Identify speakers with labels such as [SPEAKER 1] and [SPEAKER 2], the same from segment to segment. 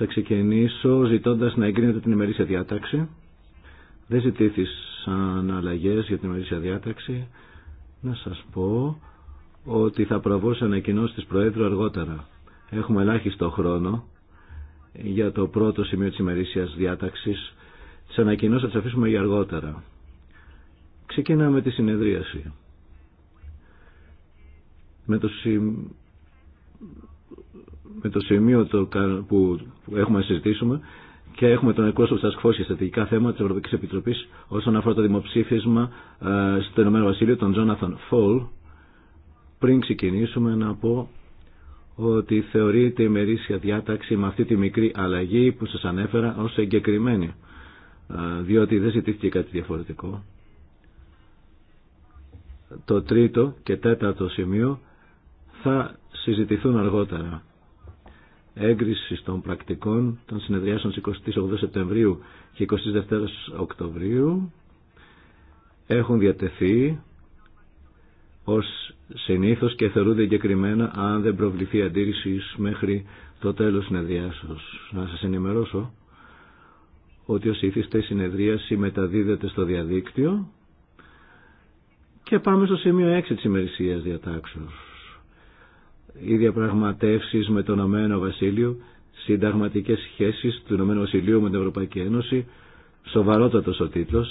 [SPEAKER 1] Θα ξεκινήσω ζητώντας να εγκρίνετε την ημερήσια διάταξη. Δεν ζητήθησαν αλλαγές για την ημερήσια διάταξη. Να σας πω ότι θα προβώ σε ανακοινώσει της Προέδρου αργότερα. Έχουμε ελάχιστο χρόνο για το πρώτο σημείο της ημερήσιας διάταξης. Τι ανακοινώσει θα τι αφήσουμε για αργότερα. Ξεκινάμε τη συνεδρίαση. Με το, με το σημείο το, που έχουμε να συζητήσουμε και έχουμε τον εκπρόσωπο τη Ασκφώση για στρατηγικά θέματα τη Ευρωπαϊκή Επιτροπή όσον αφορά το δημοψήφισμα ε, στο Ηνωμένο Βασίλειο, τον Τζόναθαν Φολ. Πριν ξεκινήσουμε, να πω ότι θεωρείται η μερίσια διάταξη με αυτή τη μικρή αλλαγή που σας ανέφερα ως εγκεκριμένη, ε, διότι δεν ζητήθηκε κάτι διαφορετικό. Το τρίτο και τέταρτο σημείο θα συζητηθούν αργότερα έγκριση των πρακτικών των συνεδριάσεων 28 Σεπτεμβρίου και 22 Οκτωβρίου έχουν διατεθεί ως συνήθως και θεωρούνται εγκεκριμένα αν δεν προβληθεί αντίρρηση μέχρι το τέλος συνεδριάσεως. Να σας ενημερώσω ότι ως ήθιστε η συνεδρίαση μεταδίδεται στο διαδίκτυο και πάμε στο σημείο 6 της ημερησίας διατάξεως οι διαπραγματεύσει με το Ηνωμένο Βασίλειο, συνταγματικέ σχέσει του Ηνωμένου Βασιλείου με την Ευρωπαϊκή Ένωση, σοβαρότατο ο τίτλο.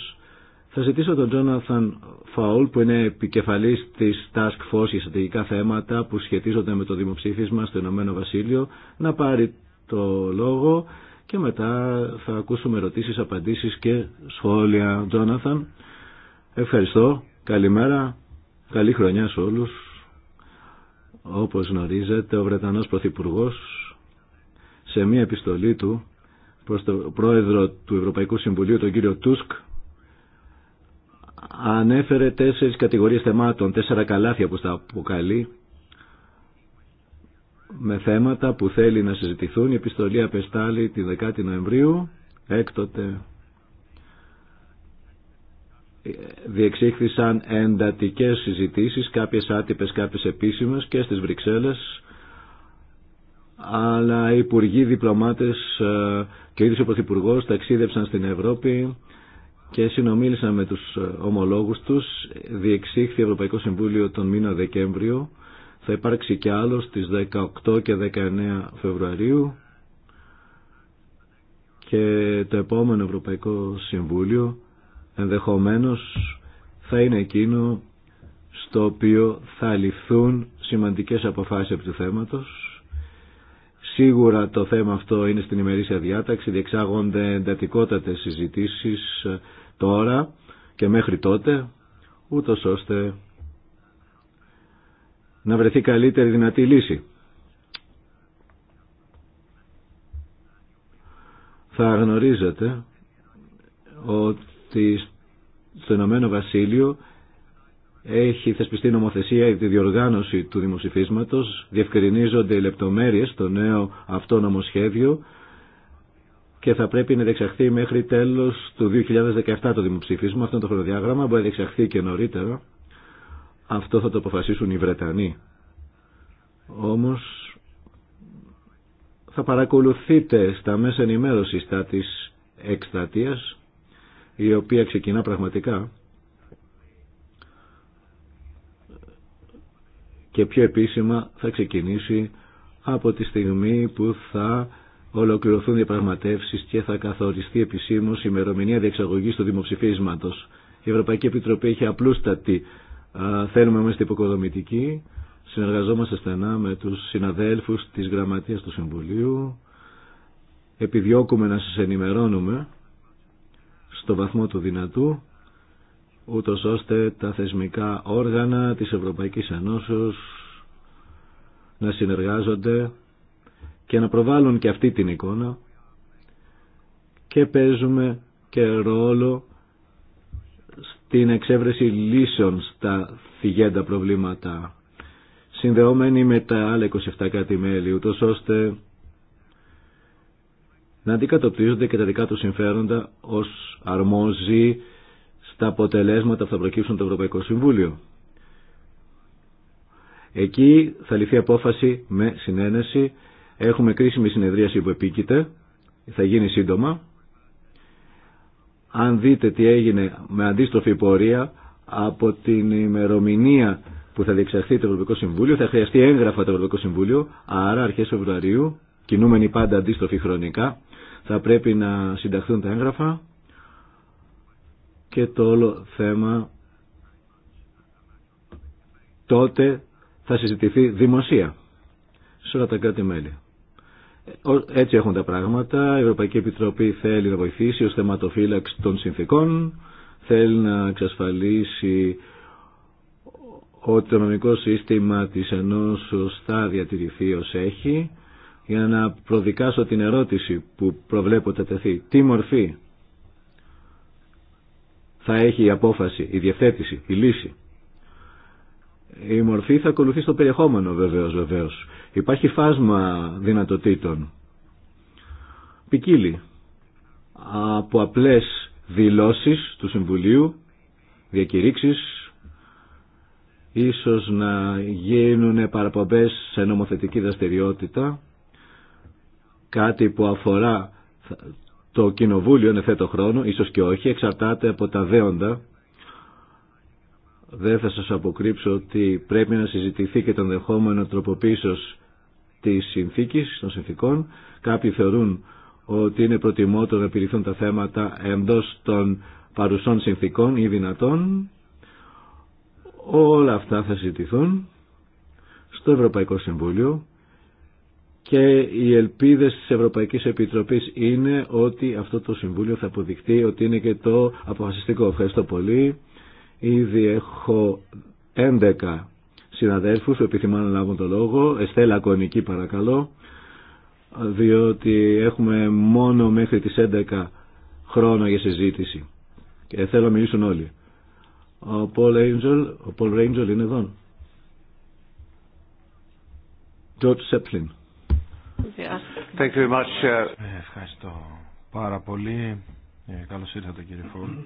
[SPEAKER 1] Θα ζητήσω τον Τζόναθαν Φαουλ που είναι επικεφαλή τη Task Force για στρατηγικά θέματα που σχετίζονται με το δημοψήφισμα στο Ηνωμένο Βασίλειο, να πάρει το λόγο και μετά θα ακούσουμε ερωτήσει, απαντήσει και σχόλια. Τζόναθαν, ευχαριστώ. Καλημέρα. Καλή χρονιά σε όλους. Όπως γνωρίζετε, ο Βρετανός Πρωθυπουργό σε μια επιστολή του προς τον πρόεδρο του Ευρωπαϊκού Συμβουλίου, τον κύριο Τούσκ, ανέφερε τέσσερις κατηγορίες θεμάτων, τέσσερα καλάθια που τα αποκαλεί, με θέματα που θέλει να συζητηθούν. Η επιστολή απεστάλλει τη 10η Νοεμβρίου, έκτοτε διεξήχθησαν εντατικές συζητήσεις, κάποιες άτυπες, κάποιες επίσημες και στις Βρυξέλλες αλλά οι υπουργοί, διπλωμάτες ε, και ο ίδιος ο Πρωθυπουργός ταξίδεψαν στην Ευρώπη και συνομίλησαν με τους ε, ομολόγους τους. Διεξήχθη Ευρωπαϊκό Συμβούλιο τον μήνα Δεκέμβριο. Θα υπάρξει και άλλο στις 18 και 19 Φεβρουαρίου και το επόμενο Ευρωπαϊκό Συμβούλιο ενδεχομένως θα είναι εκείνο στο οποίο θα ληφθούν σημαντικές αποφάσεις από του θέματος. Σίγουρα το θέμα αυτό είναι στην ημερήσια διάταξη, διεξάγονται εντατικότατες συζητήσεις τώρα και μέχρι τότε, ούτω ώστε να βρεθεί καλύτερη δυνατή λύση. Θα γνωρίζετε ότι ότι στο Ηνωμένο Βασίλειο έχει θεσπιστεί νομοθεσία για τη διοργάνωση του δημοσιφίσματος, διευκρινίζονται οι λεπτομέρειες στο νέο αυτό νομοσχέδιο και θα πρέπει να διεξαχθεί μέχρι τέλος του 2017 το δημοψήφισμα. Αυτό είναι το χρονοδιάγραμμα, μπορεί να διεξαχθεί και νωρίτερα. Αυτό θα το αποφασίσουν οι Βρετανοί. Όμως θα παρακολουθείτε στα μέσα ενημέρωση τα της η οποία ξεκινά πραγματικά και πιο επίσημα θα ξεκινήσει από τη στιγμή που θα ολοκληρωθούν διαπραγματεύσεις και θα καθοριστεί επισήμως η ημερομηνία διεξαγωγής του δημοψηφίσματος. Η Ευρωπαϊκή Επιτροπή έχει απλούστατη, θέλουμε στην υποκοδομητική. συνεργαζόμαστε στενά με τους συναδέλφους της Γραμματείας του Συμβουλίου, επιδιώκουμε να σας ενημερώνουμε στο βαθμό του δυνατού ούτως ώστε τα θεσμικά όργανα της Ευρωπαϊκής Ενώσεως να συνεργάζονται και να προβάλλουν και αυτή την εικόνα και παίζουμε και ρόλο στην εξέβρεση λύσεων στα θυγέντα προβλήματα συνδεόμενοι με τα άλλα 27 κάτι μέλη ούτως ώστε να αντικατοπτρίζονται και τα δικά του συμφέροντα ω αρμόζει στα αποτελέσματα που θα προκύψουν το Ευρωπαϊκό Συμβούλιο. Εκεί θα ληφθεί απόφαση με συνένεση. Έχουμε κρίσιμη συνεδρίαση που επίκειται. Θα γίνει σύντομα. Αν δείτε τι έγινε με αντίστροφη πορεία από την ημερομηνία που θα διεξαχθεί το Ευρωπαϊκό Συμβούλιο, θα χρειαστεί έγγραφα το Ευρωπαϊκό Συμβούλιο, άρα αρχές Φεβρουαρίου, κινούμενοι πάντα αντίστροφοι χρονικά, θα πρέπει να συνταχθούν τα έγγραφα και το όλο θέμα τότε θα συζητηθεί δημοσία σε όλα τα κράτη-μέλη. Έτσι έχουν τα πράγματα. Η Ευρωπαϊκή Επιτροπή θέλει να βοηθήσει ως θεματοφύλαξη των συνθήκων, θέλει να εξασφαλίσει ότι το νομικό σύστημα της ενός θα διατηρηθεί ως έχει για να προδικάσω την ερώτηση που προβλέπω τα τεθεί. Τι μορφή θα έχει η απόφαση, η διευθέτηση, η λύση. Η μορφή θα ακολουθεί στο περιεχόμενο βεβαίως, βεβαίως. Υπάρχει φάσμα δυνατοτήτων. Πικίλη; από απλές δηλώσεις του Συμβουλίου, διακηρύξεις, ίσως να γίνουν παραπομπές σε νομοθετική δραστηριότητα, κάτι που αφορά το κοινοβούλιο είναι το χρόνο, ίσως και όχι, εξαρτάται από τα δέοντα. Δεν θα σας αποκρύψω ότι πρέπει να συζητηθεί και το ενδεχόμενο τροποποίησος της συνθήκης, των συνθήκων. Κάποιοι θεωρούν ότι είναι προτιμότερο να πηρηθούν τα θέματα εντός των παρουσών συνθήκων ή δυνατών. Όλα αυτά θα συζητηθούν στο Ευρωπαϊκό Συμβούλιο και οι ελπίδες της Ευρωπαϊκής Επιτροπής είναι ότι αυτό το Συμβούλιο θα αποδεικτεί ότι είναι και το αποφασιστικό. Ευχαριστώ πολύ. Ήδη έχω 11 συναδέλφους που επιθυμάνε να λάβουν το λόγο. Εστέλα Κονική παρακαλώ, διότι έχουμε μόνο μέχρι τις 11 χρόνο για συζήτηση. Και θέλω να μιλήσουν όλοι. Ο Πολ Ρέιντζολ, ο είναι εδώ. George Σέπλιν.
[SPEAKER 2] Uh,
[SPEAKER 1] Ευχαριστώ
[SPEAKER 2] πάρα πολύ. Ε, καλώς ήρθατε κύριε Φόλ.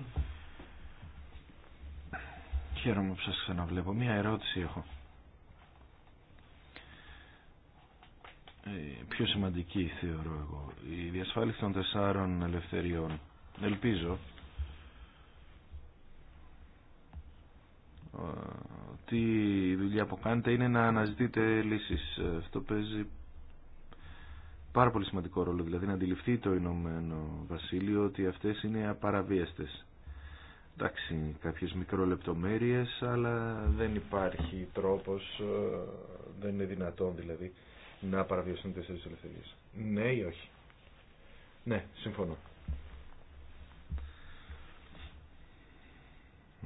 [SPEAKER 2] Χαίρομαι που σας ξαναβλέπω. Μία ερώτηση έχω. Ε, πιο σημαντική θεωρώ εγώ. Η διασφάλιση των τεσσάρων ελευθεριών. Ελπίζω ότι η δουλειά που κάνετε είναι να αναζητείτε λύσεις. Ε, αυτό παίζει πάρα πολύ σημαντικό ρόλο, δηλαδή να αντιληφθεί το Ηνωμένο Βασίλειο ότι αυτές είναι απαραβίαστες. Εντάξει, κάποιες μικρολεπτομέρειες, αλλά δεν υπάρχει τρόπος, ε, δεν είναι δυνατόν δηλαδή, να παραβιαστούν τέσσερις ελευθερίες. Ναι ή όχι. Ναι, συμφωνώ.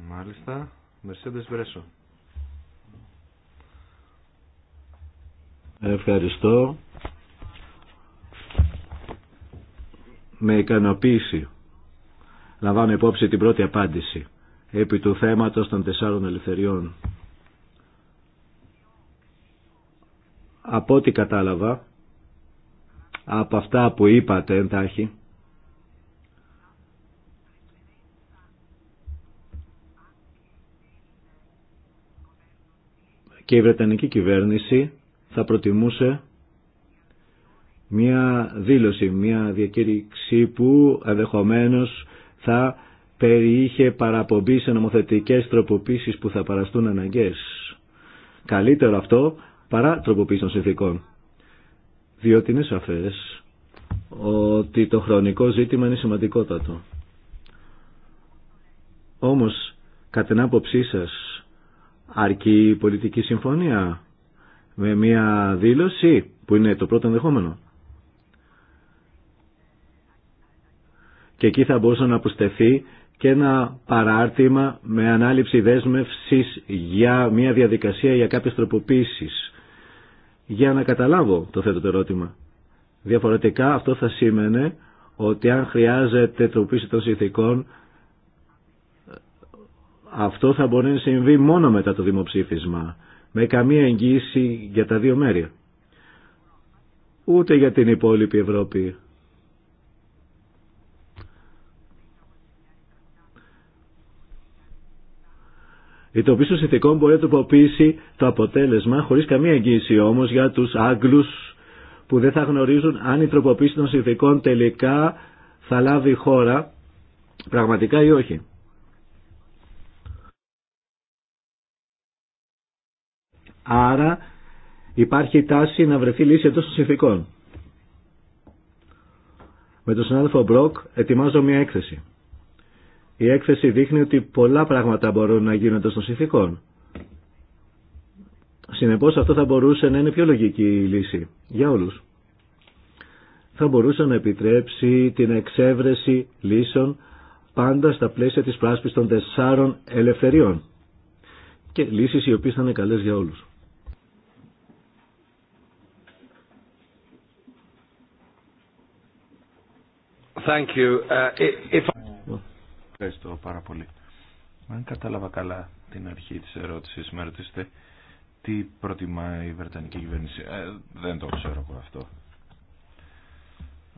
[SPEAKER 2] Μάλιστα, Μερσέντες Βρέσο.
[SPEAKER 1] Ευχαριστώ. με ικανοποίηση λαμβάνω υπόψη την πρώτη απάντηση επί του θέματος των τεσσάρων ελευθεριών. Από ό,τι κατάλαβα, από αυτά που είπατε εντάχει, και η Βρετανική κυβέρνηση θα προτιμούσε μια δήλωση, μια διακήρυξη που ενδεχομένω θα περιείχε παραπομπή σε νομοθετικές τροποποίησεις που θα παραστούν αναγκές. Καλύτερο αυτό παρά τροποποίηση των συνθήκων. Διότι είναι σαφές ότι το χρονικό ζήτημα είναι σημαντικότατο. Όμως, κατά την άποψή σας, αρκεί πολιτική συμφωνία με μια δήλωση που είναι το πρώτο ενδεχόμενο. και εκεί θα μπορούσε να αποστεθεί και ένα παράρτημα με ανάληψη δέσμευσης για μια διαδικασία για κάποιες τροποποίησεις. Για να καταλάβω το θέτω το ερώτημα. Διαφορετικά αυτό θα σήμαινε ότι αν χρειάζεται τροποποίηση των συνθηκών αυτό θα μπορεί να συμβεί μόνο μετά το δημοψήφισμα με καμία εγγύηση για τα δύο μέρη. Ούτε για την υπόλοιπη Ευρώπη Η τοπή των συνθηκών μπορεί να τροποποιήσει το αποτέλεσμα χωρί καμία εγγύηση όμω για του Άγγλου που δεν θα γνωρίζουν αν η τροποποίηση των συνθηκών τελικά θα λάβει χώρα πραγματικά ή όχι. Άρα υπάρχει τάση να βρεθεί λύση εντός των συνθηκών. Με τον συνάδελφο Μπροκ ετοιμάζω μια έκθεση. Η έκθεση δείχνει ότι πολλά πράγματα μπορούν να γίνονται των ηθικών. Συνεπώς αυτό θα μπορούσε να είναι πιο λογική η λύση για όλους. Θα μπορούσε να επιτρέψει την εξέβρεση λύσεων πάντα στα πλαίσια της πράσπης των τεσσάρων ελευθεριών και λύσεις οι οποίες θα είναι καλές για όλους. Thank you. Uh, if...
[SPEAKER 2] Ευχαριστώ πάρα πολύ. Αν κατάλαβα καλά την αρχή της ερώτησης, με ρωτήσετε τι προτιμάει η Βρετανική κυβέρνηση. Ε, δεν το ξέρω αυτό.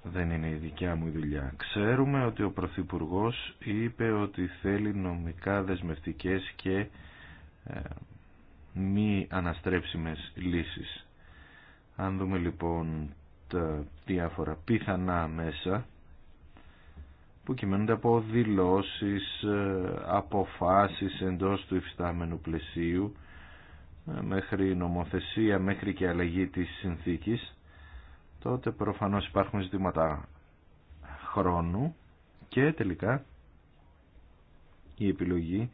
[SPEAKER 2] Δεν είναι η δικιά μου δουλειά. Ξέρουμε ότι ο Πρωθυπουργό είπε ότι θέλει νομικά δεσμευτικές και ε, μη αναστρέψιμες λύσεις. Αν δούμε λοιπόν τα διάφορα πιθανά μέσα που κυμαίνονται από δηλώσεις, ε, αποφάσεις εντός του υφιστάμενου πλαισίου ε, μέχρι νομοθεσία, μέχρι και αλλαγή της συνθήκης τότε προφανώς υπάρχουν ζητήματα χρόνου και τελικά η επιλογή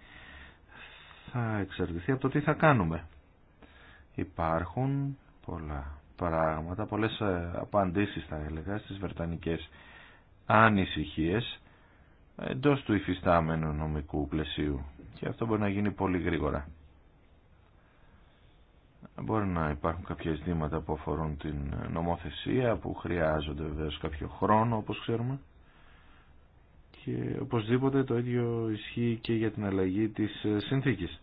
[SPEAKER 2] θα εξαρτηθεί από το τι θα κάνουμε. Υπάρχουν πολλά πράγματα, πολλές ε, απαντήσεις θα έλεγα στις βρετανικές ανησυχίες εντός του υφιστάμενου νομικού πλαισίου και αυτό μπορεί να γίνει πολύ γρήγορα. Μπορεί να υπάρχουν κάποια ζητήματα που αφορούν την νομοθεσία που χρειάζονται βεβαίω κάποιο χρόνο όπως ξέρουμε και οπωσδήποτε το ίδιο ισχύει και για την αλλαγή της συνθήκης.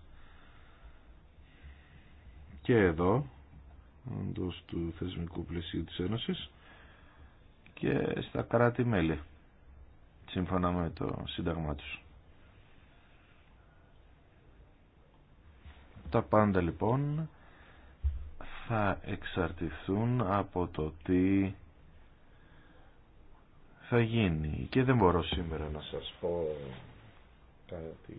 [SPEAKER 2] Και εδώ εντός του θεσμικού πλαισίου της Ένωσης και στα κράτη-μέλη σύμφωνα με το σύνταγμά τους. Τα πάντα λοιπόν θα εξαρτηθούν από το τι θα γίνει και δεν μπορώ σήμερα να σας πω κάτι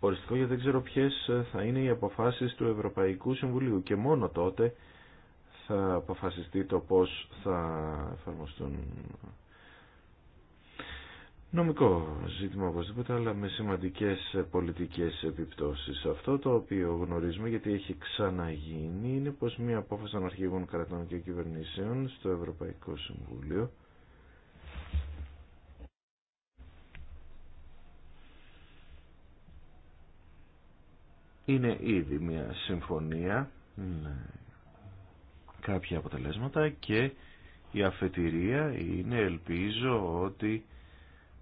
[SPEAKER 2] οριστικό γιατί δεν ξέρω ποιες θα είναι οι αποφάσεις του Ευρωπαϊκού Συμβουλίου και μόνο τότε θα αποφασιστεί το πώς θα εφαρμοστούν νομικό ζήτημα οπωσδήποτε, αλλά με σημαντικές πολιτικές επιπτώσεις. Αυτό το οποίο γνωρίζουμε, γιατί έχει ξαναγίνει, είναι πως μία απόφαση των αρχηγών κρατών και κυβερνήσεων στο Ευρωπαϊκό Συμβούλιο είναι ήδη μια συμφωνία κάποια αποτελέσματα και η αφετηρία είναι ελπίζω ότι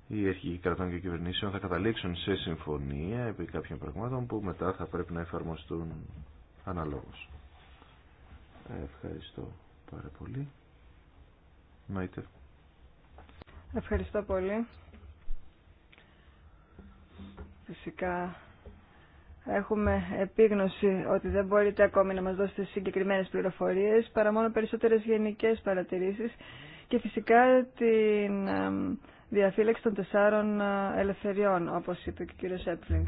[SPEAKER 2] οι αρχηγοί κρατών και κυβερνήσεων θα καταλήξουν σε συμφωνία επί κάποιων πραγμάτων που μετά θα πρέπει να εφαρμοστούν αναλόγως. Ευχαριστώ πάρα πολύ. Μαίτερ
[SPEAKER 3] Ευχαριστώ πολύ. Φυσικά έχουμε επίγνωση ότι δεν μπορείτε ακόμη να μας δώσετε συγκεκριμένες πληροφορίες παρά μόνο περισσότερες γενικές παρατηρήσεις και φυσικά την διαφύλαξη των τεσσάρων ελευθεριών, όπως είπε και ο κύριο Σέπφλινγκ.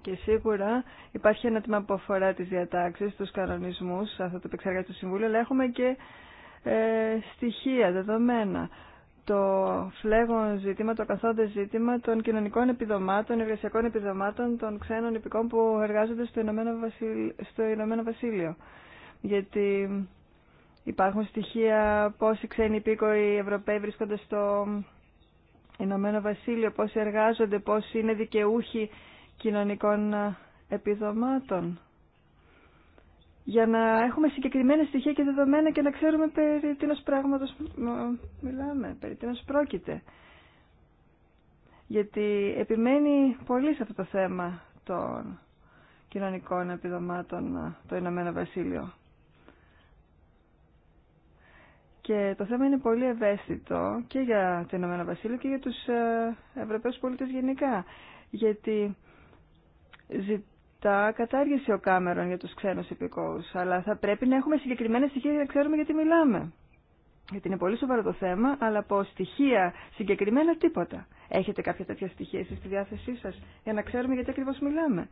[SPEAKER 3] Και σίγουρα υπάρχει ένα τμήμα που αφορά τις διατάξεις, τους κανονισμούς, αυτό το επεξεργάζει το Συμβούλιο, αλλά έχουμε και ε, στοιχεία, δεδομένα. Το φλέγον ζήτημα, το καθόντε ζήτημα των κοινωνικών επιδομάτων, εργασιακών επιδομάτων των ξένων υπηκών που εργάζονται στο Ηνωμένο, Βασίλ... στο Ηνωμένο Βασίλειο. Γιατί υπάρχουν στοιχεία πόσοι ξένοι υπήκοοι Ευρωπαίοι βρίσκονται στο Ηνωμένο Βασίλειο, πώς εργάζονται, πώς είναι δικαιούχοι κοινωνικών ε, επιδομάτων. Για να έχουμε συγκεκριμένα στοιχεία και δεδομένα και να ξέρουμε περί τίνο πράγματο μιλάμε, περί τίνο πρόκειται. Γιατί επιμένει πολύ σε αυτό το θέμα των κοινωνικών επιδομάτων ε, το Ηνωμένο Βασίλειο. Και το θέμα είναι πολύ ευαίσθητο και για το Ηνωμένο Βασίλειο και για τους ε, Ευρωπαίους πολίτες γενικά. Γιατί ζητά κατάργηση ο Κάμερον για τους ξένους υπηκόους, αλλά θα πρέπει να έχουμε συγκεκριμένα στοιχεία για να ξέρουμε γιατί μιλάμε. Γιατί είναι πολύ σοβαρό το θέμα, αλλά από στοιχεία συγκεκριμένα τίποτα. Έχετε κάποια τέτοια στοιχεία στη διάθεσή σας για να ξέρουμε γιατί ακριβώς μιλάμε.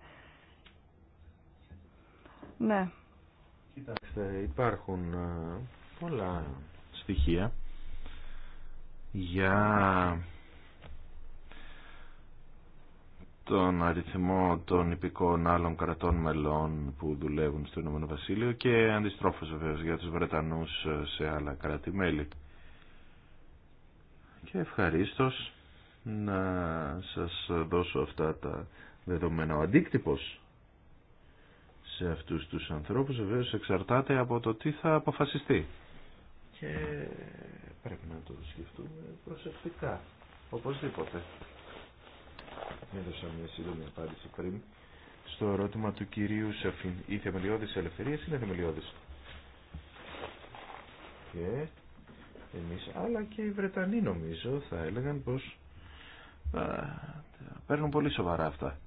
[SPEAKER 3] Ναι.
[SPEAKER 2] Κοιτάξτε, υπάρχουν ε, πολλά στοιχεία για τον αριθμό των υπηκών άλλων κρατών μελών που δουλεύουν στο Ηνωμένο Βασίλειο και αντιστρόφως βεβαίως για τους Βρετανούς σε άλλα κράτη-μέλη. Και ευχαρίστως να σας δώσω αυτά τα δεδομένα. Ο αντίκτυπος σε αυτούς τους ανθρώπους βεβαίως εξαρτάται από το τι θα αποφασιστεί και πρέπει να το σκεφτούμε προσεκτικά οπωσδήποτε έδωσα μια σύντομη απάντηση πριν στο ερώτημα του κυρίου Σεφίν. οι θεμελιώδης ελευθερίες είναι θεμελιώδεις και εμείς αλλά και οι Βρετανοί νομίζω θα έλεγαν πως α, παίρνουν πολύ σοβαρά αυτά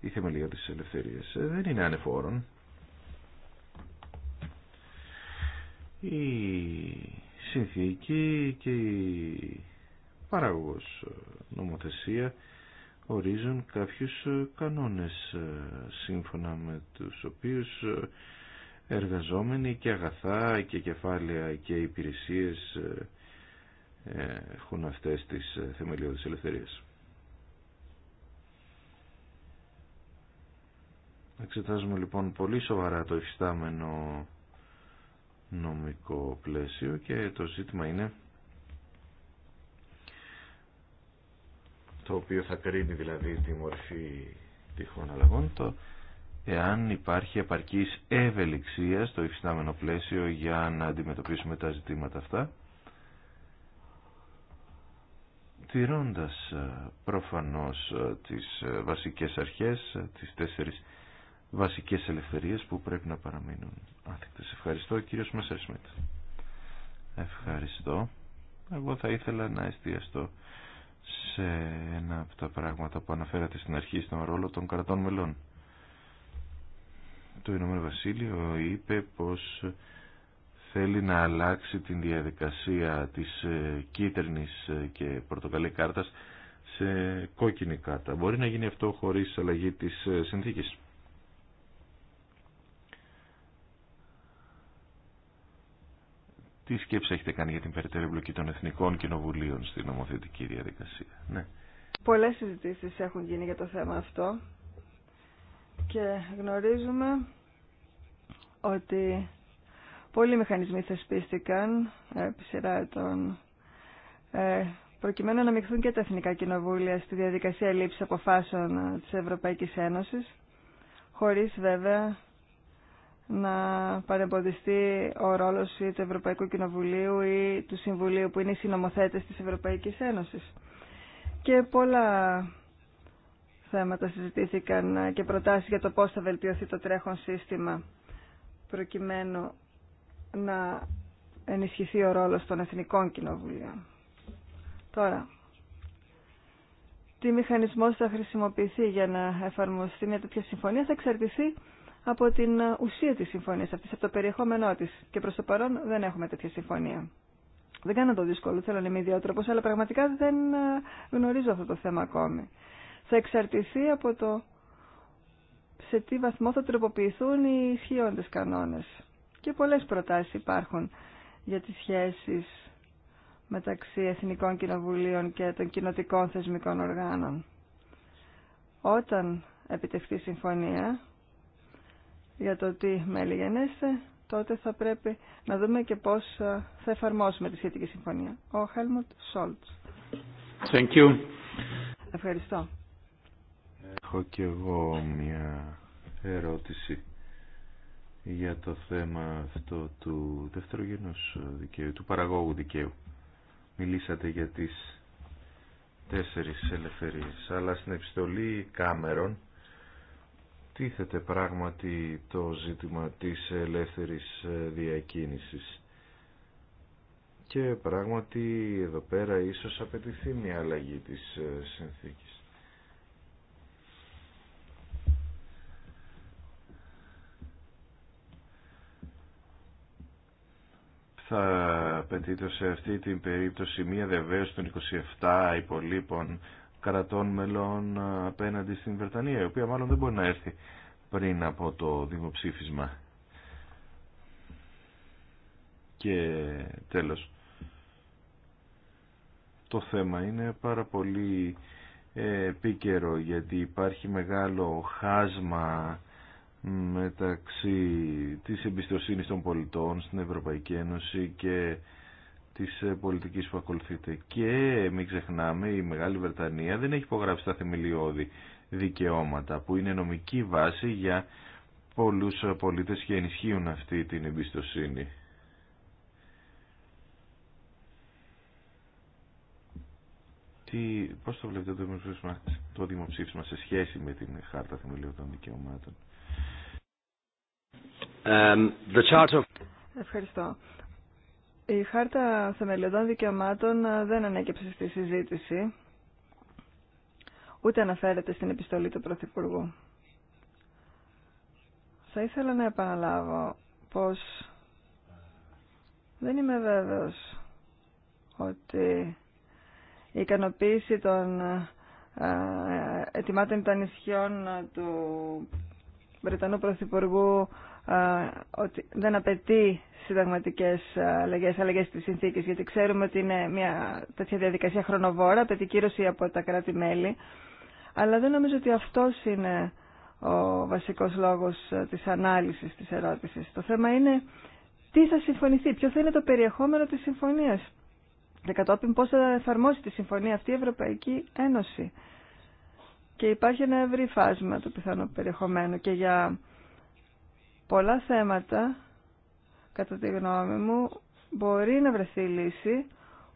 [SPEAKER 2] οι θεμελιώδεις ελευθερίες ε, δεν είναι ανεφόρον η συνθήκη και η παραγωγός νομοθεσία ορίζουν κάποιους κανόνες σύμφωνα με τους οποίους εργαζόμενοι και αγαθά και κεφάλαια και υπηρεσίες ε, έχουν αυτές τις ε, θεμελιώδεις ελευθερίες. Εξετάζουμε λοιπόν πολύ σοβαρά το υφιστάμενο νομικό πλαίσιο και το ζήτημα είναι το οποίο θα κρίνει δηλαδή τη μορφή τυχών αλλαγών το εάν υπάρχει επαρκής ευελιξία στο υφιστάμενο πλαίσιο για να αντιμετωπίσουμε τα ζητήματα αυτά τηρώντας ε, προφανώς ε, τις ε, βασικές αρχές τις τέσσερις βασικές ελευθερίες που πρέπει να παραμείνουν άθικτες. Ευχαριστώ κύριος Μασέρσμιτ. Ευχαριστώ. Εγώ θα ήθελα να εστιαστώ σε ένα από τα πράγματα που αναφέρατε στην αρχή στον ρόλο των κρατών μελών. Το Ηνωμένο Βασίλειο είπε πως θέλει να αλλάξει την διαδικασία της ε, κίτρινης ε, και πορτοκαλί κάρτας σε κόκκινη κάρτα. Μπορεί να γίνει αυτό χωρίς αλλαγή της ε, συνθήκης. Τι σκέψη έχετε κάνει για την περαιτέρω εμπλοκή των Εθνικών Κοινοβουλίων στην νομοθετική διαδικασία. Ναι.
[SPEAKER 3] Πολλές συζητήσεις έχουν γίνει για το θέμα αυτό και γνωρίζουμε ότι πολλοί μηχανισμοί θεσπίστηκαν ε, επί σειρά ετών ε, προκειμένου να μειχθούν και τα εθνικά κοινοβούλια στη διαδικασία λήψη αποφάσεων ε, της Ευρωπαϊκής Ένωσης χωρίς βέβαια να παρεμποδιστεί ο ρόλος του Ευρωπαϊκού Κοινοβουλίου ή του Συμβουλίου που είναι οι συνομοθέτες της Ευρωπαϊκής Ένωσης. Και πολλά θέματα συζητήθηκαν και προτάσει για το πώς θα βελτιωθεί το τρέχον σύστημα προκειμένου να ενισχυθεί ο ρόλος των Εθνικών Κοινοβουλίων. Τώρα, τι μηχανισμός θα χρησιμοποιηθεί για να εφαρμοστεί μια τέτοια συμφωνία θα εξαρτηθεί από την ουσία της συμφωνίας αυτής, από το περιεχόμενό της. Και προς το παρόν δεν έχουμε τέτοια συμφωνία. Δεν κάνω το δύσκολο, θέλω να είμαι ιδιότροπος, αλλά πραγματικά δεν ε, γνωρίζω αυτό το θέμα ακόμη. Θα εξαρτηθεί από το σε τι βαθμό θα τροποποιηθούν οι ισχύοντες κανόνες. Και πολλές προτάσεις υπάρχουν για τις σχέσεις μεταξύ Εθνικών Κοινοβουλίων και των κοινοτικών θεσμικών οργάνων. Όταν επιτευχθεί συμφωνία, για το τι μέλη τότε θα πρέπει να δούμε και πώς ε, θα εφαρμόσουμε τη σχετική συμφωνία. Ο Χέλμοντ Σόλτς. Ευχαριστώ.
[SPEAKER 2] Έχω και εγώ μια ερώτηση για το θέμα αυτό του δευτερογενούς δικαίου, του παραγόγου δικαίου. Μιλήσατε για τις τέσσερις ελευθερίες, αλλά στην επιστολή Κάμερον τίθεται πράγματι το ζήτημα της ελεύθερης ε, διακίνησης. Και πράγματι εδώ πέρα ίσως απαιτηθεί μια αλλαγή της ε, συνθήκης. θα απαιτείται σε αυτή την περίπτωση μία δεβαίωση των 27 υπολείπων κρατών μελών ε, απέναντι στην Βρετανία, η οποία μάλλον δεν μπορεί να έρθει πριν από το δημοψήφισμα. Και τέλος, το θέμα είναι πάρα πολύ ε, επίκαιρο γιατί υπάρχει μεγάλο χάσμα μεταξύ της εμπιστοσύνης των πολιτών στην Ευρωπαϊκή Ένωση και της ε, πολιτικής που ακολουθείται Και μην ξεχνάμε, η Μεγάλη Βρετανία δεν έχει υπογράψει τα θεμελιώδη δικαιώματα που είναι νομική βάση για πολλούς ε, πολίτες και ενισχύουν αυτή την εμπιστοσύνη. Τι, πώς το βλέπετε το δημοψήφισμα, το δημοψήφισμα σε σχέση με την Χάρτα Θεμελιωδών Δικαιωμάτων.
[SPEAKER 1] Um, the of...
[SPEAKER 3] Ευχαριστώ. Η Χάρτα Θεμελιωδών Δικαιωμάτων ε, δεν ανέκυψε στη συζήτηση, ούτε αναφέρεται στην επιστολή του Πρωθυπουργού. Θα ήθελα να επαναλάβω πως δεν είμαι βέβαιος ότι η ικανοποίηση των ε, ε, ετοιμάτων των νησιών του Βρετανού Πρωθυπουργού ε, ότι δεν απαιτεί συνταγματικέ αλλαγέ, αλλαγέ τη συνθήκη, γιατί ξέρουμε ότι είναι μια τέτοια διαδικασία χρονοβόρα, απαιτεί κύρωση από τα κράτη-μέλη. Αλλά δεν νομίζω ότι αυτό είναι ο βασικό λόγο ε, τη ανάλυση τη ερώτηση. Το θέμα είναι τι θα συμφωνηθεί, ποιο θα είναι το περιεχόμενο τη συμφωνία και κατόπιν πώ θα εφαρμόσει τη συμφωνία αυτή η Ευρωπαϊκή Ένωση. Και υπάρχει ένα ευρύ φάσμα του πιθανού περιεχομένου και για πολλά θέματα, κατά τη γνώμη μου, μπορεί να βρεθεί λύση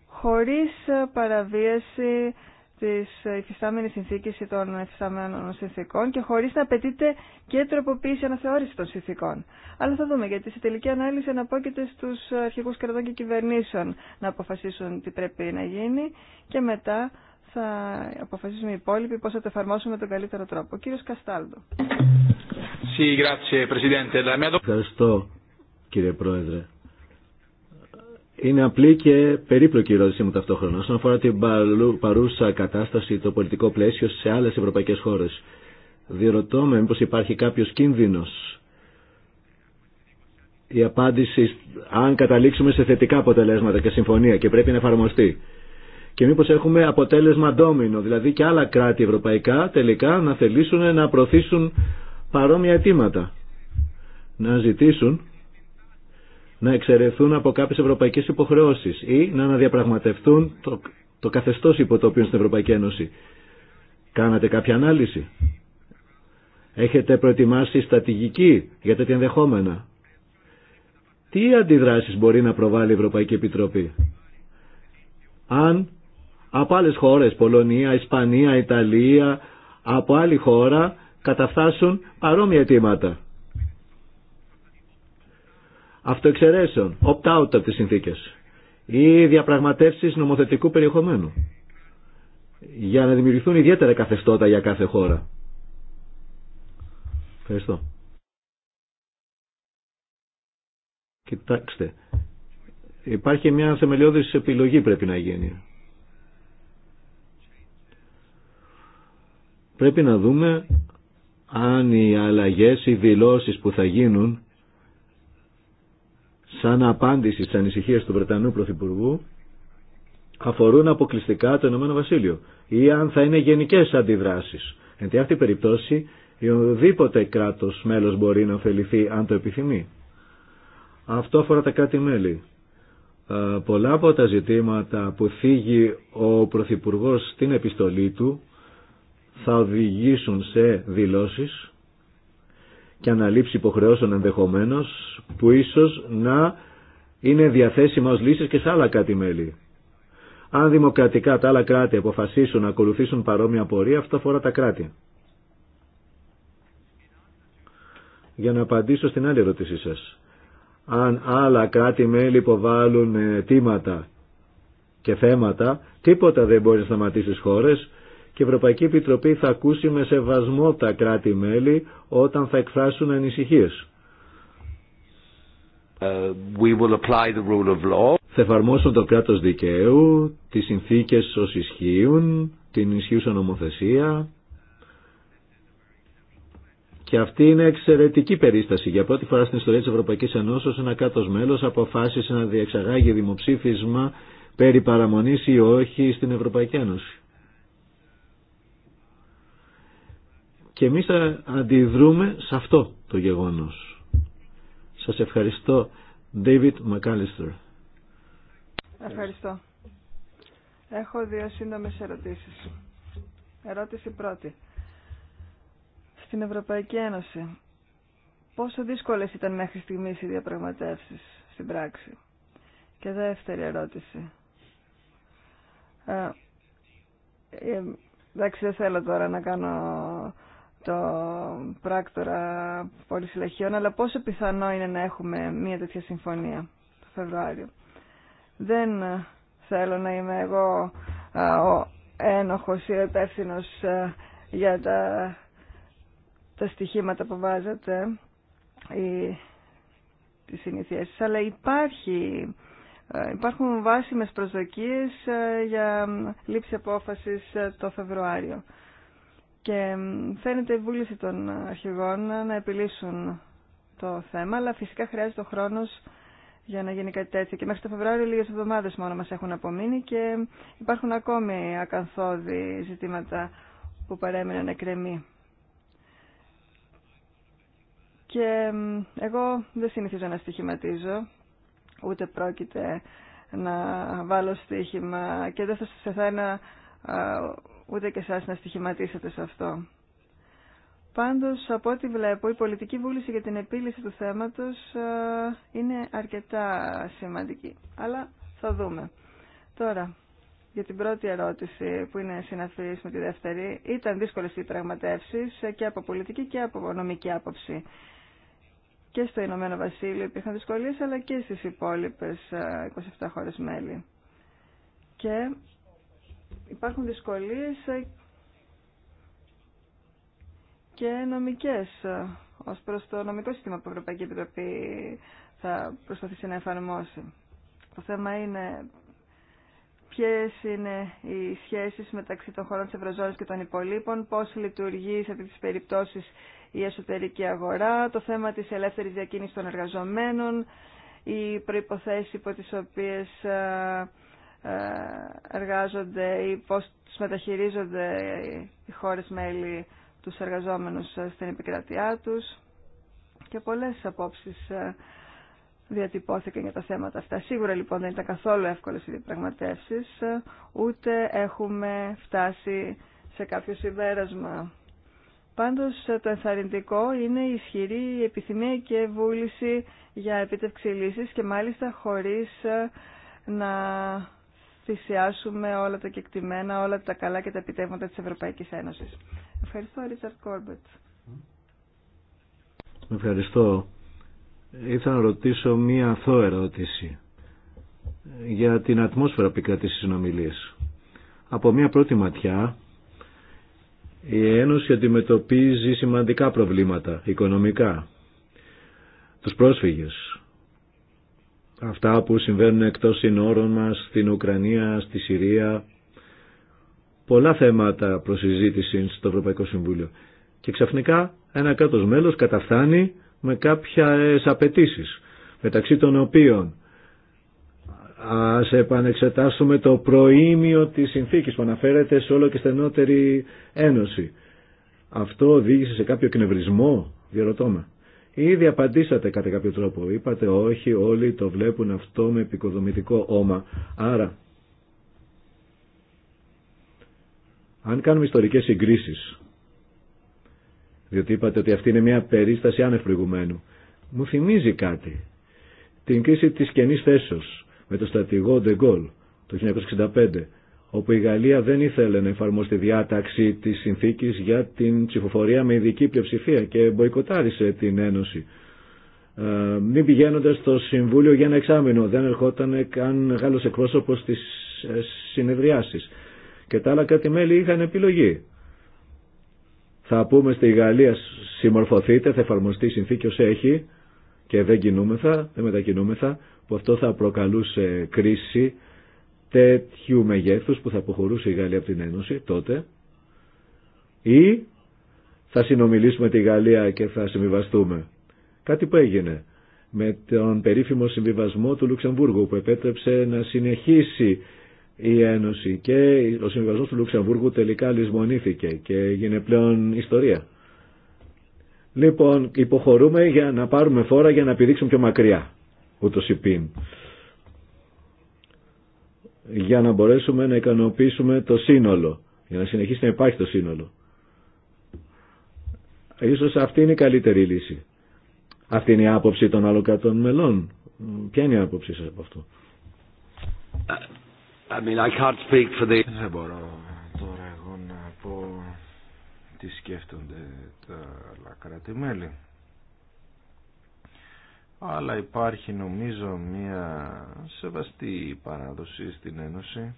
[SPEAKER 3] χωρίς παραβίαση της υφιστάμενης συνθήκης ή των υφιστάμενων συνθήκων και χωρίς να απαιτείται και τροποποίηση αναθεώρηση των συνθήκων. Αλλά θα δούμε, γιατί σε τελική ανάλυση αναπόκειται στους αρχικούς κρατών και κυβερνήσεων να αποφασίσουν τι πρέπει να γίνει και μετά θα αποφασίσουμε οι υπόλοιποι πώς θα το εφαρμόσουμε τον καλύτερο τρόπο. Ο κύριος Καστάλντο.
[SPEAKER 1] Ευχαριστώ κύριε Πρόεδρε. Είναι απλή και περίπλοκη η ερώτησή μου ταυτόχρονα όσον αφορά την παρούσα κατάσταση, το πολιτικό πλαίσιο σε άλλε ευρωπαϊκέ χώρε. Διερωτώ με μήπω υπάρχει κάποιο κίνδυνο Η απάντηση, αν καταλήξουμε σε θετικά αποτελέσματα και συμφωνία και πρέπει να εφαρμοστεί. Και μήπω έχουμε αποτέλεσμα ντόμινο, δηλαδή και άλλα κράτη ευρωπαϊκά τελικά να θελήσουν να προωθήσουν παρόμοια αιτήματα. Να ζητήσουν να εξαιρεθούν από κάποιες ευρωπαϊκές υποχρεώσεις ή να αναδιαπραγματευτούν το, το καθεστώς υπό το στην Ευρωπαϊκή Ένωση. Κάνατε κάποια ανάλυση. Έχετε προετοιμάσει στατηγική για τέτοια ενδεχόμενα. Τι αντιδράσεις μπορεί να προβάλλει η Ευρωπαϊκή Επιτροπή. Αν από άλλες χώρες, Πολωνία, Ισπανία, Ιταλία, από άλλη χώρα καταφτάσουν παρόμοια αιτήματα. Αυτοεξαιρέσεων, opt-out από τις συνθήκες ή διαπραγματεύσεις νομοθετικού περιεχομένου για να δημιουργηθούν ιδιαίτερα καθεστώτα για κάθε χώρα. Ευχαριστώ. Κοιτάξτε, υπάρχει μια θεμελιώδης επιλογή πρέπει να γίνει. Πρέπει να δούμε αν οι αλλαγές, οι δηλώσεις που θα γίνουν σαν απάντηση στις ανησυχίες του Βρετανού Πρωθυπουργού αφορούν αποκλειστικά το Ηνωμένο Βασίλειο ή αν θα είναι γενικές αντιδράσεις. Εν τη αυτή ο οδήποτε κράτος μέλος μπορεί να ωφεληθεί αν το επιθυμεί. Αυτό αφορά τα κράτη-μέλη. Ε, πολλά από τα ζητήματα που θίγει ο Πρωθυπουργό στην επιστολή του θα οδηγήσουν σε δηλώσεις και αναλήψει υποχρεώσεων ενδεχομένως που ίσως να είναι διαθέσιμα ως και σε αλλα κάτι κράτη-μέλη. Αν δημοκρατικά τα άλλα κράτη αποφασίσουν να ακολουθήσουν παρόμοια πορεία, αυτό αφορά τα κράτη. Για να απαντήσω στην άλλη ερώτησή σας. Αν άλλα κράτη-μέλη υποβάλλουν ε, αιτήματα και θέματα, τίποτα δεν μπορεί να σταματήσει τις και η Ευρωπαϊκή Επιτροπή θα ακούσει με σεβασμό τα κράτη-μέλη όταν θα εκφράσουν ανησυχίες. Ε, θα εφαρμόσουν το κράτος δικαίου, τις συνθήκες ως ισχύουν, την ισχύουσα νομοθεσία. Και αυτή είναι εξαιρετική περίσταση. Για πρώτη φορά στην ιστορία της Ευρωπαϊκής Ενώσεως ένα κάτος μέλος αποφάσισε να διεξαγάγει δημοψήφισμα περί παραμονής ή όχι στην Ευρωπαϊκή Ένωση. και εμείς θα αντιδρούμε σε αυτό το γεγονός. Σας ευχαριστώ, David McAllister.
[SPEAKER 3] Ευχαριστώ. Έχω δύο σύντομες ερωτήσεις. Ερώτηση πρώτη. Στην Ευρωπαϊκή Ένωση, πόσο δύσκολες ήταν μέχρι στιγμής οι διαπραγματεύσεις στην πράξη. Και δεύτερη ερώτηση. Ε, ε εντάξει, δεν θέλω τώρα να κάνω το πράκτορα πολυφυλαχιών, αλλά πόσο πιθανό είναι να έχουμε μια τέτοια συμφωνία το Φεβρουάριο. Δεν θέλω να είμαι εγώ ο ένοχος ή ο υπεύθυνο για τα, τα στοιχήματα που βάζετε ή τις αλλά υπάρχει, υπάρχουν βάσιμες προσδοκίες για λήψη απόφασης το Φεβρουάριο. Και φαίνεται η βούληση των αρχηγών να επιλύσουν το θέμα, αλλά φυσικά χρειάζεται ο χρόνος για να γίνει κάτι τέτοιο. Και μέχρι το Φεβράριο λίγε εβδομάδε μόνο μα έχουν απομείνει και υπάρχουν ακόμη ακαθόδη ζητήματα που παρέμειναν εκκρεμή. Και εγώ δεν συνηθίζω να στοιχηματίζω, ούτε πρόκειται να βάλω στοίχημα και δεν θα σας εθένα ούτε και εσάς να στοιχηματίσετε σε αυτό. Πάντως, από ό,τι βλέπω, η πολιτική βούληση για την επίλυση του θέματος ε, είναι αρκετά σημαντική. Αλλά θα δούμε. Τώρα, για την πρώτη ερώτηση που είναι συναφής με τη δεύτερη, ήταν δύσκολες οι πραγματεύσεις ε, και από πολιτική και από νομική άποψη. Και στο Ηνωμένο Βασίλειο υπήρχαν δυσκολίες, αλλά και στις υπόλοιπες 27 ε, χώρες μέλη. Και υπάρχουν δυσκολίες και νομικές ως προς το νομικό σύστημα που η Ευρωπαϊκή Επιτροπή θα προσπαθήσει να εφαρμόσει. Το θέμα είναι ποιες είναι οι σχέσεις μεταξύ των χωρών της Ευρωζώνης και των υπολείπων, πώς λειτουργεί σε αυτές τις περιπτώσεις η εσωτερική αγορά, το θέμα της ελεύθερης διακίνησης των εργαζομένων, οι προϋποθέσεις υπό τις οποίες ε, εργάζονται ή πώς τους μεταχειρίζονται οι χώρες μέλη τους εργαζόμενους ε, στην επικρατειά τους και πολλές απόψεις ε, διατυπώθηκαν για τα θέματα αυτά. Σίγουρα λοιπόν δεν ήταν καθόλου εύκολες οι διαπραγματεύσεις, ούτε έχουμε φτάσει σε κάποιο συμπέρασμα. Πάντως το ενθαρρυντικό είναι η ισχυρή επιθυμία και βούληση για επίτευξη λύσης και μάλιστα χωρίς να θυσιάσουμε όλα τα κεκτημένα, όλα τα καλά και τα επιτεύγματα της Ευρωπαϊκής Ένωσης. Ευχαριστώ, Ρίτσαρτ Κόρμπετ.
[SPEAKER 1] Ευχαριστώ. Ήθελα να ρωτήσω μία αθώα ερώτηση για την ατμόσφαιρα που κρατεί στις Από μία πρώτη ματιά, η Ένωση αντιμετωπίζει σημαντικά προβλήματα οικονομικά. Τους πρόσφυγες, αυτά που συμβαίνουν εκτός συνόρων μας, στην Ουκρανία, στη Συρία. Πολλά θέματα προσυζήτηση στο Ευρωπαϊκό Συμβούλιο. Και ξαφνικά ένα κράτος μέλος καταφθάνει με κάποιες απαιτήσει, μεταξύ των οποίων ας επανεξετάσουμε το προήμιο της συνθήκης που αναφέρεται σε όλο και στενότερη ένωση. Αυτό οδήγησε σε κάποιο κνευρισμό, διαρωτώ με. Ήδη απαντήσατε κατά κάποιο τρόπο. Είπατε όχι, όλοι το βλέπουν αυτό με επικοδομητικό όμα. Άρα, αν κάνουμε ιστορικές συγκρίσεις, διότι είπατε ότι αυτή είναι μια περίσταση άνευ προηγουμένου, μου θυμίζει κάτι. Την κρίση της κενής θέσεως με το στρατηγό Ντεγκόλ το 1965 όπου η Γαλλία δεν ήθελε να εφαρμόσει τη διάταξη της συνθήκης για την ψηφοφορία με ειδική πλειοψηφία και μποϊκοτάρισε την Ένωση. Ε, μην πηγαίνοντα στο Συμβούλιο για ένα εξάμεινο, δεν ερχόταν καν Γάλλος εκπρόσωπος στις ε, συνεδριάσεις. Και τα άλλα κράτη-μέλη είχαν επιλογή. Θα πούμε στη Γαλλία συμμορφωθείτε, θα εφαρμοστεί η συνθήκη ω έχει και δεν κινούμεθα, δεν μετακινούμεθα, που αυτό θα προκαλούσε κρίση τέτοιου μεγέθους που θα αποχωρούσε η Γαλλία από την Ένωση τότε ή θα συνομιλήσουμε τη Γαλλία και θα συμβιβαστούμε. Κάτι που έγινε με τον περίφημο συμβιβασμό του Λουξεμβούργου που επέτρεψε να συνεχίσει η Ένωση και ο συμβιβασμός του Λουξεμβούργου τελικά λησμονήθηκε και έγινε πλέον ιστορία. Λοιπόν, υποχωρούμε για να πάρουμε φόρα για να πηδήξουμε πιο μακριά, ούτως υπήν για να μπορέσουμε να ικανοποιήσουμε το σύνολο, για να συνεχίσει να υπάρχει το σύνολο. Ίσως αυτή είναι η καλύτερη λύση. Αυτή είναι η άποψη των αλλοκατών μελών. Ποια είναι η άποψή σας από αυτό. I mean, I can't speak for the...
[SPEAKER 2] Δεν μπορώ τώρα εγώ να πω τι σκέφτονται τα άλλα κράτη-μέλη αλλά υπάρχει νομίζω μια σεβαστή παράδοση στην Ένωση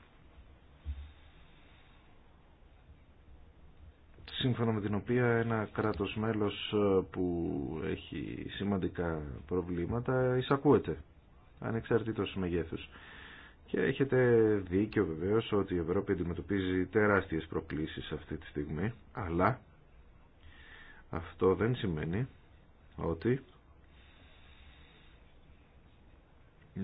[SPEAKER 2] σύμφωνα με την οποία ένα κράτος μέλος ε, που έχει σημαντικά προβλήματα εισακούεται ανεξαρτήτως μεγέθους. Και έχετε δίκιο βεβαίως ότι η Ευρώπη αντιμετωπίζει τεράστιες προκλήσεις αυτή τη στιγμή, αλλά αυτό δεν σημαίνει ότι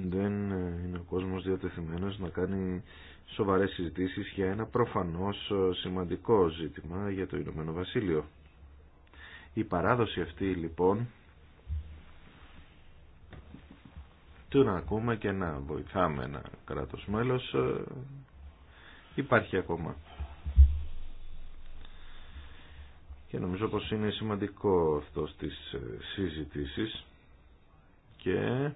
[SPEAKER 2] δεν ε, είναι ο κόσμος διατεθειμένος να κάνει σοβαρές συζητήσεις για ένα προφανώς ε, σημαντικό ζήτημα για το Ηνωμένο Βασίλειο. Η παράδοση αυτή λοιπόν του να ακούμε και να βοηθάμε ένα κράτος μέλος ε, υπάρχει ακόμα. Και νομίζω πως είναι σημαντικό αυτό στις συζητήσεις και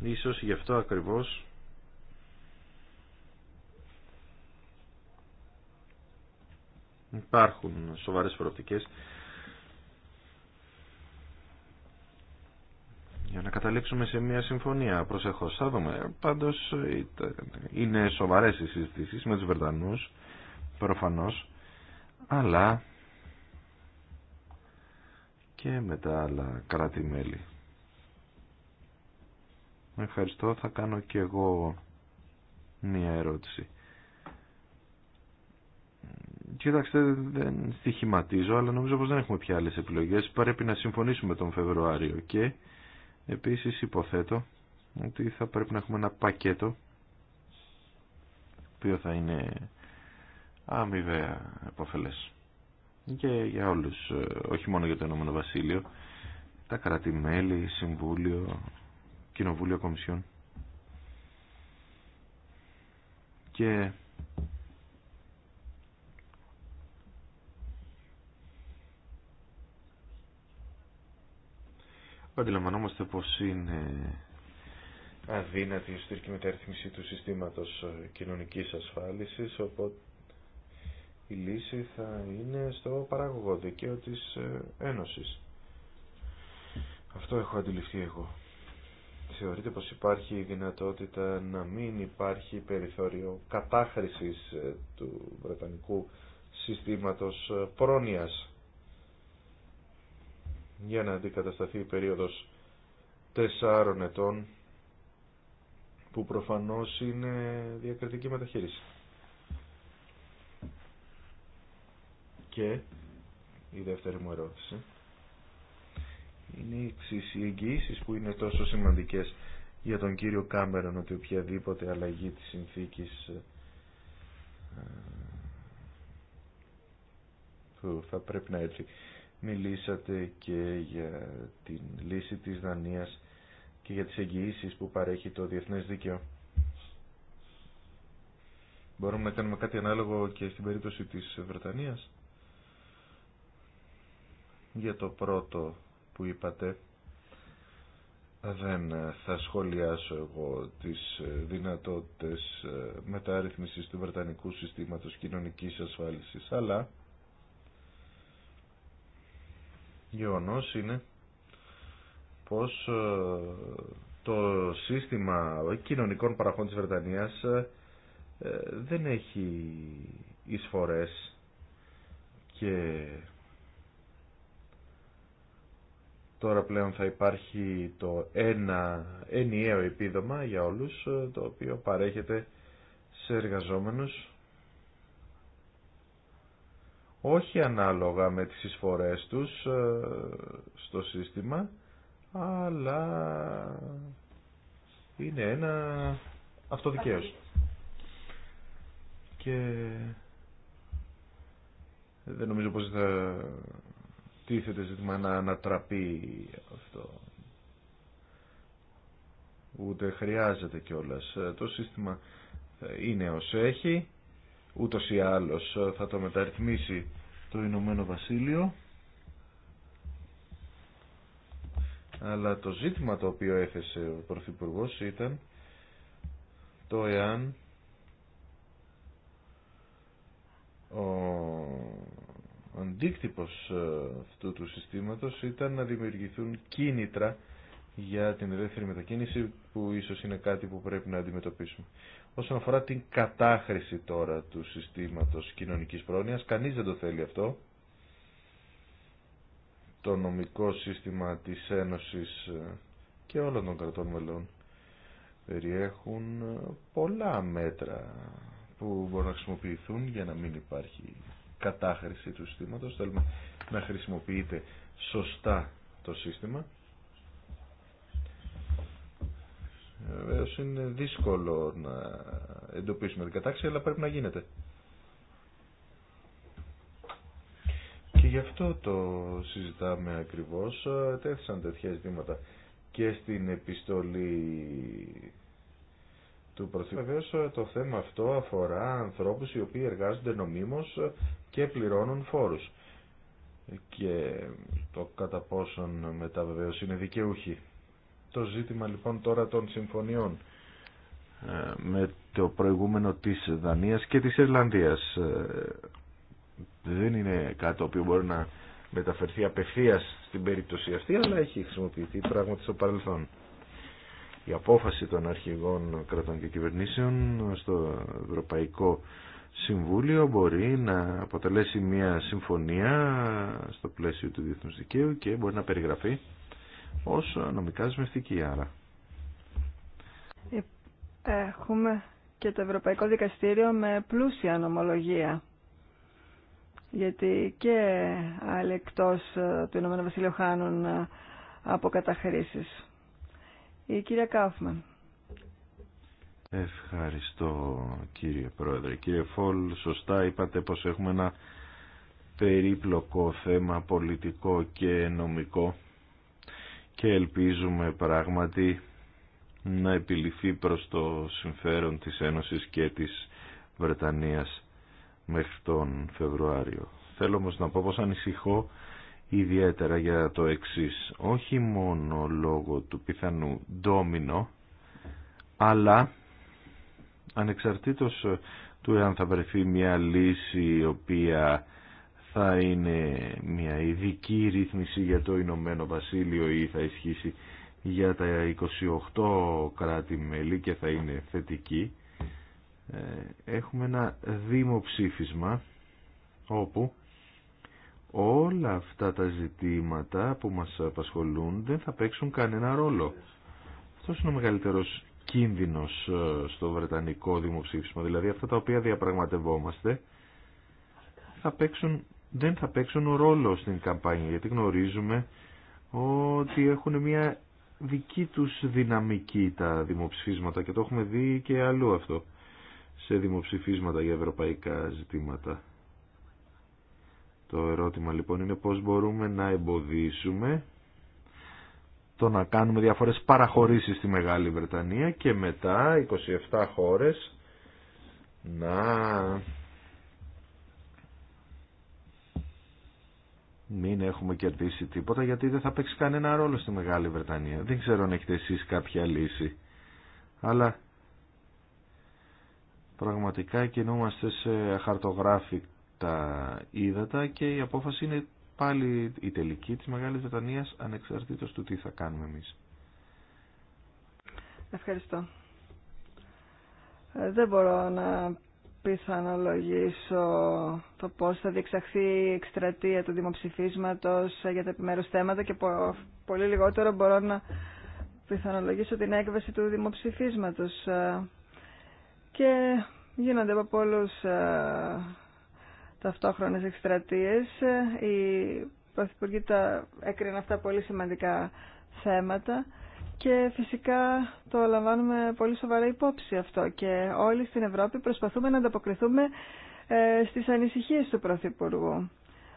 [SPEAKER 2] Ίσως γι' αυτό ακριβώς υπάρχουν σοβαρές προοπτικές για να καταλήξουμε σε μια συμφωνία προσεχώς θα δούμε πάντως είναι σοβαρές οι συζητήσεις με τους Βρετανούς προφανώς αλλά και με τα άλλα κράτη-μέλη Ευχαριστώ. Θα κάνω και εγώ μία ερώτηση. Κοιτάξτε, δεν στοιχηματίζω, αλλά νομίζω πως δεν έχουμε πια άλλες επιλογές. Πρέπει να συμφωνήσουμε τον Φεβρουάριο και επίσης υποθέτω ότι θα πρέπει να έχουμε ένα πακέτο Το οποίο θα είναι αμοιβαία επωφελές και για όλους, ε, όχι μόνο για το Ηνωμένο Βασίλειο τα κρατημέλη, Συμβούλιο, Κοινοβούλιο Κομισιόν. Και αντιλαμβανόμαστε πως είναι αδύνατη η ιστορική μεταρρύθμιση του συστήματος κοινωνικής ασφάλισης, οπότε η λύση θα είναι στο παράγωγο δικαίου της Ένωσης. Αυτό έχω αντιληφθεί εγώ θεωρείτε πως υπάρχει η δυνατότητα να μην υπάρχει περιθώριο κατάχρησης ε, του Βρετανικού συστήματος ε, πρόνοιας για να αντικατασταθεί η περίοδος τεσσάρων ετών που προφανώς είναι διακριτική μεταχείριση. Και η δεύτερη μου ερώτηση είναι οι εξής οι εγγυήσεις που είναι τόσο σημαντικές για τον κύριο Κάμερον ότι οποιαδήποτε αλλαγή της συνθήκης που ε, ε, θα πρέπει να έρθει. Μιλήσατε και για την λύση της Δανίας και για τις εγγυήσεις που παρέχει το διεθνές δίκαιο. Μπορούμε να κάνουμε κάτι ανάλογο και στην περίπτωση της Βρετανίας. Για το πρώτο που είπατε. Δεν ε, θα σχολιάσω εγώ τις ε, δυνατότητες ε, μεταρρύθμισης του Βρετανικού Συστήματος Κοινωνικής Ασφάλισης, αλλά γεγονός είναι πως το σύστημα κοινωνικών παραχών της Βρετανίας δεν έχει εισφορές και Τώρα πλέον θα υπάρχει το ένα ενιαίο επίδομα για όλους, ε, το οποίο παρέχεται σε εργαζόμενους όχι ανάλογα με τις εισφορές τους ε, στο σύστημα, αλλά είναι ένα αυτοδικαίωση. Και δεν νομίζω πως θα τίθεται ζήτημα να ανατραπεί αυτό. Ούτε χρειάζεται κιόλα. Ε, το σύστημα ε, είναι ως έχει, ούτως ή άλλως ε, θα το μεταρρυθμίσει το Ηνωμένο Βασίλειο. Αλλά το ζήτημα το οποίο έθεσε ο Πρωθυπουργό ήταν το εάν ο ο αντίκτυπος ε, αυτού του συστήματος ήταν να δημιουργηθούν κίνητρα για την ελεύθερη μετακίνηση που ίσως είναι κάτι που πρέπει να αντιμετωπίσουμε. Όσον αφορά την κατάχρηση τώρα του συστήματος κοινωνικής πρόνοιας, κανείς δεν το θέλει αυτό. Το νομικό σύστημα της Ένωσης ε, και όλων των κρατών μελών περιέχουν ε, πολλά μέτρα που μπορούν να χρησιμοποιηθούν για να μην υπάρχει κατάχρηση του συστήματος. Θέλουμε να χρησιμοποιείται σωστά το σύστημα. Βεβαίως είναι δύσκολο να εντοπίσουμε την κατάξη, αλλά πρέπει να γίνεται. Και γι' αυτό το συζητάμε ακριβώς. Ε, τέθησαν τέτοια ζητήματα και στην επιστολή του Πρωθυπουργού. Βεβαίω ε, το θέμα αυτό αφορά ανθρώπους οι οποίοι εργάζονται νομίμως ε, και πληρώνουν φόρους και το κατά πόσον μετά βεβαίω είναι δικαιούχοι. Το ζήτημα λοιπόν τώρα των συμφωνιών ε, με το προηγούμενο της Δανίας και της Ιρλανδίας δεν είναι κάτι το οποίο μπορεί να μεταφερθεί απευθείας στην περίπτωση αυτή αλλά έχει χρησιμοποιηθεί πράγματι στο παρελθόν η απόφαση των αρχηγών κρατών και κυβερνήσεων στο Ευρωπαϊκό Συμβούλιο μπορεί να αποτελέσει μια συμφωνία στο πλαίσιο του διεθνούς δικαίου και μπορεί να περιγραφεί ως νομικά ζημιστική άρα.
[SPEAKER 3] Έχουμε και το Ευρωπαϊκό Δικαστήριο με πλούσια νομολογία γιατί και άλλοι εκτός του Ηνωμένου Βασιλείου χάνουν από καταχρήσεις. Η κυρία Κάφμαν.
[SPEAKER 2] Ευχαριστώ κύριε Πρόεδρε. Κύριε Φόλ, σωστά είπατε πως έχουμε ένα περίπλοκο θέμα πολιτικό και νομικό και ελπίζουμε πράγματι να επιληθεί προς το συμφέρον της Ένωσης και της Βρετανίας μέχρι τον Φεβρουάριο. Θέλω όμως να πω πως ανησυχώ ιδιαίτερα για το εξής. Όχι μόνο λόγω του πιθανού ντόμινο, αλλά ανεξαρτήτως του εάν θα βρεθεί μια λύση η οποία θα είναι μια ειδική ρύθμιση για το Ηνωμένο Βασίλειο ή θα ισχύσει για τα 28 κράτη-μέλη και θα είναι θετική, ε, έχουμε ένα ψήφισμα όπου όλα αυτά τα ζητήματα που μας απασχολούν δεν θα παίξουν κανένα ρόλο. Αυτός είναι ο μεγαλύτερος κίνδυνος ε, στο Βρετανικό δημοψήφισμα. Δηλαδή αυτά τα οποία διαπραγματευόμαστε θα παίξουν, δεν θα παίξουν ρόλο στην καμπάνια γιατί γνωρίζουμε ότι έχουν μια δική τους δυναμική τα δημοψηφίσματα και το έχουμε δει και αλλού αυτό σε δημοψηφίσματα για ευρωπαϊκά ζητήματα. Το ερώτημα λοιπόν είναι πώς μπορούμε να εμποδίσουμε το να κάνουμε διάφορες παραχωρήσεις στη Μεγάλη Βρετανία και μετά 27 χώρες να μην έχουμε κερδίσει τίποτα γιατί δεν θα παίξει κανένα ρόλο στη Μεγάλη Βρετανία. Δεν ξέρω αν έχετε εσείς κάποια λύση. Αλλά πραγματικά κινούμαστε σε χαρτογράφη τα ύδατα και η απόφαση είναι πάλι η τελική της Μεγάλης Βρετανίας ανεξαρτήτως του τι θα κάνουμε εμείς.
[SPEAKER 3] Ευχαριστώ. Ε, δεν μπορώ να πιθανολογήσω το πώς θα διεξαχθεί η εκστρατεία του δημοψηφίσματος για τα επιμέρους θέματα και πολύ λιγότερο μπορώ να πιθανολογήσω την έκβαση του δημοψηφίσματος. Ε, και γίνονται από πολλούς ε, ταυτόχρονες εκστρατείες. Ε, οι Πρωθυπουργοί τα έκριναν αυτά πολύ σημαντικά θέματα και φυσικά το λαμβάνουμε πολύ σοβαρά υπόψη αυτό και όλοι στην Ευρώπη προσπαθούμε να ανταποκριθούμε ε, στις ανησυχίες του Πρωθυπουργού.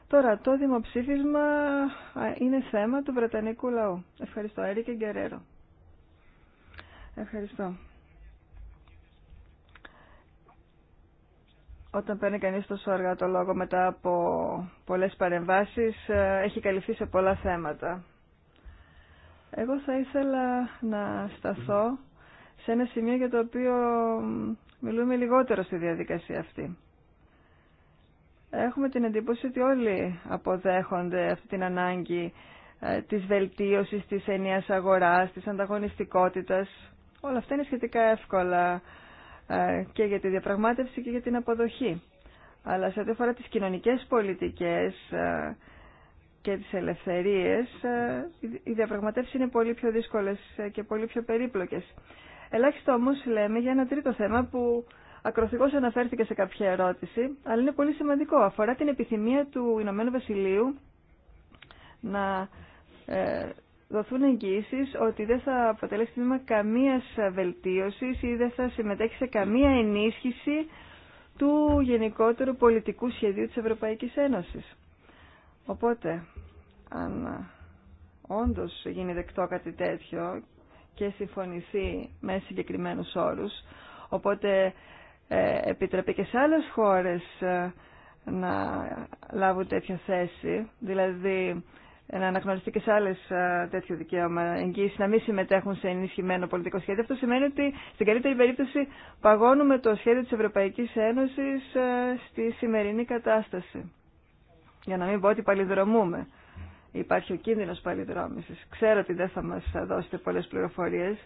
[SPEAKER 3] Τώρα, το δημοψήφισμα ε, είναι θέμα του Βρετανικού λαού. Ευχαριστώ. Έρικε Γκερέρο. Ευχαριστώ. Όταν παίρνει κανείς τόσο αργά το λόγο μετά από πολλές παρεμβάσεις, ε, έχει καλυφθεί σε πολλά θέματα. Εγώ θα ήθελα να σταθώ σε ένα σημείο για το οποίο μιλούμε λιγότερο στη διαδικασία αυτή. Έχουμε την εντύπωση ότι όλοι αποδέχονται αυτή την ανάγκη ε, της βελτίωσης της ενιαίας αγοράς, της ανταγωνιστικότητας. Όλα αυτά είναι σχετικά εύκολα ε, και για τη διαπραγμάτευση και για την αποδοχή. Αλλά σε ό,τι αφορά τις κοινωνικές πολιτικές ε, και τις ελευθερίες, ε, οι διαπραγματεύσεις είναι πολύ πιο δύσκολες και πολύ πιο περίπλοκες. Ελάχιστο όμως λέμε για ένα τρίτο θέμα που ακροθυγώς αναφέρθηκε σε κάποια ερώτηση, αλλά είναι πολύ σημαντικό. Αφορά την επιθυμία του Ηνωμένου Βασιλείου να δοθούν εγγύσει ότι δεν θα αποτελέσει τμήμα καμία βελτίωση ή δεν θα συμμετέχει σε καμία ενίσχυση του γενικότερου πολιτικού σχεδίου της Ευρωπαϊκής Ένωσης. Οπότε, αν όντως γίνει δεκτό κάτι τέτοιο και συμφωνηθεί με συγκεκριμένους όρους, οπότε ε, επιτρέπει και σε άλλες χώρες ε, να λάβουν τέτοια θέση, δηλαδή να αναγνωριστεί και σε άλλε τέτοιο δικαίωμα εγγύηση, να μην συμμετέχουν σε ενισχυμένο πολιτικό σχέδιο. Αυτό σημαίνει ότι στην καλύτερη περίπτωση παγώνουμε το σχέδιο τη Ευρωπαϊκή Ένωση στη σημερινή κατάσταση. Για να μην πω ότι παλιδρομούμε. Υπάρχει ο κίνδυνο παλιδρόμηση. Ξέρω ότι δεν θα μα δώσετε πολλέ πληροφορίε,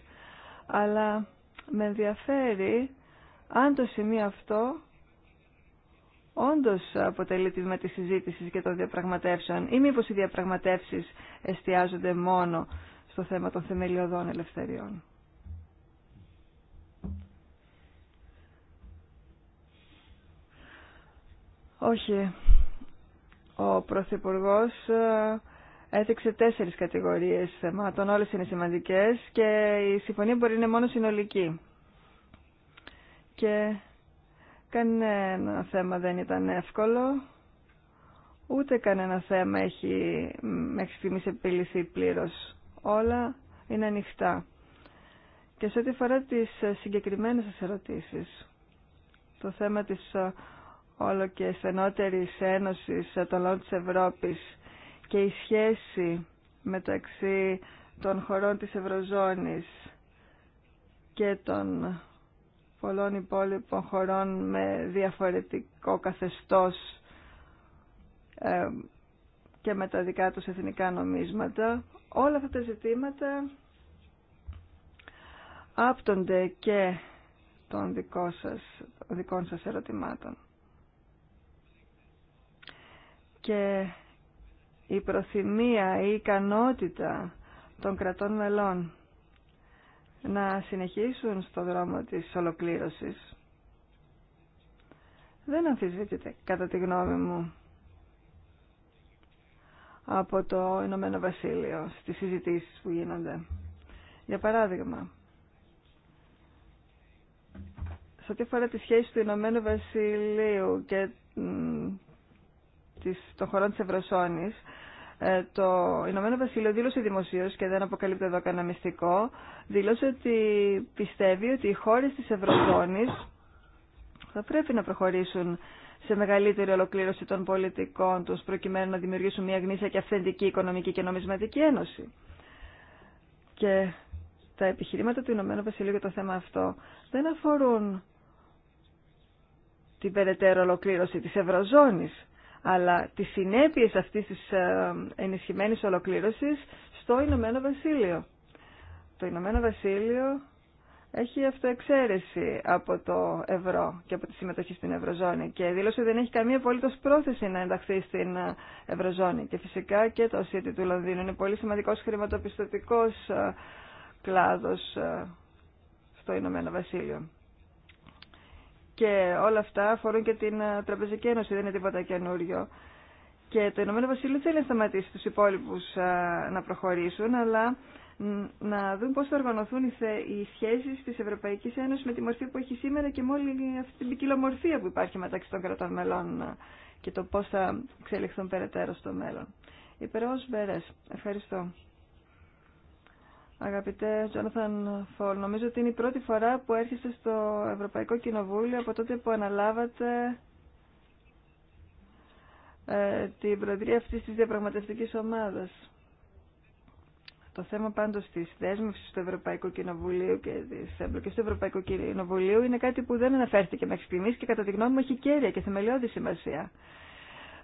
[SPEAKER 3] αλλά με ενδιαφέρει αν το σημείο αυτό όντω αποτελεί τμήμα τη συζήτηση και των διαπραγματεύσεων, ή μήπω οι διαπραγματεύσει εστιάζονται μόνο στο θέμα των θεμελιωδών ελευθεριών. Όχι. Ο Πρωθυπουργό ε, έδειξε τέσσερις κατηγορίες θεμάτων, όλες είναι σημαντικές και η συμφωνία μπορεί να είναι μόνο συνολική. Και Κανένα θέμα δεν ήταν εύκολο, ούτε κανένα θέμα έχει μέχρι στιγμής επιλυθεί πλήρως. Όλα είναι ανοιχτά. Και σε ό,τι αφορά τις συγκεκριμένες σας ερωτήσεις, το θέμα της ε, όλο και στενότερης ένωσης ε, των λαών της Ευρώπης και η σχέση μεταξύ των χωρών της Ευρωζώνης και των πολλών υπόλοιπων χωρών με διαφορετικό καθεστώς ε, και με τα δικά τους εθνικά νομίσματα. Όλα αυτά τα ζητήματα άπτονται και των δικών σας, δικών σας ερωτημάτων. Και η προθυμία, η ικανότητα των κρατών μελών να συνεχίσουν στο δρόμο της ολοκλήρωσης. Δεν αμφισβητείται, κατά τη γνώμη μου, από το Ηνωμένο Βασίλειο στις συζητήσεις που γίνονται. Για παράδειγμα, σε ό,τι αφορά τη σχέση του Ηνωμένου Βασιλείου και των χωρών της Ευρωσόνης, ε, το Ηνωμένο Βασίλειο δήλωσε δημοσίω και δεν αποκαλύπτω εδώ κανένα μυστικό, δήλωσε ότι πιστεύει ότι οι χώρε τη Ευρωζώνη θα πρέπει να προχωρήσουν σε μεγαλύτερη ολοκλήρωση των πολιτικών του προκειμένου να δημιουργήσουν μια γνήσια και αυθεντική οικονομική και νομισματική ένωση. Και τα επιχειρήματα του Ηνωμένου Βασιλείου για το θέμα αυτό δεν αφορούν την περαιτέρω ολοκλήρωση της Ευρωζώνης, αλλά τις συνέπειες αυτής της ε, ενισχυμένης ολοκλήρωσης στο Ηνωμένο Βασίλειο. Το Ηνωμένο Βασίλειο έχει αυτοεξαίρεση από το ευρώ και από τη συμμετοχή στην Ευρωζώνη και δήλωσε ότι δεν έχει καμία απολύτω πρόθεση να ενταχθεί στην ε, Ευρωζώνη. Και φυσικά και το City του Λονδίνου είναι πολύ σημαντικό χρηματοπιστωτικό ε, κλάδο στο Ηνωμένο Βασίλειο. Και όλα αυτά αφορούν και την ε, Τραπεζική Ένωση, δεν είναι τίποτα καινούριο. Και το Ηνωμένο Βασίλειο θέλει να σταματήσει τους υπόλοιπους ε, να προχωρήσουν, αλλά να δουν πώς θα οργανωθούν οι σχέσεις της Ευρωπαϊκής Ένωσης με τη μορφή που έχει σήμερα και με όλη αυτή την ποικιλομορφία που υπάρχει μεταξύ των κρατών μελών ε, και το πώς θα εξελιχθούν περαιτέρω στο μέλλον. Υπερός Μπερές. Ευχαριστώ. Αγαπητέ Τζόναθαν Φόλ, νομίζω ότι είναι η πρώτη φορά που έρχεστε στο Ευρωπαϊκό Κοινοβούλιο από τότε που αναλάβατε ε, την προεδρία αυτής της διαπραγματευτικής ομάδας. Το θέμα πάντως της δέσμευσης του Ευρωπαϊκού Κοινοβουλίου και της εμπλοκής του Ευρωπαϊκού Κοινοβουλίου είναι κάτι που δεν αναφέρθηκε μέχρι στιγμής και κατά τη γνώμη μου έχει κέρια και θεμελιώδη σημασία.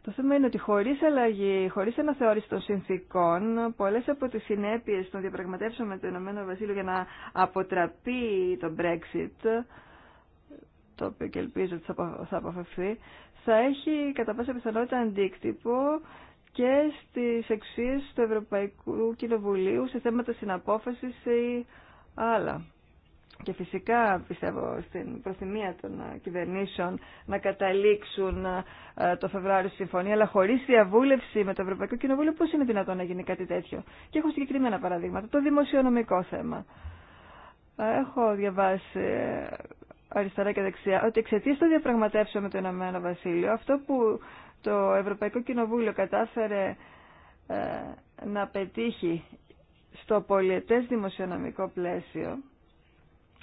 [SPEAKER 3] Το θέμα είναι ότι χωρί αλλαγή, χωρί αναθεώρηση των συνθήκων, πολλέ από τι συνέπειε των διαπραγματεύσεων με το Ηνωμένο Βασίλειο για να αποτραπεί το Brexit, το οποίο και ελπίζω ότι θα αποφευθεί, θα έχει κατά πάσα πιθανότητα αντίκτυπο και στι εξουσίε του Ευρωπαϊκού Κοινοβουλίου σε θέματα συναπόφασης ή άλλα. Και φυσικά πιστεύω στην προθυμία των ε, κυβερνήσεων να καταλήξουν ε, ε, το Φεβράριο στη συμφωνία, αλλά χωρί διαβούλευση με το Ευρωπαϊκό Κοινοβούλιο, πώ είναι δυνατόν να γίνει κάτι τέτοιο. Και έχω συγκεκριμένα παραδείγματα. Το δημοσιονομικό θέμα. Έχω διαβάσει αριστερά και δεξιά ότι εξαιτία των διαπραγματεύσεων με το Ηνωμένο Βασίλειο, αυτό που το Ευρωπαϊκό Κοινοβούλιο κατάφερε να πετύχει στο πολιετές δημοσιονομικό πλαίσιο,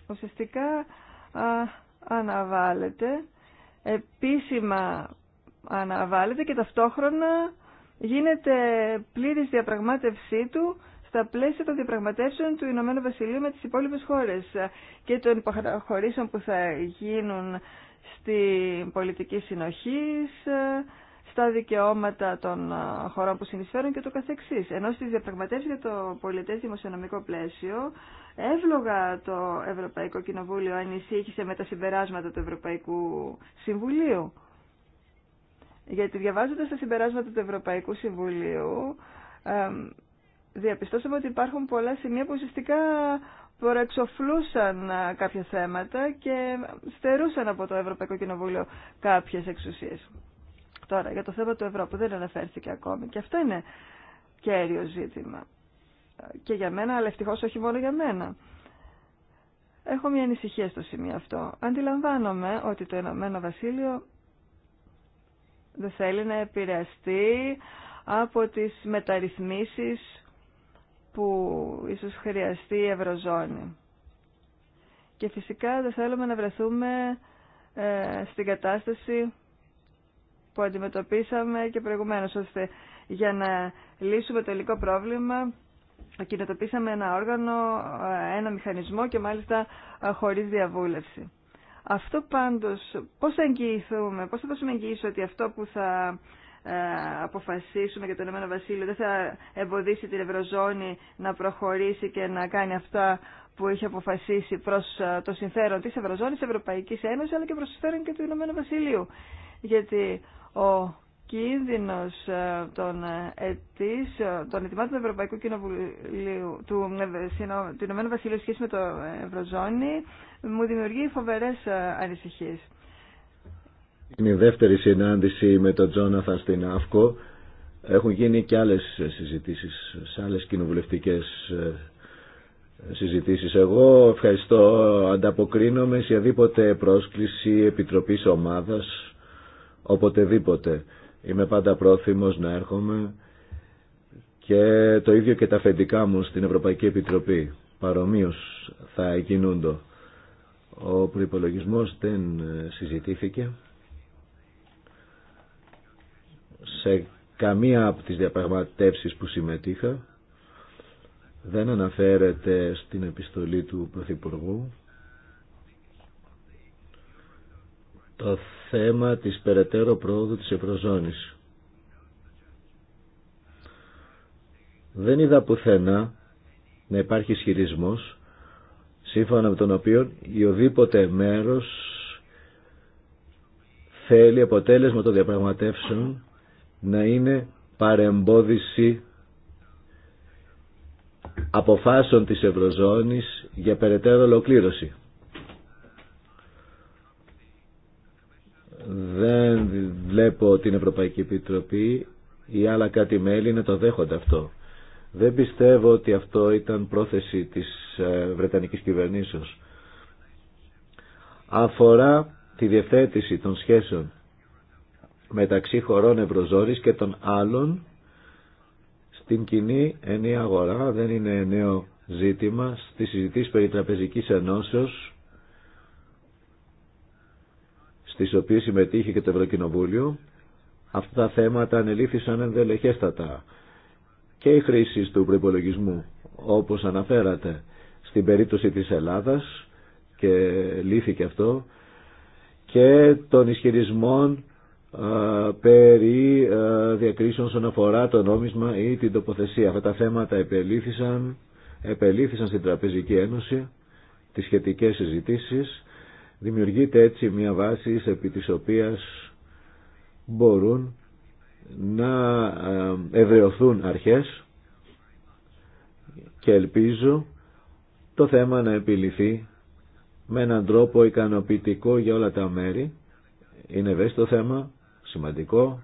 [SPEAKER 3] ουσιαστικά αναβάλλεται, επίσημα αναβάλλεται και ταυτόχρονα γίνεται πλήρης διαπραγμάτευσή του στα πλαίσια των διαπραγματεύσεων του Ηνωμένου Βασιλείου με τις υπόλοιπες χώρες και των υποχωρήσεων που θα γίνουν στην πολιτική συνοχής, τα δικαιώματα των χωρών που συνεισφέρουν και το καθεξής. Ενώ στις διαπραγματεύσεις για το πολιτές δημοσιονομικό πλαίσιο, εύλογα το Ευρωπαϊκό Κοινοβούλιο ανησύχησε με τα συμπεράσματα του Ευρωπαϊκού Συμβουλίου. Γιατί διαβάζοντας τα συμπεράσματα του Ευρωπαϊκού Συμβουλίου, διαπιστώσαμε ότι υπάρχουν πολλά σημεία που ουσιαστικά προεξοφλούσαν κάποια θέματα και στερούσαν από το Ευρωπαϊκό Κοινοβούλιο κάποιες εξουσίες. Τώρα, για το θέμα του ευρώ που δεν αναφέρθηκε ακόμη και αυτό είναι κέριο ζήτημα. Και για μένα, αλλά ευτυχώ όχι μόνο για μένα. Έχω μια ανησυχία στο σημείο αυτό. Αντιλαμβάνομαι ότι το Ηνωμένο Βασίλειο δεν θέλει να επηρεαστεί από τις μεταρρυθμίσεις που ίσως χρειαστεί η Ευρωζώνη. Και φυσικά δεν θέλουμε να βρεθούμε ε, στην κατάσταση που αντιμετωπίσαμε και προηγουμένως, ώστε για να λύσουμε το υλικό πρόβλημα κοινοτοποιήσαμε ένα όργανο, ένα μηχανισμό και μάλιστα χωρίς διαβούλευση. Αυτό πάντως, πώς θα εγγυηθούμε, πώς θα δώσουμε εγγύηση ότι αυτό που θα ε, αποφασίσουμε για το Ηνωμένο Βασίλειο δεν θα εμποδίσει την Ευρωζώνη να προχωρήσει και να κάνει αυτά που είχε αποφασίσει προς ε, το συμφέρον της Ευρωζώνης, Ευρωπαϊκής Ένωσης αλλά και προς το συμφέρον και του Ηνωμένου Βασιλείου. Γιατί ο κίνδυνος ε, των, ε, αιτήσεων, των ετοιμάτων του Ευρωπαϊκού Κοινοβουλίου του, ε, του Ηνωμένου Βασιλείου σχέση με το Ευρωζώνη μου δημιουργεί φοβερές ανησυχίες.
[SPEAKER 1] Είναι η δεύτερη συνάντηση με τον Τζόναθαν στην ΑΦΚΟ. Έχουν γίνει και άλλες συζητήσεις σε άλλες κοινοβουλευτικές συζητήσεις. Εγώ ευχαριστώ, ανταποκρίνομαι σε οποιαδήποτε πρόσκληση επιτροπής ομάδας οποτεδήποτε. Είμαι πάντα πρόθυμος να έρχομαι και το ίδιο και τα αφεντικά μου στην Ευρωπαϊκή Επιτροπή. Παρομοίως θα εκινούντο. Ο προπολογισμό δεν συζητήθηκε σε καμία από τις διαπραγματεύσεις που συμμετείχα. Δεν αναφέρεται στην επιστολή του Πρωθυπουργού. το θέμα της περαιτέρω πρόοδου της Ευρωζώνης. Δεν είδα πουθενά να υπάρχει ισχυρισμό σύμφωνα με τον οποίο η οδήποτε μέρος θέλει αποτέλεσμα των διαπραγματεύσεων να είναι παρεμπόδιση αποφάσεων της Ευρωζώνης για περαιτέρω ολοκλήρωση. δεν βλέπω την Ευρωπαϊκή Επιτροπή ή άλλα κάτι μέλη να το δέχονται αυτό. Δεν πιστεύω ότι αυτό ήταν πρόθεση της ε, Βρετανικής κυβερνήσεως. Αφορά τη διευθέτηση των σχέσεων μεταξύ χωρών Ευρωζώρης και των άλλων στην κοινή ενή αγορά δεν είναι νέο ζήτημα στις συζητήσεις περί τραπεζικής στις οποίες συμμετείχε και το Ευρωκοινοβούλιο, αυτά τα θέματα ανελήφθησαν ενδελεχέστατα και η χρήση του προπολογισμού, όπως αναφέρατε, στην περίπτωση της Ελλάδας και λύθηκε αυτό και των ισχυρισμών ε, περί ε, διακρίσεων στον αφορά το νόμισμα ή την τοποθεσία. Αυτά τα θέματα επελήφθησαν, επελήφθησαν στην Τραπεζική Ένωση τις σχετικές συζητήσεις Δημιουργείται έτσι μια βάση επί της οποίας μπορούν να ε, ευρεωθούν αρχές και ελπίζω το θέμα να επιληθεί με έναν τρόπο ικανοποιητικό για όλα τα μέρη. Είναι ευαίσθητο θέμα, σημαντικό,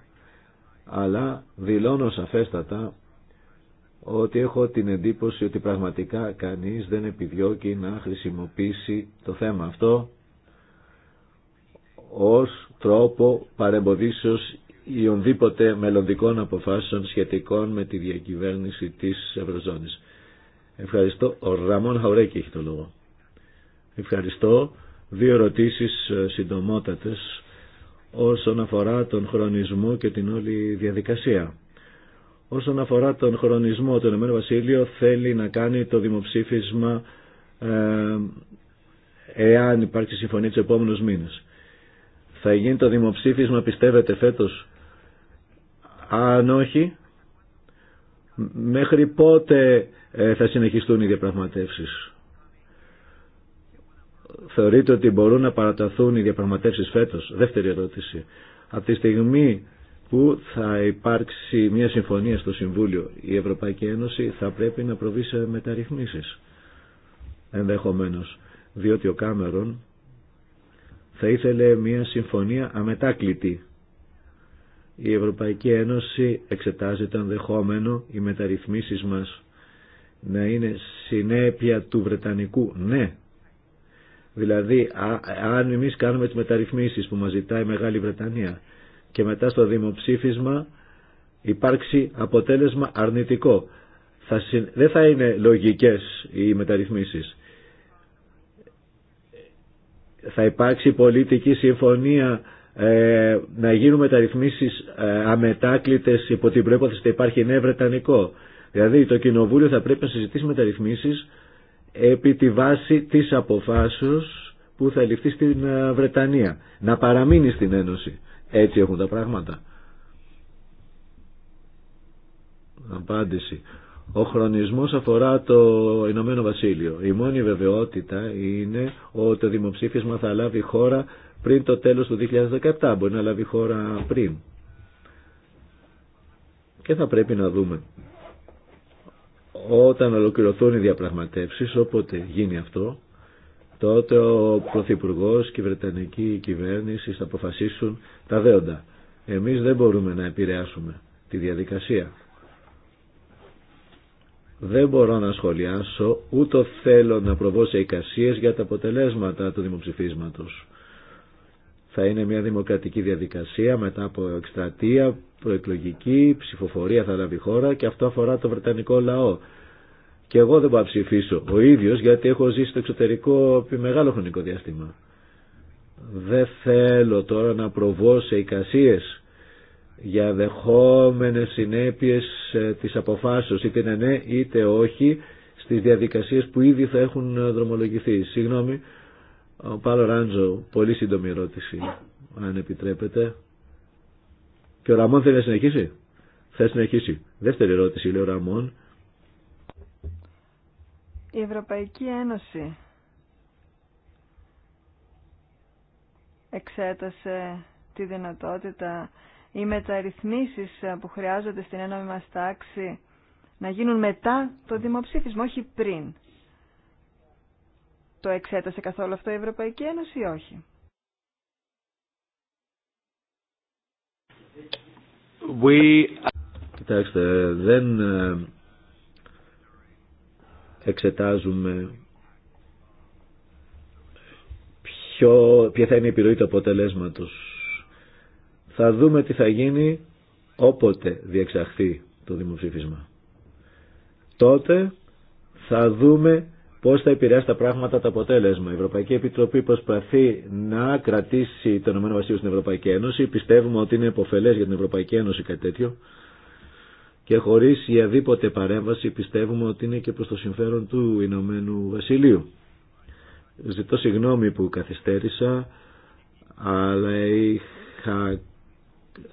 [SPEAKER 1] αλλά δηλώνω σαφέστατα ότι έχω την εντύπωση ότι πραγματικά κανείς δεν επιδιώκει να χρησιμοποιήσει το θέμα αυτό ως τρόπο παρεμποδίσεως ιονδήποτε μελλοντικών αποφάσεων σχετικών με τη διακυβέρνηση της Ευρωζώνης. Ευχαριστώ. Ο Ραμόν Χαουρέκη έχει το λόγο. Ευχαριστώ. Δύο ρωτήσεις ε, συντομότατες όσον αφορά τον χρονισμό και την όλη διαδικασία. Όσον αφορά τον χρονισμό, το Ηνωμένο Βασίλειο θέλει να κάνει το δημοψήφισμα ε, εάν υπάρξει συμφωνία του επόμενου μήνες. Θα γίνει το δημοψήφισμα πιστεύετε φέτος. Αν όχι, μέχρι πότε ε, θα συνεχιστούν οι διαπραγματεύσεις. Θεωρείτε ότι μπορούν να παραταθούν οι διαπραγματεύσεις φέτος. Δεύτερη ερώτηση. Από τη στιγμή που θα υπάρξει μια συμφωνία στο Συμβούλιο, η Ευρωπαϊκή Ένωση θα πρέπει να προβεί σε μεταρρυθμίσεις. Ενδεχομένως, διότι ο Κάμερον θα ήθελε μια συμφωνία αμετάκλητη. Η Ευρωπαϊκή Ένωση εξετάζει το ενδεχόμενο οι μεταρρυθμίσεις μας να είναι συνέπεια του Βρετανικού ναι. Δηλαδή, αν εμείς κάνουμε τις μεταρρυθμίσεις που μας ζητάει η Μεγάλη Βρετανία και μετά στο δημοψήφισμα υπάρξει αποτέλεσμα αρνητικό, θα, δεν θα είναι λογικές οι μεταρρυθμίσεις θα υπάρξει πολιτική συμφωνία ε, να γίνουν μεταρρυθμίσεις ε, αμετάκλητες υπό την προϋπόθεση ότι υπάρχει νέο Βρετανικό. Δηλαδή το Κοινοβούλιο θα πρέπει να συζητήσει μεταρρυθμίσεις επί τη βάση της αποφάσεως που θα ληφθεί στην ε, Βρετανία. Να παραμείνει στην Ένωση. Έτσι έχουν τα πράγματα. Απάντηση. Ο χρονισμός αφορά το Ηνωμένο Βασίλειο. Η μόνη βεβαιότητα είναι ότι το δημοψήφισμα θα λάβει χώρα πριν το τέλος του 2017. Μπορεί να λάβει χώρα πριν. Και θα πρέπει να δούμε όταν ολοκληρωθούν οι διαπραγματεύσεις, όποτε γίνει αυτό, τότε ο Πρωθυπουργό και η Βρετανική κυβέρνηση θα αποφασίσουν τα δέοντα. Εμείς δεν μπορούμε να επηρεάσουμε τη διαδικασία. Δεν μπορώ να σχολιάσω, ούτε θέλω να προβώ σε εικασίες για τα αποτελέσματα του δημοψηφίσματος. Θα είναι μια δημοκρατική διαδικασία μετά από εκστρατεία, προεκλογική, ψηφοφορία θα λάβει χώρα και αυτό αφορά το βρετανικό λαό. Και εγώ δεν μπορώ να ψηφίσω ο ίδιος γιατί έχω ζήσει στο εξωτερικό επί μεγάλο χρονικό διάστημα. Δεν θέλω τώρα να προβώ σε εικασίες για δεχόμενες συνέπειες ε, της αποφάσεως είτε ναι είτε όχι στις διαδικασίες που ήδη θα έχουν ε, δρομολογηθεί. Συγγνώμη, ο Πάλο Ράντζο, πολύ σύντομη ερώτηση, αν επιτρέπετε. Και ο Ραμόν θέλει να συνεχίσει. Θα συνεχίσει. Δεύτερη ερώτηση, λέει ο Ραμόν.
[SPEAKER 3] Η Ευρωπαϊκή Ένωση εξέτασε τη δυνατότητα οι μεταρρυθμίσεις ε, που χρειάζονται στην ένωμη μας τάξη να γίνουν μετά το δημοψήφισμα, όχι πριν. Το εξέτασε καθόλου αυτό η Ευρωπαϊκή Ένωση ή όχι.
[SPEAKER 1] Κοιτάξτε, δεν ε, εξετάζουμε ποια θα είναι η επιρροή του αποτελέσματος θα δούμε τι θα γίνει όποτε διεξαχθεί το δημοψήφισμα. Τότε θα δούμε πώς θα επηρεάσει τα πράγματα το αποτέλεσμα. Η Ευρωπαϊκή Επιτροπή προσπαθεί να κρατήσει το Ηνωμένο Βασίλειο στην Ευρωπαϊκή Ένωση. Πιστεύουμε ότι είναι υποφελές για την Ευρωπαϊκή Ένωση κάτι τέτοιο. Και χωρίς η αδίποτε παρέμβαση πιστεύουμε ότι είναι και προς το συμφέρον του Ηνωμένου Βασιλείου. Ζητώ συγγνώμη που καθυστέρησα, αλλά είχα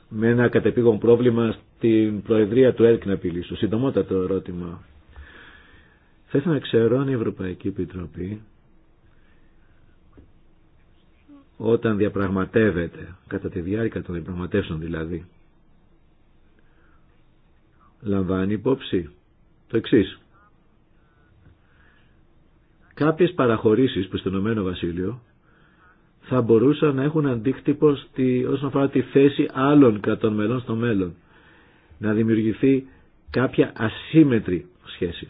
[SPEAKER 1] με ένα κατεπήγον πρόβλημα στην Προεδρία του ΕΡΚ να επιλύσω. Συντομότατο ερώτημα. Θα ήθελα να ξέρω αν η Ευρωπαϊκή Επιτροπή όταν διαπραγματεύεται, κατά τη διάρκεια των διαπραγματεύσεων δηλαδή, λαμβάνει υπόψη το εξή. Κάποιες παραχωρήσεις που το Ηνωμένο Βασίλειο θα μπορούσαν να έχουν αντίκτυπο στη, όσον αφορά τη θέση άλλων κρατών μελών στο μέλλον. Να δημιουργηθεί κάποια ασύμετρη σχέση.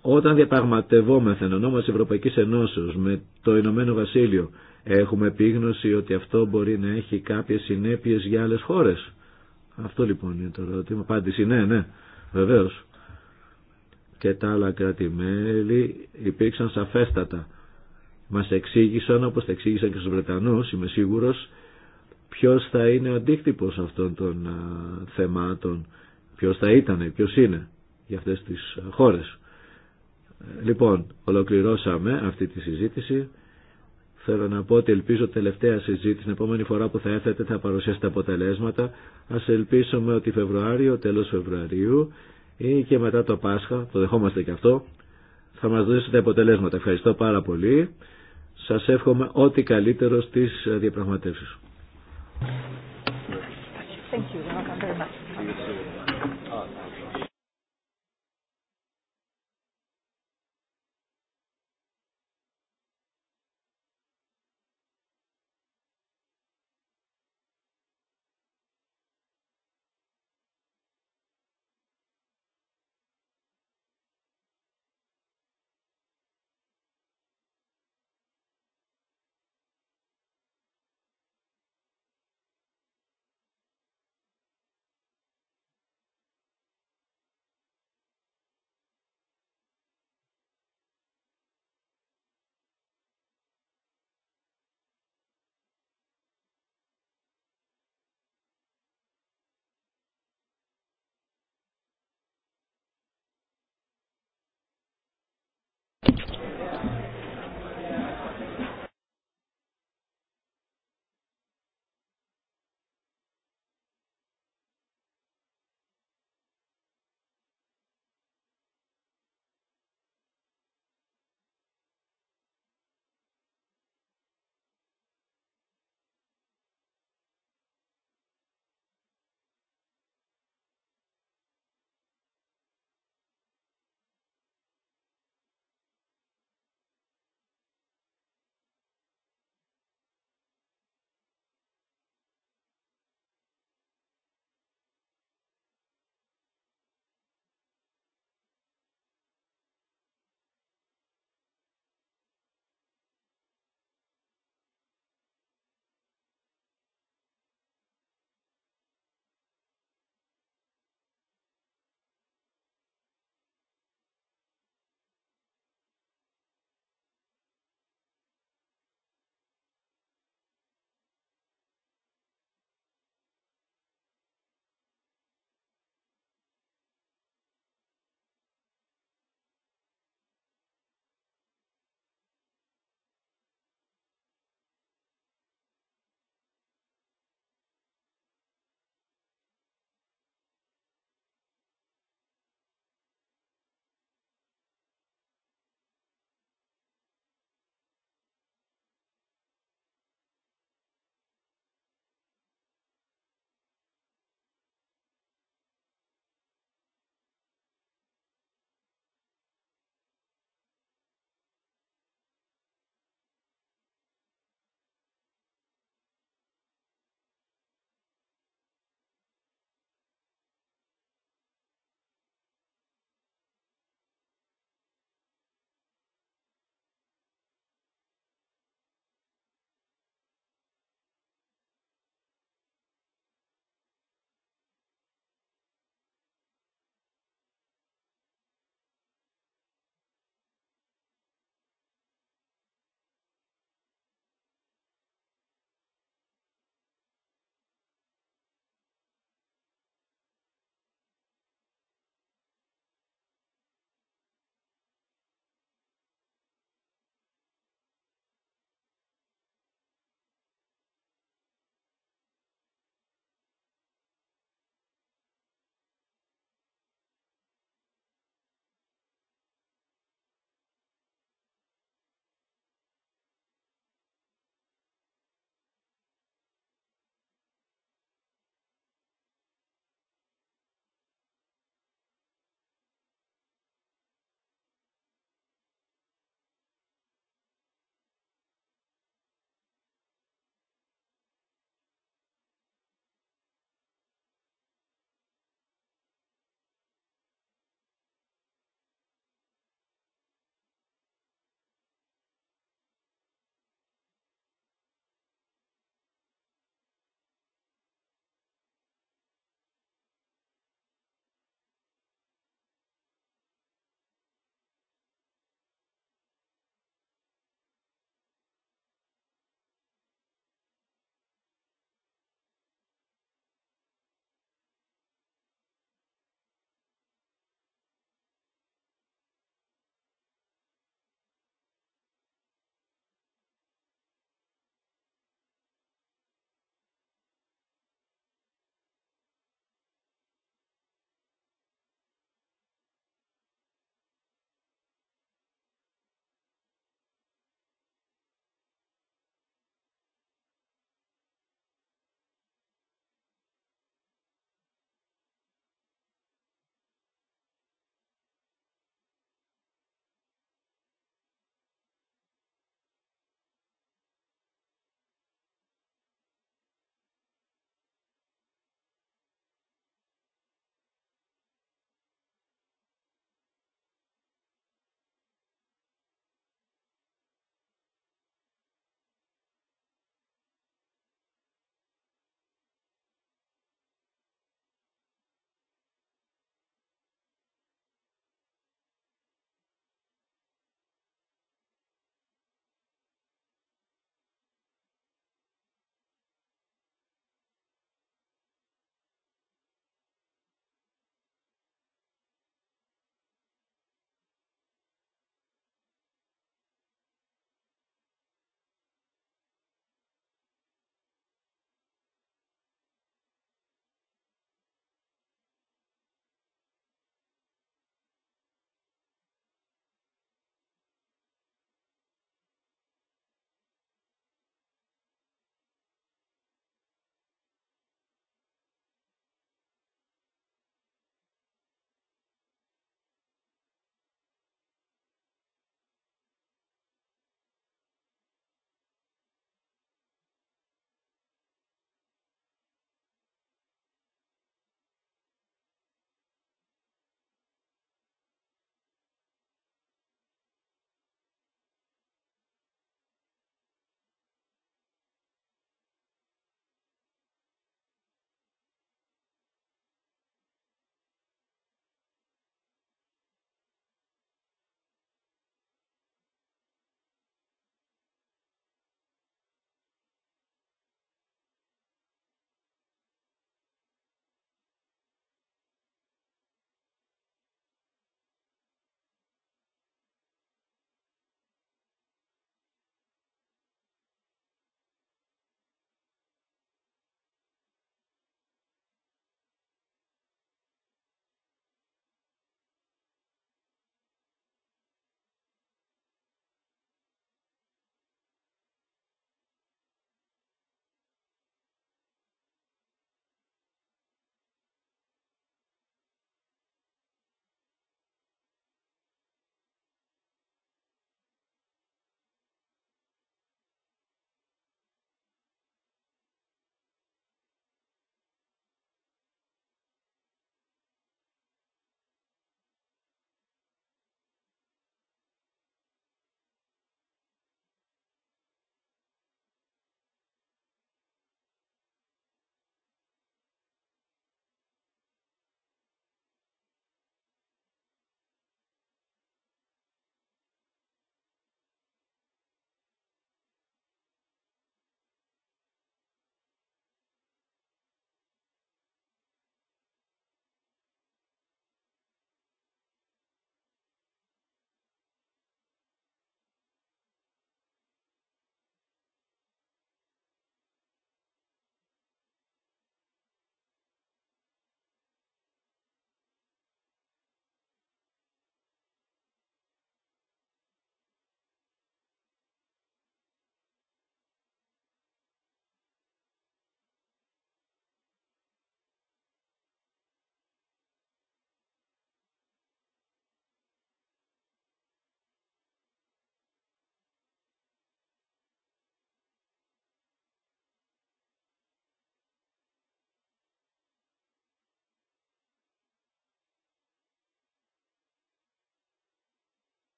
[SPEAKER 1] Όταν διαπραγματευόμεθα εν ονόμα της Ευρωπαϊκής με το Ηνωμένο Βασίλειο, έχουμε επίγνωση ότι αυτό μπορεί να έχει κάποιες συνέπειες για άλλες χώρες. Αυτό λοιπόν είναι το ερώτημα. Απάντηση ναι, ναι, Βεβαίω. Και τα άλλα κράτη-μέλη υπήρξαν σαφέστατα μας εξήγησαν, όπως τα εξήγησαν και στους Βρετανούς, είμαι σίγουρος, ποιος θα είναι ο αντίκτυπος αυτών των θεμάτων, ποιος θα ήταν, ποιος είναι για αυτές τις χώρες. Λοιπόν, ολοκληρώσαμε αυτή τη συζήτηση. Θέλω να πω ότι ελπίζω τελευταία συζήτηση, την επόμενη φορά που θα έρθετε θα παρουσιάσετε τα αποτελέσματα. Ας ελπίσουμε ότι Φεβρουάριο, τέλος Φεβρουαρίου ή και μετά το Πάσχα, το δεχόμαστε και αυτό, θα μας δώσετε τα αποτελέσματα. Ευχαριστώ πάρα πολύ. Σας εύχομαι ό,τι καλύτερο στις διαπραγματεύσεις.
[SPEAKER 3] Thank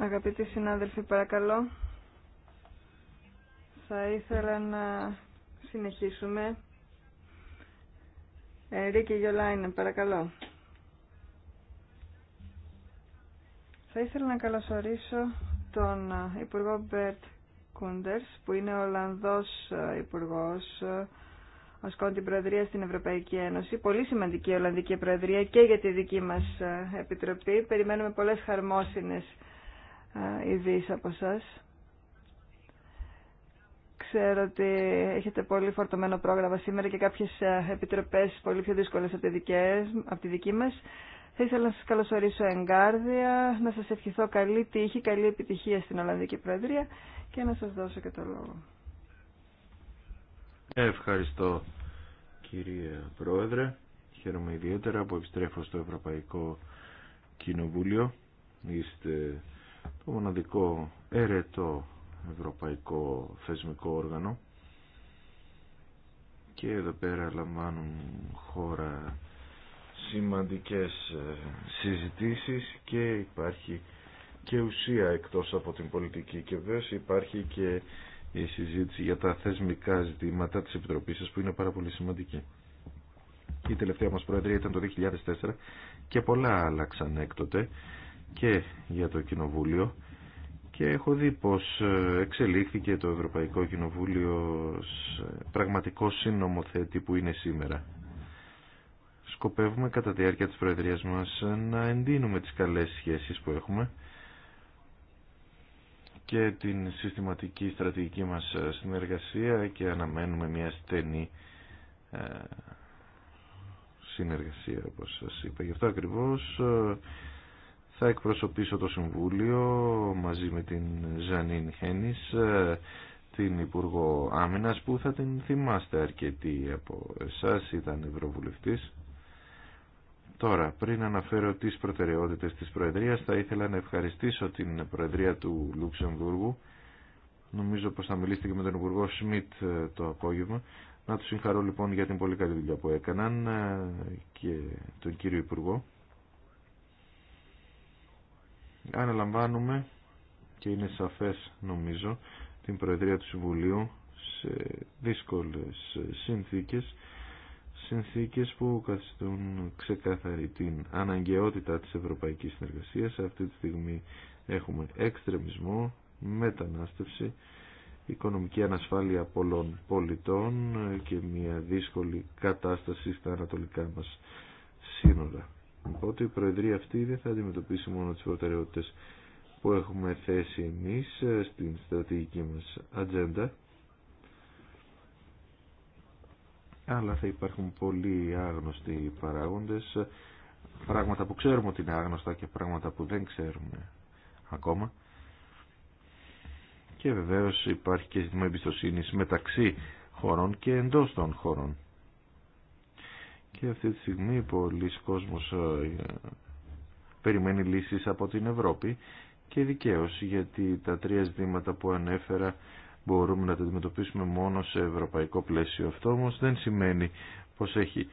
[SPEAKER 3] Αγαπητοί συνάδελφοι, παρακαλώ. Θα ήθελα να συνεχίσουμε. Ε, Ρίκη Γιολάινε, παρακαλώ. Θα ήθελα να καλωσορίσω τον ε, Υπουργό Μπέρτ Κούντερς, που είναι ο Ολλανδός ε, Υπουργός ασκών την Προεδρία στην Ευρωπαϊκή Ένωση. Πολύ σημαντική η Ολλανδική Προεδρία και για τη δική μας ε, Επιτροπή. Περιμένουμε πολλές χαρμόσυνες ε, ειδήσει από εσά. Ξέρω ότι έχετε πολύ φορτωμένο πρόγραμμα σήμερα και κάποιες ε, επιτροπές πολύ πιο δύσκολες από τη, δικές, από τη δική μας. Θα ήθελα να σας καλωσορίσω εγκάρδια, να σας ευχηθώ καλή τύχη, καλή επιτυχία στην Ολλανδική Προεδρία και να σας δώσω και το λόγο.
[SPEAKER 2] Ευχαριστώ κύριε Πρόεδρε. Χαίρομαι ιδιαίτερα που επιστρέφω στο Ευρωπαϊκό Κοινοβούλιο. Είστε το μοναδικό έρετο ευρωπαϊκό θεσμικό όργανο και εδώ πέρα λαμβάνουν χώρα σημαντικές ε, συζητήσεις και υπάρχει και ουσία εκτός από την πολιτική και βέβαια υπάρχει και η συζήτηση για τα θεσμικά ζητήματα της Επιτροπής σας που είναι πάρα πολύ σημαντική. Η τελευταία μας Προεδρία ήταν το 2004 και πολλά άλλαξαν έκτοτε και για το Κοινοβούλιο και έχω δει πως ε, εξελίχθηκε το Ευρωπαϊκό Κοινοβούλιο ε, πραγματικό συνομοθέτη που είναι σήμερα. Σκοπεύουμε κατά τη διάρκεια της Προεδρίας μας να εντείνουμε τις καλές σχέσεις που έχουμε και την συστηματική στρατηγική μας ε, συνεργασία και αναμένουμε μια στενή ε, συνεργασία όπως σας είπα. Γι' αυτό ακριβώς ε, θα εκπροσωπήσω το Συμβούλιο μαζί με την Ζανίν ε, την Υπουργό Άμυνας που θα την θυμάστε αρκετοί από εσάς, ήταν Ευρωβουλευτής Τώρα, πριν αναφέρω τις προτεραιότητες της Προεδρίας, θα ήθελα να ευχαριστήσω την Προεδρία του Λουξεμβούργου. Νομίζω πως θα μιλήσετε και με τον Υπουργό Σμιτ ε, το απόγευμα. Να τους συγχαρώ λοιπόν για την πολύ καλή δουλειά που έκαναν ε, και τον κύριο Υπουργό. Αναλαμβάνουμε και είναι σαφές νομίζω την Προεδρία του Συμβουλίου σε δύσκολες συνθήκες συνθήκες που καθιστούν ξεκάθαρη την αναγκαιότητα της ευρωπαϊκής συνεργασίας. Αυτή τη στιγμή έχουμε εξτρεμισμό, μετανάστευση, οικονομική ανασφάλεια πολλών πολιτών και μια δύσκολη κατάσταση στα ανατολικά μας σύνορα. Οπότε η Προεδρία αυτή δεν θα αντιμετωπίσει μόνο τις προτεραιότητες που έχουμε θέσει εμείς στην στρατηγική μας ατζέντα, αλλά θα υπάρχουν πολλοί άγνωστοι παράγοντες, πράγματα που ξέρουμε ότι είναι άγνωστα και πράγματα που δεν ξέρουμε ακόμα. Και βεβαίως υπάρχει και ζήτημα εμπιστοσύνη μεταξύ χωρών και εντός των χωρών. Και αυτή τη στιγμή πολλοί κόσμος ε, περιμένει λύσεις από την Ευρώπη και δικαίως γιατί τα τρία ζητήματα που ανέφερα μπορούμε να το αντιμετωπίσουμε μόνο σε ευρωπαϊκό πλαίσιο. Αυτό όμως δεν σημαίνει πως έχει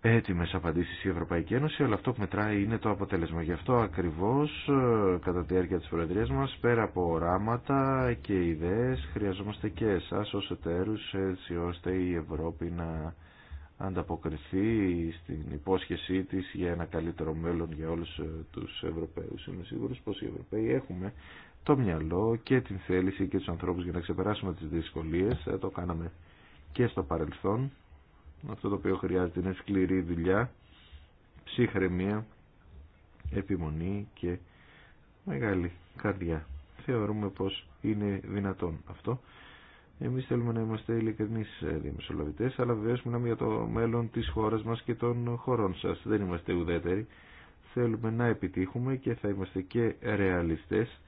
[SPEAKER 2] έτοιμες απαντήσεις η Ευρωπαϊκή Ένωση, αλλά αυτό που μετράει είναι το αποτέλεσμα. Γι' αυτό ακριβώς ε, κατά τη διάρκεια της Προεδρίας μας, πέρα από οράματα και ιδέες, χρειαζόμαστε και εσάς ως εταίρους, έτσι ώστε η Ευρώπη να ανταποκριθεί στην υπόσχεσή της για ένα καλύτερο μέλλον για όλους ε, τους Ευρωπαίους. Είμαι σίγουρος πως οι Ευρωπαίοι έχουμε το μυαλό και την θέληση και τους ανθρώπους για να ξεπεράσουμε τις δυσκολίες. Ε, το κάναμε και στο παρελθόν. Αυτό το οποίο χρειάζεται είναι σκληρή δουλειά, ψυχραιμία, επιμονή και μεγάλη καρδιά. Θεωρούμε πως είναι δυνατόν αυτό. Εμείς θέλουμε να είμαστε ειλικρινείς ε, διαμεσολαβητές, αλλά βεβαίως μιλάμε για το μέλλον της χώρας μας και των χωρών σας. Δεν είμαστε ουδέτεροι. Θέλουμε να επιτύχουμε και θα είμαστε και ρεαλιστές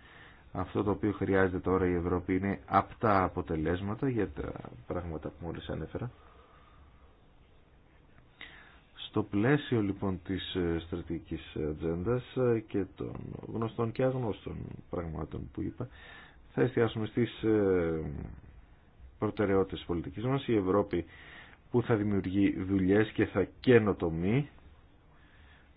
[SPEAKER 2] αυτό το οποίο χρειάζεται τώρα η Ευρώπη είναι απτά αποτελέσματα για τα πράγματα που μόλις ανέφερα. Στο πλαίσιο λοιπόν της ε, στρατηγικής ατζέντα ε, και των γνωστών και αγνώστων πραγμάτων που είπα, θα εστιάσουμε στις ε, προτεραιότητες πολιτικής μας. Η Ευρώπη που θα δημιουργεί δουλειές και θα καινοτομεί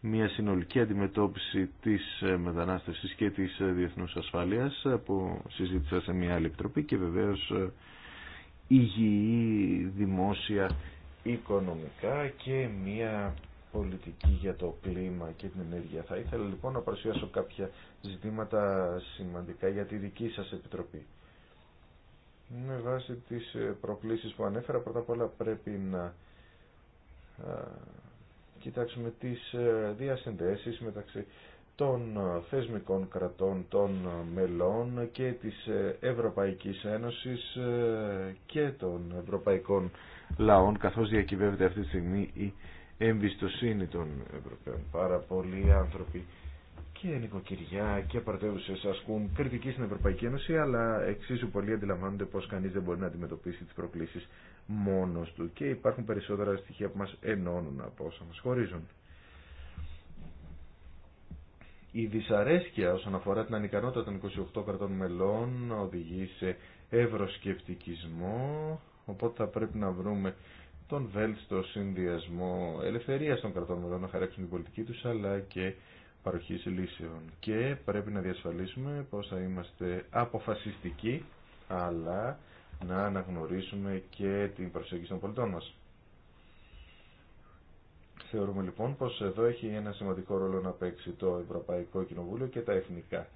[SPEAKER 2] μια συνολική αντιμετώπιση της ε, μετανάστευσης και της ε, διεθνούς ασφάλειας ε, που συζήτησα σε μια άλλη επιτροπή και βεβαίως υγιή δημόσια οικονομικά και μια πολιτική για το κλίμα και την ενέργεια. Θα ήθελα λοιπόν να παρουσιάσω κάποια ζητήματα σημαντικά για τη δική σας επιτροπή. Με βάση τις προκλήσεις που ανέφερα, πρώτα απ' όλα πρέπει να κοιτάξουμε τις ε, διασυνδέσεις μεταξύ των ε, θεσμικών κρατών των ε, μελών και της Ευρωπαϊκής Ένωσης και των ευρωπαϊκών λαών καθώς διακυβεύεται αυτή τη στιγμή η εμπιστοσύνη των Ευρωπαίων. Πάρα πολλοί άνθρωποι και νοικοκυριά και παρτεύουσες ασκούν κριτική στην Ευρωπαϊκή Ένωση αλλά εξίσου πολλοί αντιλαμβάνονται πως κανείς δεν μπορεί να αντιμετωπίσει τις προκλήσεις μόνος του και υπάρχουν περισσότερα στοιχεία που μας ενώνουν από όσα μας χωρίζουν. Η δυσαρέσκεια όσον αφορά την ανικανότητα των 28 κρατών μελών οδηγεί σε ευρωσκεπτικισμό, οπότε θα πρέπει να βρούμε τον βέλτιστο συνδυασμό ελευθερίας των κρατών μελών να χαράξουν την πολιτική τους, αλλά και παροχής λύσεων. Και πρέπει να διασφαλίσουμε πως θα είμαστε αποφασιστικοί, αλλά να αναγνωρίσουμε και την προσέγγιση των πολιτών μας. Θεωρούμε λοιπόν πως εδώ έχει ένα σημαντικό ρόλο να παίξει το Ευρωπαϊκό Κοινοβούλιο και τα Εθνικά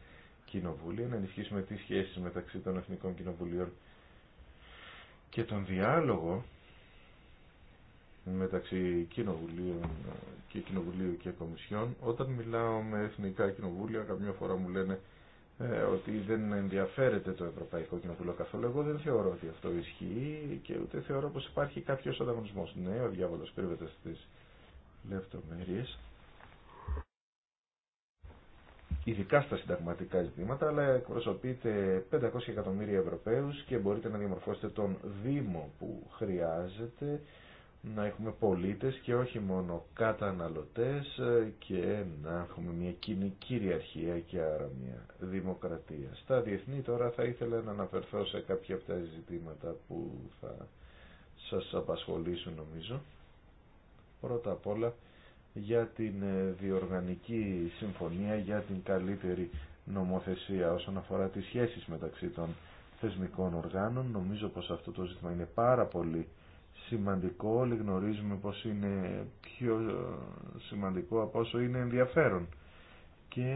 [SPEAKER 2] Κοινοβούλια, να ενισχύσουμε τις σχέσεις μεταξύ των Εθνικών Κοινοβουλίων και τον διάλογο μεταξύ Κοινοβουλίων και Κοινοβουλίου και Κομισιών. Όταν μιλάω με Εθνικά Κοινοβούλια, καμιά φορά μου λένε ε, ότι δεν ενδιαφέρεται το Ευρωπαϊκό Κοινοβούλιο καθόλου. Εγώ δεν θεωρώ ότι αυτό ισχύει και ούτε θεωρώ πως υπάρχει κάποιος ανταγωνισμός. Ναι, ο διάβολος κρύβεται στις λεπτομέρειες. Ειδικά στα συνταγματικά ζητήματα, αλλά εκπροσωπείτε 500 εκατομμύρια Ευρωπαίους και μπορείτε να διαμορφώσετε τον Δήμο που χρειάζεται να έχουμε πολίτες και όχι μόνο καταναλωτές ε, και να έχουμε μια κοινή κυριαρχία και άρα μια δημοκρατία. Στα διεθνή τώρα θα ήθελα να αναφερθώ σε κάποια από τα ζητήματα που θα σας απασχολήσουν νομίζω. Πρώτα απ' όλα για την ε, διοργανική συμφωνία για την καλύτερη νομοθεσία όσον αφορά τις σχέσεις μεταξύ των θεσμικών οργάνων. Νομίζω πως αυτό το ζήτημα είναι πάρα πολύ σημαντικό, όλοι γνωρίζουμε πως είναι πιο ε, σημαντικό από όσο είναι ενδιαφέρον. Και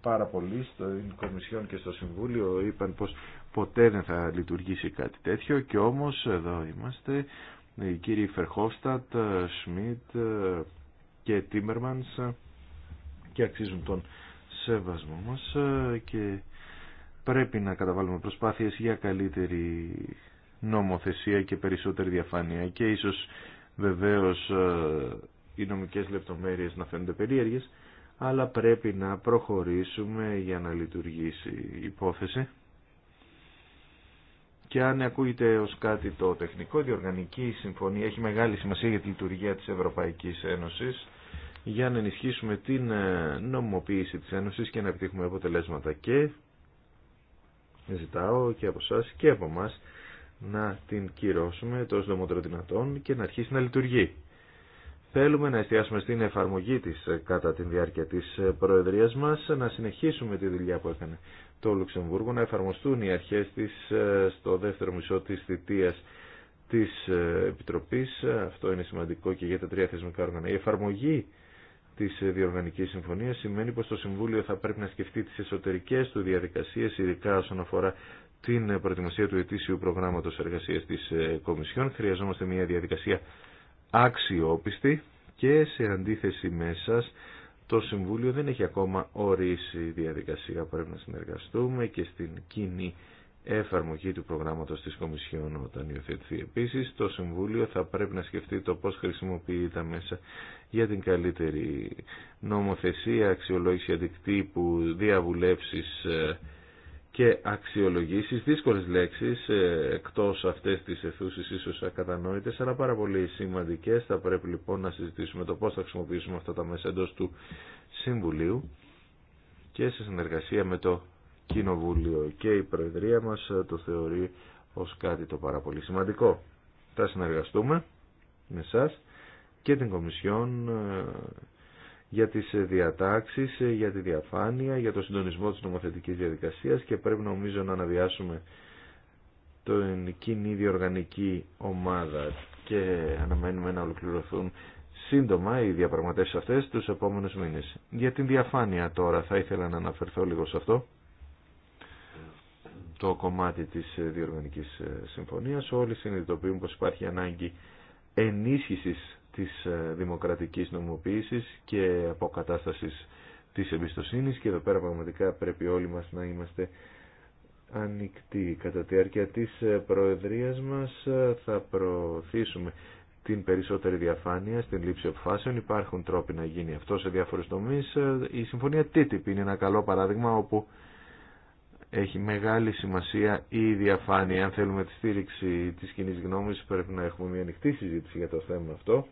[SPEAKER 2] πάρα πολλοί στο Κομισιόν και στο Συμβούλιο είπαν πως ποτέ δεν θα λειτουργήσει κάτι τέτοιο και όμως εδώ είμαστε οι κύριοι Φερχόφστατ, Σμιτ ε, και Τίμερμανς ε, και αξίζουν τον σεβασμό μας και πρέπει να καταβάλουμε προσπάθειες για καλύτερη νομοθεσία και περισσότερη διαφάνεια και ίσως βεβαίως ε, οι νομικές λεπτομέρειες να φαίνονται περίεργες αλλά πρέπει να προχωρήσουμε για να λειτουργήσει η υπόθεση και αν ακούγεται ως κάτι το τεχνικό, η διοργανική συμφωνία έχει μεγάλη σημασία για τη λειτουργία της Ευρωπαϊκής Ένωσης για να ενισχύσουμε την ε, νομοποίηση της Ένωσης και να επιτύχουμε αποτελέσματα και ζητάω και από εσά και από μας να την κυρώσουμε το συντομότερο δυνατόν και να αρχίσει να λειτουργεί. Θέλουμε να εστιάσουμε στην εφαρμογή της ε, κατά την διάρκεια της ε, Προεδρίας μας, να συνεχίσουμε τη δουλειά που έκανε το Λουξεμβούργο, να εφαρμοστούν οι αρχές της ε, στο δεύτερο μισό της θητείας της Επιτροπής. Αυτό είναι σημαντικό και για τα τρία θεσμικά όργανα. Η εφαρμογή της Διοργανικής Συμφωνίας σημαίνει πως το Συμβούλιο θα πρέπει να σκεφτεί τις εσωτερικές του διαδικασίες, ειδικά όσον αφορά την προετοιμασία του ετήσιου προγράμματος εργασίας της ε, Κομισιόν. Χρειαζόμαστε μια διαδικασία αξιόπιστη και σε αντίθεση με το Συμβούλιο δεν έχει ακόμα ορίσει διαδικασία. Πρέπει να συνεργαστούμε και στην κοινή εφαρμογή του προγράμματος της Κομισιόν όταν υιοθετηθεί. Επίσης, το Συμβούλιο θα πρέπει να σκεφτεί το πώς χρησιμοποιεί τα μέσα για την καλύτερη νομοθεσία, αξιολόγηση αντικτύπου, διαβουλεύσεις ε, και αξιολογήσεις, δύσκολες λέξεις, ε, εκτός αυτές τις αιθούσης ίσως ακατανόητες, αλλά πάρα πολύ σημαντικές. Θα πρέπει λοιπόν να συζητήσουμε το πώς θα χρησιμοποιήσουμε αυτά τα μέσα εντός του Συμβουλίου και σε συνεργασία με το Κοινοβούλιο και η Προεδρία μας ε, το θεωρεί ως κάτι το πάρα πολύ σημαντικό. Θα συνεργαστούμε με εσά και την Κομισιόν ε, για τις ε, διατάξεις, ε, για τη διαφάνεια, για το συντονισμό της νομοθετικής διαδικασίας και πρέπει νομίζω να αναβιάσουμε την κοινή διοργανική ομάδα και αναμένουμε να ολοκληρωθούν σύντομα οι διαπραγματεύσεις αυτές τους επόμενους μήνες. Για την διαφάνεια τώρα θα ήθελα να αναφερθώ λίγο σε αυτό το κομμάτι της ε, διοργανικής συμφωνίας. Όλοι συνειδητοποιούν πως υπάρχει ανάγκη ενίσχυσης της ε, δημοκρατικής νομοποίησης και αποκατάστασης της εμπιστοσύνης και εδώ πέρα πραγματικά πρέπει όλοι μας να είμαστε ανοιχτοί. Κατά τη διάρκεια της ε, προεδρίας μας ε, θα προωθήσουμε την περισσότερη διαφάνεια στην λήψη αποφάσεων. Υπάρχουν τρόποι να γίνει αυτό σε διάφορες τομείς. Η συμφωνία TTIP είναι ένα καλό παράδειγμα όπου έχει μεγάλη σημασία η διαφάνεια. Αν θέλουμε τη στήριξη της κοινή γνώμης πρέπει να έχουμε μια ανοιχτή συζήτηση για το θέμα αυτό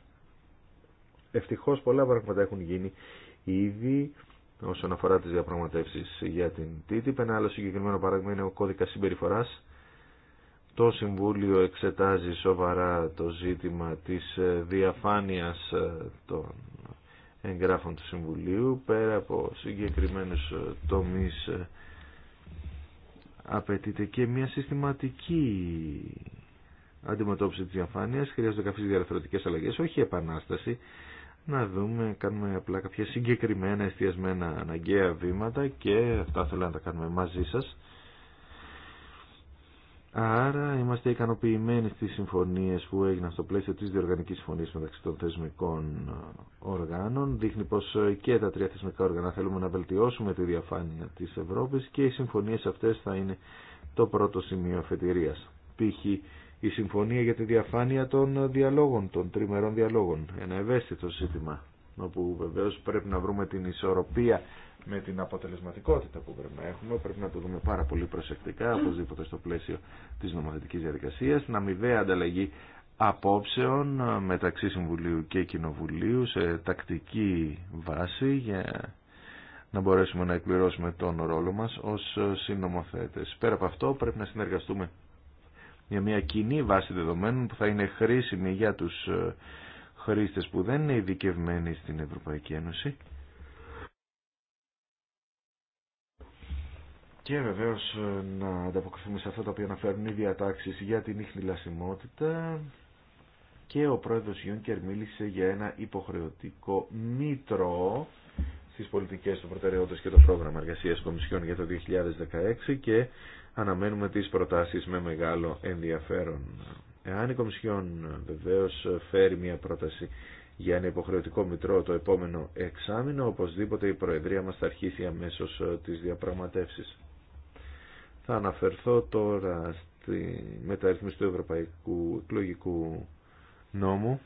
[SPEAKER 2] Ευτυχώς πολλά πράγματα έχουν γίνει ήδη όσον αφορά τις διαπραγματεύσεις για την TTIP. Ένα άλλο συγκεκριμένο παράδειγμα είναι ο κώδικας συμπεριφοράς. Το Συμβούλιο εξετάζει σοβαρά το ζήτημα της ε, διαφάνειας ε, των εγγράφων του Συμβουλίου πέρα από συγκεκριμένους ε, τομείς απαιτείται και μια συστηματική αντιμετώπιση της διαφάνειας χρειάζονται καφείς διαρθρωτικές αλλαγές όχι επανάσταση να δούμε, κάνουμε απλά κάποια συγκεκριμένα εστιασμένα αναγκαία βήματα και αυτά θέλω να τα κάνουμε μαζί σας. Άρα είμαστε ικανοποιημένοι στις συμφωνίες που έγιναν στο πλαίσιο της διοργανικής συμφωνίας μεταξύ των θεσμικών οργάνων. Δείχνει πως και τα τρία θεσμικά όργανα θέλουμε να βελτιώσουμε τη διαφάνεια της Ευρώπης και οι συμφωνίες αυτές θα είναι το πρώτο σημείο αφετηρίας. Π.χ η συμφωνία για τη διαφάνεια των διαλόγων, των τριμερών διαλόγων. Ένα ευαίσθητο ζήτημα, όπου βεβαίω πρέπει να βρούμε την ισορροπία με την αποτελεσματικότητα που πρέπει να έχουμε. Πρέπει να το δούμε πάρα πολύ προσεκτικά, οπωσδήποτε στο πλαίσιο της νομοθετικής διαδικασία, να αμοιβαία ανταλλαγή απόψεων μεταξύ Συμβουλίου και Κοινοβουλίου σε τακτική βάση για να μπορέσουμε να εκπληρώσουμε τον ρόλο μας ως συνομοθέτες. Πέρα από αυτό πρέπει να συνεργαστούμε για μια κοινή βάση δεδομένων που θα είναι χρήσιμη για τους ε, χρήστες που δεν είναι ειδικευμένοι στην Ευρωπαϊκή Ένωση. Και βεβαίως ε, να ανταποκριθούμε σε αυτά τα οποία αναφέρουν οι διατάξεις για την ίχνη λασιμότητα και ο πρόεδρος Γιούνκερ μίλησε για ένα υποχρεωτικό μήτρο στις πολιτικές του προτεραιότητες και το πρόγραμμα εργασίας κομισιών για το 2016 και αναμένουμε τις προτάσεις με μεγάλο ενδιαφέρον. Εάν η Κομισιόν βεβαίως φέρει μια πρόταση για ένα υποχρεωτικό μητρό το επόμενο εξάμεινο, οπωσδήποτε η Προεδρία μας θα αρχίσει αμέσως τις διαπραγματεύσεις. Θα αναφερθώ τώρα στη μεταρρύθμιση του Ευρωπαϊκού Εκλογικού Νόμου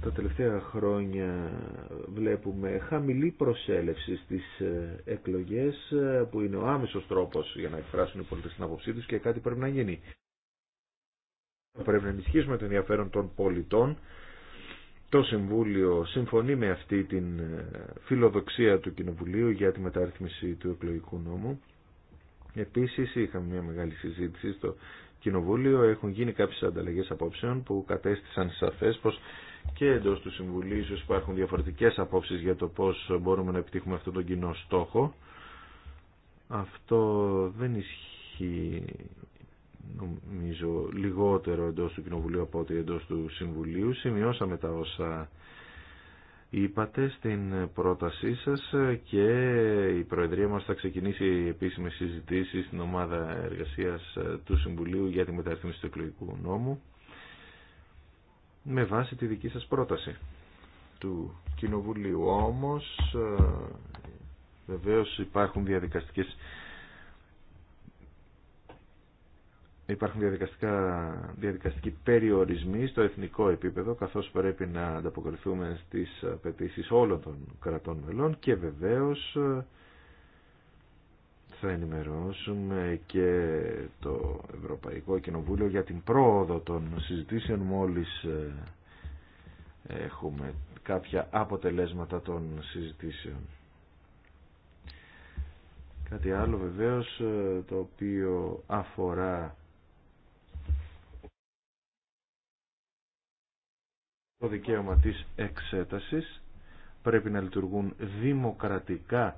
[SPEAKER 2] τα τελευταία χρόνια βλέπουμε χαμηλή προσέλευση στις ε, εκλογές ε, που είναι ο άμεσος τρόπος για να εκφράσουν οι πολίτες την άποψή τους και κάτι πρέπει να γίνει. Πρέπει να ενισχύσουμε το ενδιαφέρον των πολιτών. Το Συμβούλιο συμφωνεί με αυτή την ε, φιλοδοξία του Κοινοβουλίου για τη μεταρρύθμιση του εκλογικού νόμου. Επίσης είχαμε μια μεγάλη συζήτηση στο Κοινοβούλιο. Έχουν γίνει κάποιες ανταλλαγές απόψεων που κατέστησαν σαφές πως και εντό του Συμβουλίου ίσω υπάρχουν διαφορετικές απόψεις για το πώς μπορούμε να επιτύχουμε αυτόν τον κοινό στόχο. Αυτό δεν ισχύει νομίζω λιγότερο εντός του Κοινοβουλίου από ότι εντός του Συμβουλίου. Σημειώσαμε τα όσα είπατε στην πρότασή σας και η Προεδρία μας θα ξεκινήσει επίσημες συζητήσεις στην ομάδα εργασίας του Συμβουλίου για τη μεταρρύθμιση του εκλογικού νόμου με βάση τη δική σας πρόταση του Κοινοβουλίου. Όμως ε, βεβαίως υπάρχουν διαδικαστικές υπάρχουν διαδικαστικά, διαδικαστικοί περιορισμοί στο εθνικό επίπεδο καθώς πρέπει να ανταποκριθούμε στις απαιτήσει όλων των κρατών μελών και βεβαίως ε, θα ενημερώσουμε και το Ευρωπαϊκό Κοινοβούλιο για την πρόοδο των συζητήσεων μόλις ε, έχουμε κάποια αποτελέσματα των συζητήσεων. Κάτι άλλο βεβαίως ε, το οποίο αφορά το δικαίωμα της εξέτασης πρέπει να λειτουργούν δημοκρατικά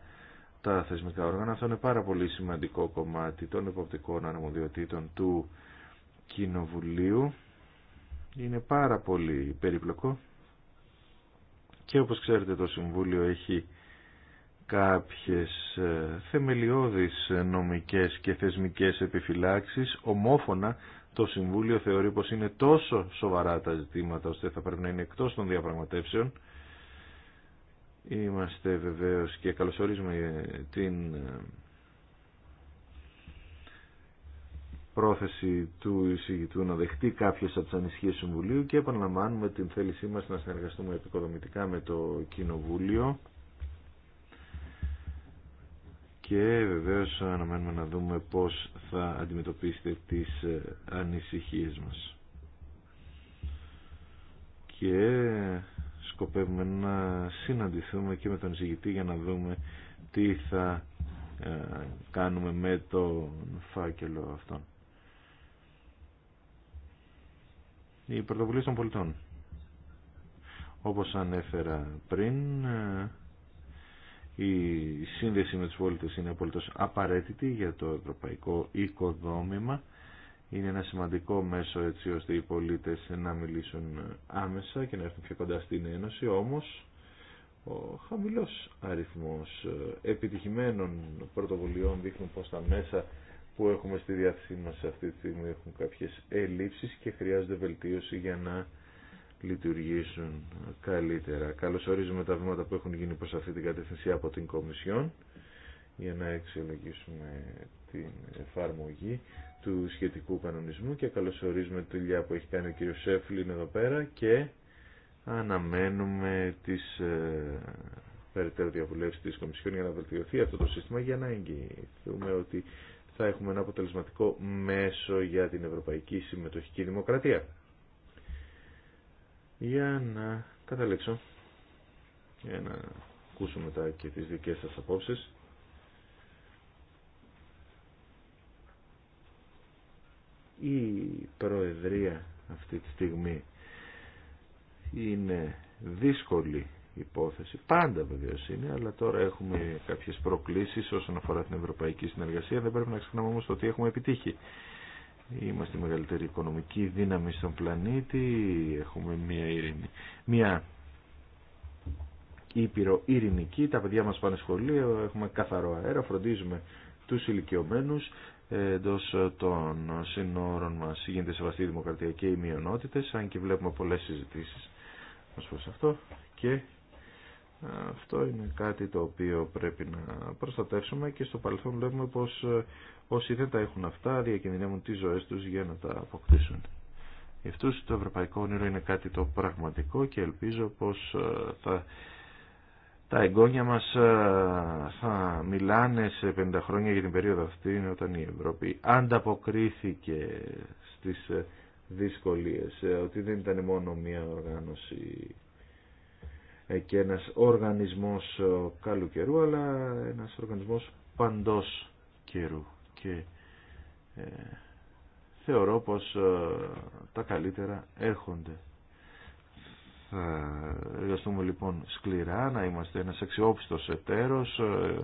[SPEAKER 2] τα θεσμικά όργανα. Αυτό είναι πάρα πολύ σημαντικό κομμάτι των εποπτικών αρμοδιοτήτων του Κοινοβουλίου. Είναι πάρα πολύ περίπλοκο και όπως ξέρετε το Συμβούλιο έχει κάποιες ε, θεμελιώδεις νομικές και θεσμικές επιφυλάξεις. Ομόφωνα το Συμβούλιο θεωρεί πως είναι τόσο σοβαρά τα ζητήματα ώστε θα πρέπει να είναι εκτός των διαπραγματεύσεων Είμαστε βεβαίως και καλωσορίζουμε ε, την ε, πρόθεση του εισηγητού να δεχτεί κάποιες από τις ανησυχίες του Συμβουλίου και επαναλαμβάνουμε την θέλησή μας να συνεργαστούμε επικοδομητικά με το Κοινοβούλιο και βεβαίως αναμένουμε να δούμε πώς θα αντιμετωπίσετε τις ε, ανησυχίες μας. Και σκοπεύουμε να συναντηθούμε και με τον εισηγητή για να δούμε τι θα ε, κάνουμε με τον φάκελο αυτόν. Η πρωτοβουλία των πολιτών. Όπως ανέφερα πριν, ε, η σύνδεση με τους πολίτες είναι απολύτως απαραίτητη για το ευρωπαϊκό οικοδόμημα είναι ένα σημαντικό μέσο έτσι ώστε οι πολίτες να μιλήσουν άμεσα και να έρθουν πιο κοντά στην Ένωση, όμως ο χαμηλός αριθμός επιτυχημένων πρωτοβουλειών δείχνουν πως τα μέσα που έχουμε στη διάθεσή μας αυτή τη στιγμή έχουν κάποιες ελλείψεις και χρειάζονται βελτίωση για να λειτουργήσουν καλύτερα. Καλώς ορίζουμε τα βήματα που έχουν γίνει προς αυτή την κατεύθυνση από την Κομισιόν για να αξιολογήσουμε την εφαρμογή του σχετικού κανονισμού και καλωσορίζουμε τη δουλειά που έχει κάνει ο κ. Σέφλιν εδώ πέρα και αναμένουμε τις ε, περαιτέρω διαβουλεύσεις της Κομισιόν για να βελτιωθεί αυτό το σύστημα για να εγγυηθούμε ότι θα έχουμε ένα αποτελεσματικό μέσο για την Ευρωπαϊκή Συμμετοχική Δημοκρατία. Για να καταλήξω, για να ακούσουμε μετά και τις δικές σας απόψεις. η Προεδρία αυτή τη στιγμή είναι δύσκολη υπόθεση. Πάντα βεβαίω είναι, αλλά τώρα έχουμε κάποιες προκλήσεις όσον αφορά την ευρωπαϊκή συνεργασία. Δεν πρέπει να ξεχνάμε όμως το ότι έχουμε επιτύχει. Είμαστε η μεγαλύτερη οικονομική δύναμη στον πλανήτη. Έχουμε μια ειρήνη. Μια ήπειρο ειρηνική. Τα παιδιά μας πάνε σχολείο. Έχουμε καθαρό αέρα. Φροντίζουμε τους ηλικιωμένου εντό ε, των συνόρων μα γίνεται σεβαστή η δημοκρατία και οι μειονότητε, αν και βλέπουμε πολλές συζητήσεις ω προ αυτό και ε, αυτό είναι κάτι το οποίο πρέπει να προστατεύσουμε και στο παρελθόν βλέπουμε πω ε, όσοι δεν τα έχουν αυτά διακινδυνεύουν τι ζωέ του για να τα αποκτήσουν. Γι' το ευρωπαϊκό όνειρο είναι κάτι το πραγματικό και ελπίζω πω θα τα εγγόνια μας ε, θα μιλάνε σε 50 χρόνια για την περίοδο αυτή όταν η Ευρώπη ανταποκρίθηκε στις ε, δυσκολίες ε, ότι δεν ήταν μόνο μία οργάνωση και ένας οργανισμός καλού καιρού αλλά ένας οργανισμός παντός καιρού και θεωρώ πως τα καλύτερα έρχονται θα ε, εργαστούμε λοιπόν σκληρά, να είμαστε ένας αξιόπιστος εταίρος ε,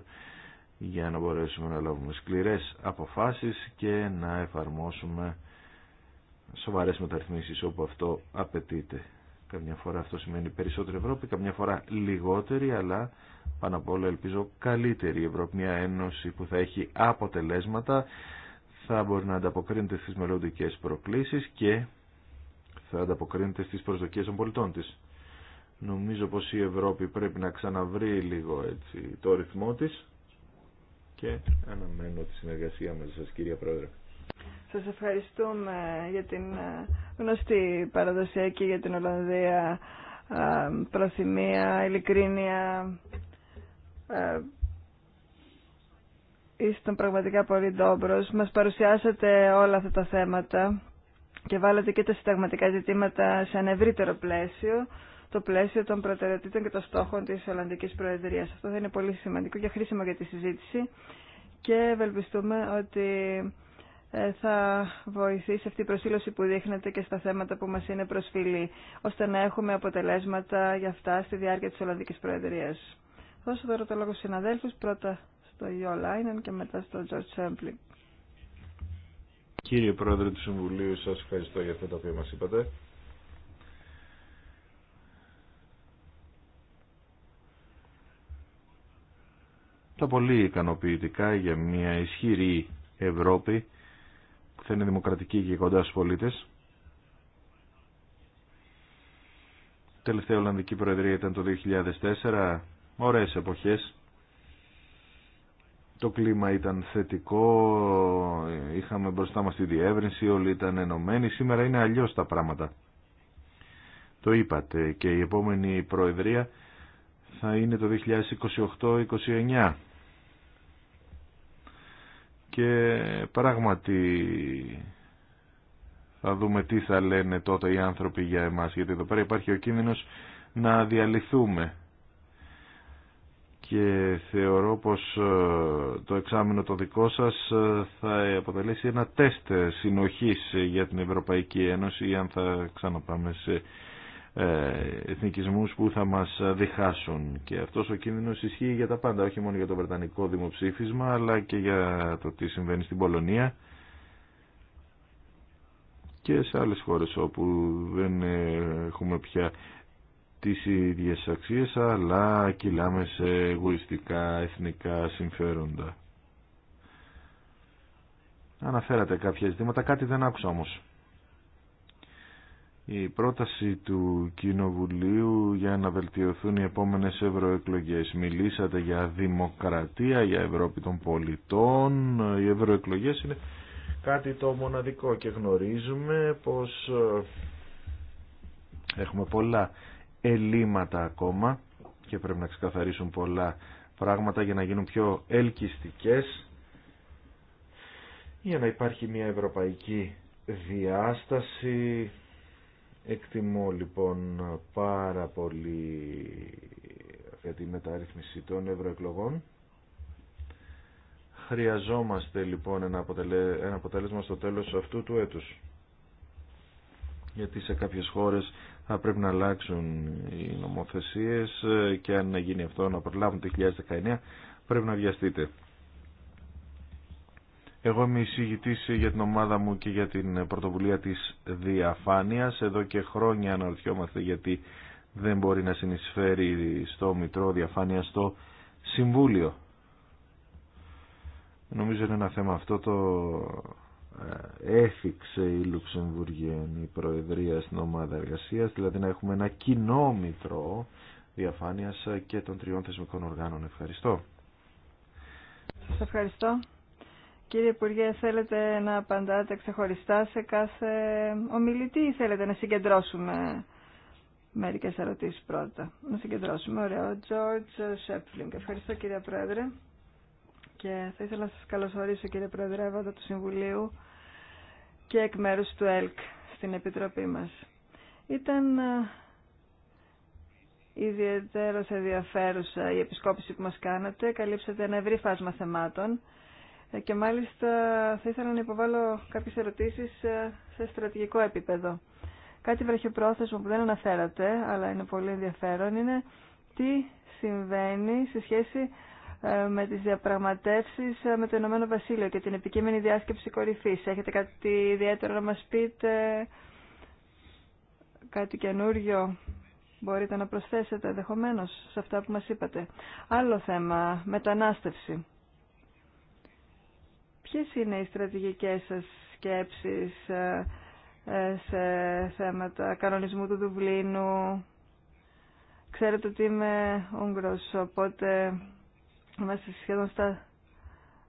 [SPEAKER 2] για να μπορέσουμε να λάβουμε σκληρές αποφάσεις και να εφαρμόσουμε σοβαρές μεταρρυθμίσεις όπου αυτό απαιτείται. Καμιά φορά αυτό σημαίνει περισσότερη Ευρώπη, καμιά φορά λιγότερη, αλλά πάνω απ' όλα ελπίζω καλύτερη Ευρώπη. Μια ένωση που θα έχει αποτελέσματα, θα μπορεί να ανταποκρίνεται στις μελλοντικέ προκλήσεις και θα ανταποκρίνεται στις προσδοκίες των πολιτών της. Νομίζω πως η Ευρώπη πρέπει να ξαναβρει λίγο έτσι, το ρυθμό της και αναμένω τη συνεργασία μαζί σας κυρία Πρόεδρε.
[SPEAKER 3] Σας ευχαριστούμε για την ε, γνωστή παραδοσιακή για την Ολλανδία ε, προθυμία, ειλικρίνεια. Ε, ήσταν πραγματικά πολύ ντόμπρος. Μας παρουσιάσατε όλα αυτά τα θέματα και βάλατε και τα συνταγματικά ζητήματα σε ένα ευρύτερο πλαίσιο, το πλαίσιο των προτεραιοτήτων και των στόχων τη Ολλανδική Προεδρία. Αυτό θα είναι πολύ σημαντικό και χρήσιμο για τη συζήτηση και ευελπιστούμε ότι ε, θα βοηθήσει αυτή η προσήλωση που δείχνεται και στα θέματα που μας είναι προσφυλή, ώστε να έχουμε αποτελέσματα για αυτά στη διάρκεια της Ολλανδικής Προεδρίας. Θα δώσω τώρα το λόγο στους συναδέλφους, πρώτα στο Ιω Λάινεν και μετά στο Τζορτ Σέμπλινγκ.
[SPEAKER 2] Κύριε Πρόεδρε του Συμβουλίου, σας ευχαριστώ για αυτό το οποίο μας είπατε. Τα πολύ ικανοποιητικά για μια ισχυρή Ευρώπη που θα είναι δημοκρατική και κοντά στους πολίτες. Τελευταία Ολλανδική Προεδρία ήταν το 2004, ωραίες εποχές το κλίμα ήταν θετικό, είχαμε μπροστά μας τη διεύρυνση, όλοι ήταν ενωμένοι, σήμερα είναι αλλιώς τα πράγματα. Το είπατε και η επόμενη προεδρία θα είναι το 2028-29. Και πράγματι θα δούμε τι θα λένε τότε οι άνθρωποι για εμάς, γιατί εδώ πέρα υπάρχει ο κίνδυνος να διαλυθούμε και θεωρώ πως ε, το εξάμεινο το δικό σας ε, θα αποτελέσει ένα τεστ συνοχής για την Ευρωπαϊκή Ένωση αν θα ξαναπάμε σε ε, εθνικισμούς που θα μας διχάσουν και αυτός ο κίνδυνος ισχύει για τα πάντα όχι μόνο για το Βρετανικό δημοψήφισμα αλλά και για το τι συμβαίνει στην Πολωνία και σε άλλες χώρες όπου δεν έχουμε πια τις ίδιες αξίες αλλά κυλάμε σε εγωιστικά εθνικά συμφέροντα. Αναφέρατε κάποια ζητήματα, κάτι δεν άκουσα όμως. Η πρόταση του Κοινοβουλίου για να βελτιωθούν οι επόμενες ευρωεκλογές. Μιλήσατε για δημοκρατία, για Ευρώπη των πολιτών. Οι ευρωεκλογές είναι κάτι το μοναδικό και γνωρίζουμε πως ε, έχουμε πολλά ελλείμματα ακόμα και πρέπει να ξεκαθαρίσουν πολλά πράγματα για να γίνουν πιο ελκυστικές για να υπάρχει μια ευρωπαϊκή διάσταση εκτιμώ λοιπόν πάρα πολύ για τη μεταρρύθμιση των ευρωεκλογών χρειαζόμαστε λοιπόν ένα, ένα αποτέλεσμα στο τέλος αυτού του έτους γιατί σε κάποιες χώρες θα πρέπει να αλλάξουν οι νομοθεσίες και αν γίνει αυτό να προλάβουν το 2019 πρέπει να βιαστείτε. Εγώ είμαι εισηγητής για την ομάδα μου και για την πρωτοβουλία της διαφάνειας. Εδώ και χρόνια αναρωτιόμαστε γιατί δεν μπορεί να συνεισφέρει στο Μητρό Διαφάνεια στο Συμβούλιο. Νομίζω είναι ένα θέμα αυτό το έφυξε η η Προεδρία στην ομάδα εργασίας, δηλαδή να έχουμε ένα κοινό μητρό διαφάνειας και των τριών θεσμικών οργάνων. Ευχαριστώ.
[SPEAKER 3] Σας ευχαριστώ. Κύριε Υπουργέ, θέλετε να απαντάτε ξεχωριστά σε κάθε ομιλητή ή θέλετε να συγκεντρώσουμε μερικές ερωτήσεις πρώτα. Να συγκεντρώσουμε. Ωραία. Ο Τζόρτζ Σέπφλινγκ. Ευχαριστώ κύριε Πρόεδρε. Και θα ήθελα να σας καλωσορίσω κύριε Προεδρεύοντα του Συμβουλίου και εκ μέρους του ΕΛΚ στην Επιτροπή μας. Ήταν ε, ιδιαίτερα ενδιαφέρουσα η επισκόπηση που μας κάνατε. Καλύψατε ένα ευρύ φάσμα θεμάτων ε, και μάλιστα θα ήθελα να υποβάλω κάποιες ερωτήσεις ε, σε στρατηγικό επίπεδο. Κάτι βραχιοπρόθεσμο που δεν αναφέρατε, αλλά είναι πολύ ενδιαφέρον, είναι τι συμβαίνει σε σχέση ε, με τις διαπραγματεύσεις ε, με το Ηνωμένο Βασίλειο και την επικείμενη διάσκεψη κορυφής. Έχετε κάτι ιδιαίτερο να μας πείτε, κάτι καινούριο μπορείτε να προσθέσετε ενδεχομένω σε αυτά που μας είπατε. Άλλο θέμα, μετανάστευση. Ποιες είναι οι στρατηγικές σας σκέψεις ε, σε θέματα κανονισμού του Δουβλίνου. Ξέρετε ότι είμαι Ούγγρος, οπότε είμαστε σχεδόν στα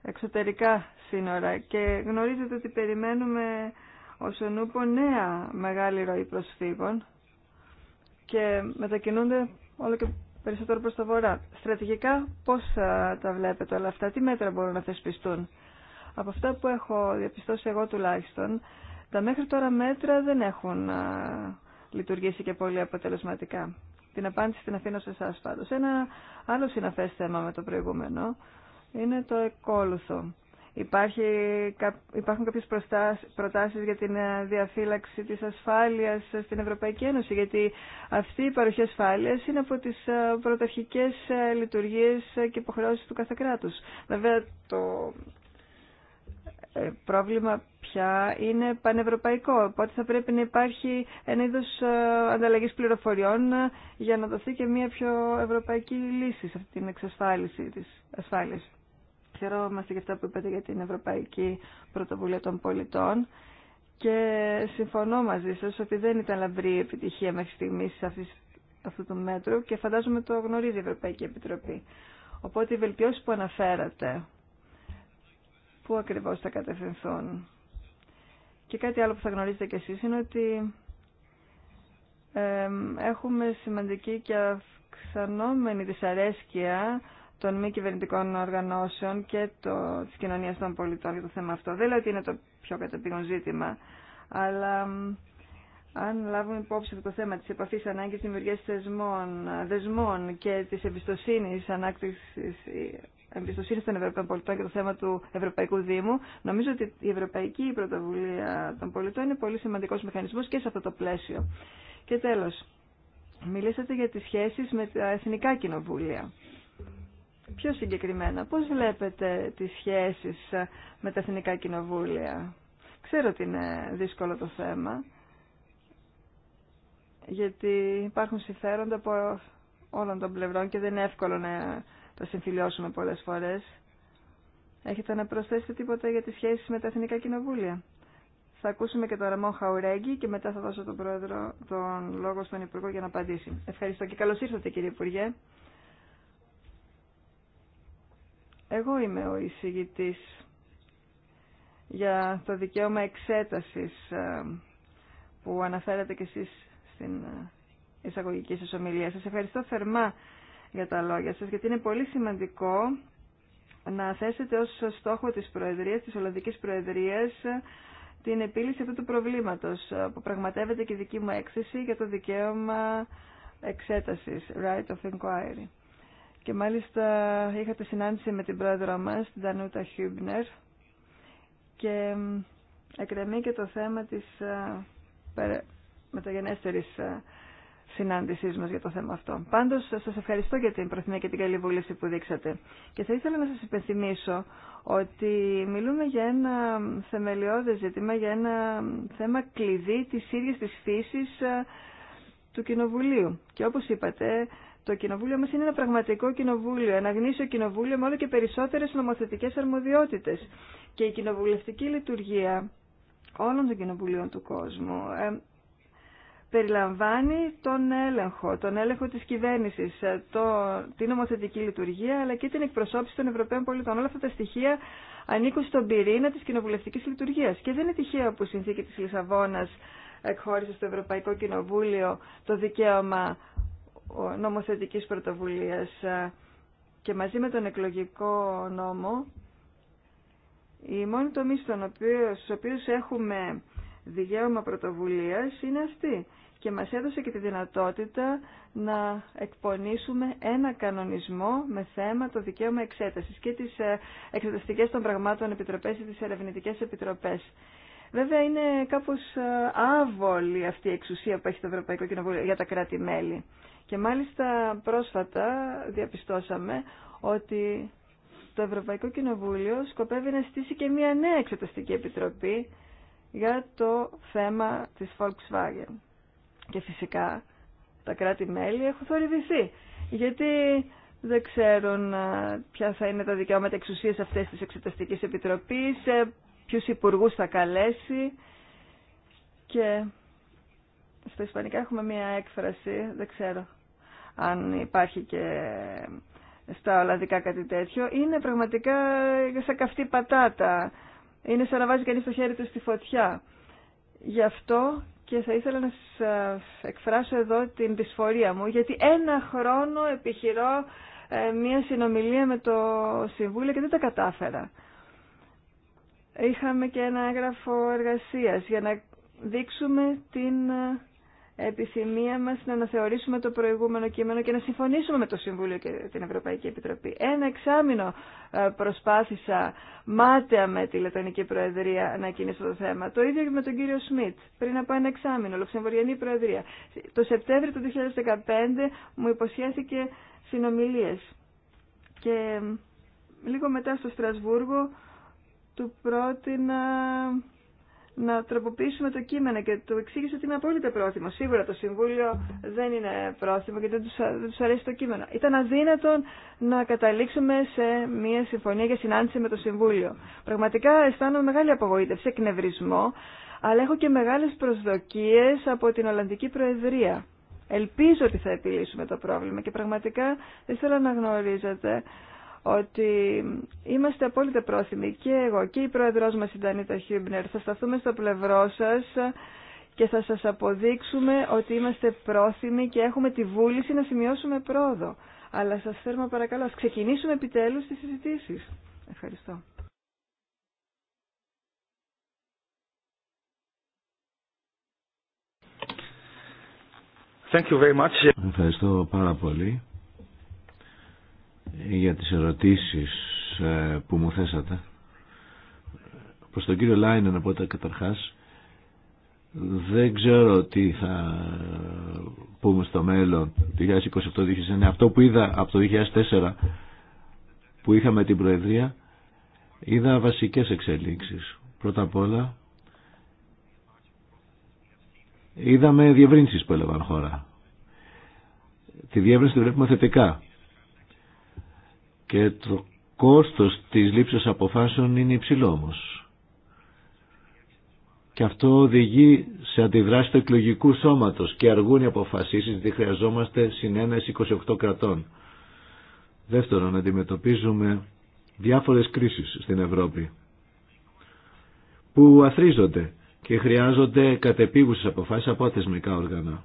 [SPEAKER 3] εξωτερικά σύνορα και γνωρίζετε ότι περιμένουμε ως ονούπο νέα μεγάλη ροή προσφύγων και μετακινούνται όλο και περισσότερο προς τα βορρά. Στρατηγικά πώς θα τα βλέπετε όλα αυτά, τι μέτρα μπορούν να θεσπιστούν. Από αυτά που έχω διαπιστώσει εγώ τουλάχιστον, τα μέχρι τώρα μέτρα δεν έχουν λειτουργήσει και πολύ αποτελεσματικά την απάντηση την αφήνω σε εσά πάντω. Ένα άλλο συναφέ θέμα με το προηγούμενο είναι το εκόλουθο. Υπάρχει, υπάρχουν κάποιες προτάσεις για την ε, διαφύλαξη της ασφάλειας ε, στην Ευρωπαϊκή Ένωση, γιατί αυτή η παροχή ασφάλειας είναι από τις ε, πρωταρχικές λειτουργίες και υποχρεώσεις του κάθε κράτους. Βέβαια, το ε, πρόβλημα πια είναι πανευρωπαϊκό. Οπότε θα πρέπει να υπάρχει ένα είδο ε, ανταλλαγή πληροφοριών ε, για να δοθεί και μια πιο ευρωπαϊκή λύση σε αυτή την εξασφάλιση τη ασφάλεια. Χαιρόμαστε για αυτά που είπατε για την Ευρωπαϊκή Πρωτοβουλία των Πολιτών και συμφωνώ μαζί σα ότι δεν ήταν λαμπρή επιτυχία μέχρι στιγμή αυτού του μέτρου και φαντάζομαι το γνωρίζει η Ευρωπαϊκή Επιτροπή. Οπότε οι βελτιώσει που αναφέρατε πού ακριβώς θα κατευθυνθούν. Και κάτι άλλο που θα γνωρίζετε κι εσείς είναι ότι έχουμε σημαντική και αυξανόμενη δυσαρέσκεια των μη κυβερνητικών οργανώσεων και το, της κοινωνίας των πολιτών για το θέμα αυτό. Δεν λέω ότι είναι το πιο καταπήγον ζήτημα, αλλά αν λάβουμε υπόψη το θέμα της επαφής ανάγκης δημιουργίας δεσμών και της εμπιστοσύνης ανάκτησης εμπιστοσύνη των Ευρωπαίων πολιτών και το θέμα του Ευρωπαϊκού Δήμου. Νομίζω ότι η Ευρωπαϊκή Πρωτοβουλία των Πολιτών είναι πολύ σημαντικό μηχανισμό και σε αυτό το πλαίσιο. Και τέλο, μιλήσατε για τι σχέσει με τα εθνικά κοινοβούλια. Πιο συγκεκριμένα, πώ βλέπετε τι σχέσει με τα εθνικά κοινοβούλια. Ξέρω ότι είναι δύσκολο το θέμα, γιατί υπάρχουν συμφέροντα από όλων των πλευρών και δεν είναι εύκολο να το συμφιλιώσουμε πολλές φορές. Έχετε να προσθέσετε τίποτα για τη σχέσεις με τα Εθνικά Κοινοβούλια. Θα ακούσουμε και τον Ραμό Χαουρέγγι και μετά θα δώσω τον, πρόεδρο, τον λόγο στον Υπουργό για να απαντήσει. Ευχαριστώ και καλώς ήρθατε κύριε Υπουργέ. Εγώ είμαι ο εισηγητής για το δικαίωμα εξέτασης ε, που αναφέρατε κι εσείς στην ε, εισαγωγική σας ομιλία. Σας ευχαριστώ θερμά για τα λόγια σας, γιατί είναι πολύ σημαντικό να θέσετε ως στόχο της Προεδρίας, της Ολλανδικής Προεδρίας, την επίλυση αυτού του προβλήματος, που πραγματεύεται και η δική μου έκθεση για το δικαίωμα εξέτασης, right of inquiry. Και μάλιστα είχατε συνάντηση με την πρόεδρο μας, την Τανούτα Χιούμπνερ, και εκρεμεί και το θέμα της ε, μεταγενέστερης ε, συνάντησή μα για το θέμα αυτό. Πάντω, σα ευχαριστώ για την προθυμία και την καλή βούληση που δείξατε. Και θα ήθελα να σα υπενθυμίσω ότι μιλούμε για ένα θεμελιώδε ζήτημα, για ένα θέμα κλειδί τη ίδια τη φύση ε, του Κοινοβουλίου. Και όπω είπατε, το Κοινοβούλιο μα είναι ένα πραγματικό κοινοβούλιο, ένα γνήσιο κοινοβούλιο με όλο και περισσότερε νομοθετικέ αρμοδιότητε. Και η κοινοβουλευτική λειτουργία όλων των κοινοβουλίων του κόσμου ε, περιλαμβάνει τον έλεγχο, τον έλεγχο της κυβέρνησης, ε, το, την νομοθετική λειτουργία αλλά και την εκπροσώπηση των Ευρωπαίων πολιτών. Όλα αυτά τα στοιχεία ανήκουν στον πυρήνα της κοινοβουλευτικής λειτουργίας και δεν είναι τυχαίο που η συνθήκη της Λισαβόνας εκχώρησε στο Ευρωπαϊκό Κοινοβούλιο το δικαίωμα νομοθετικής πρωτοβουλίας ε, και μαζί με τον εκλογικό νόμο οι μόνοι τομείς στους οποίους έχουμε δικαίωμα πρωτοβουλίας είναι αυτή και μας έδωσε και τη δυνατότητα να εκπονήσουμε ένα κανονισμό με θέμα το δικαίωμα εξέτασης και τις ε, εξεταστικές των πραγμάτων επιτροπές ή τις ερευνητικές επιτροπές. Βέβαια είναι κάπως ε, άβολη αυτή η εξουσία που έχει το Ευρωπαϊκό Κοινοβούλιο για τα κράτη-μέλη. Και μάλιστα πρόσφατα διαπιστώσαμε ότι το Ευρωπαϊκό Κοινοβούλιο σκοπεύει να στήσει και μια νέα εξεταστική επιτροπή για το θέμα της Volkswagen. Και φυσικά τα κράτη-μέλη έχουν θορυβηθεί, γιατί δεν ξέρουν ποια θα είναι τα δικαιώματα εξουσίας αυτές της Εξεταστικής Επιτροπής, ποιους υπουργούς θα καλέσει και στα Ισπανικά έχουμε μία έκφραση, δεν ξέρω αν υπάρχει και στα Ολλανδικά κάτι τέτοιο, είναι πραγματικά σαν καυτή πατάτα είναι σαν να βάζει κανείς το χέρι του στη φωτιά. Γι' αυτό και θα ήθελα να σας εκφράσω εδώ την δυσφορία μου, γιατί ένα χρόνο επιχειρώ ε, μία συνομιλία με το Συμβούλιο και δεν τα κατάφερα. Είχαμε και ένα έγγραφο εργασίας για να δείξουμε την ε, επιθυμία μας να αναθεωρήσουμε το προηγούμενο κείμενο και να συμφωνήσουμε με το Συμβούλιο και την Ευρωπαϊκή Επιτροπή. Ένα εξάμεινο ε, προσπάθησα μάταια με τη Λετανική Προεδρία να κινήσω το θέμα. Το ίδιο και με τον κύριο Σμιτ πριν από ένα εξάμεινο, Λουξεμβουριανή Προεδρία. Το Σεπτέμβριο του 2015 μου υποσχέθηκε συνομιλίες και λίγο μετά στο Στρασβούργο του πρότεινα να τροποποιήσουμε το κείμενο και του εξήγησε ότι είναι απόλυτα πρόθυμο. Σίγουρα το Συμβούλιο δεν είναι πρόθυμο και δεν του αρέσει το κείμενο. Ήταν αδύνατον να καταλήξουμε σε μια συμφωνία για συνάντηση με το Συμβούλιο. Πραγματικά αισθάνομαι μεγάλη απογοήτευση, εκνευρισμό, αλλά έχω και μεγάλε προσδοκίε από την Ολλανδική Προεδρία. Ελπίζω ότι θα επιλύσουμε το πρόβλημα και πραγματικά δεν θέλω να γνωρίζετε ότι είμαστε απόλυτα πρόθυμοι και εγώ και η πρόεδρός μας η Ντανίτα Χιούμπνερ θα σταθούμε στο πλευρό σας και θα σας αποδείξουμε ότι είμαστε πρόθυμοι και έχουμε τη βούληση να σημειώσουμε πρόοδο. Αλλά σας θέλουμε παρακαλώ, να ξεκινήσουμε επιτέλους τις συζητήσεις. Ευχαριστώ.
[SPEAKER 1] Thank you very much. Ευχαριστώ πάρα πολύ για τις ερωτήσεις ε, που μου θέσατε. Προς τον κύριο Λάινε να πω τα καταρχάς, δεν ξέρω τι θα πούμε στο μέλλον, 2027-2009. Αυτό που είδα από το 2004 που είχαμε την Προεδρία, είδα βασικές εξελίξεις. Πρώτα απ' όλα, είδαμε διευρύνσεις που έλαβαν χώρα. Τη διεύρυνση τη βλέπουμε θετικά και το κόστος της λήψης αποφάσεων είναι υψηλό όμως. Και αυτό οδηγεί σε αντιδράσει του εκλογικού σώματος και αργούν οι αποφασίσεις, διότι χρειαζόμαστε συνένεση 28 κρατών. Δεύτερον, αντιμετωπίζουμε διάφορες κρίσεις στην Ευρώπη που αθρίζονται και χρειάζονται κατεπίγουσες αποφάσεις από θεσμικά όργανα.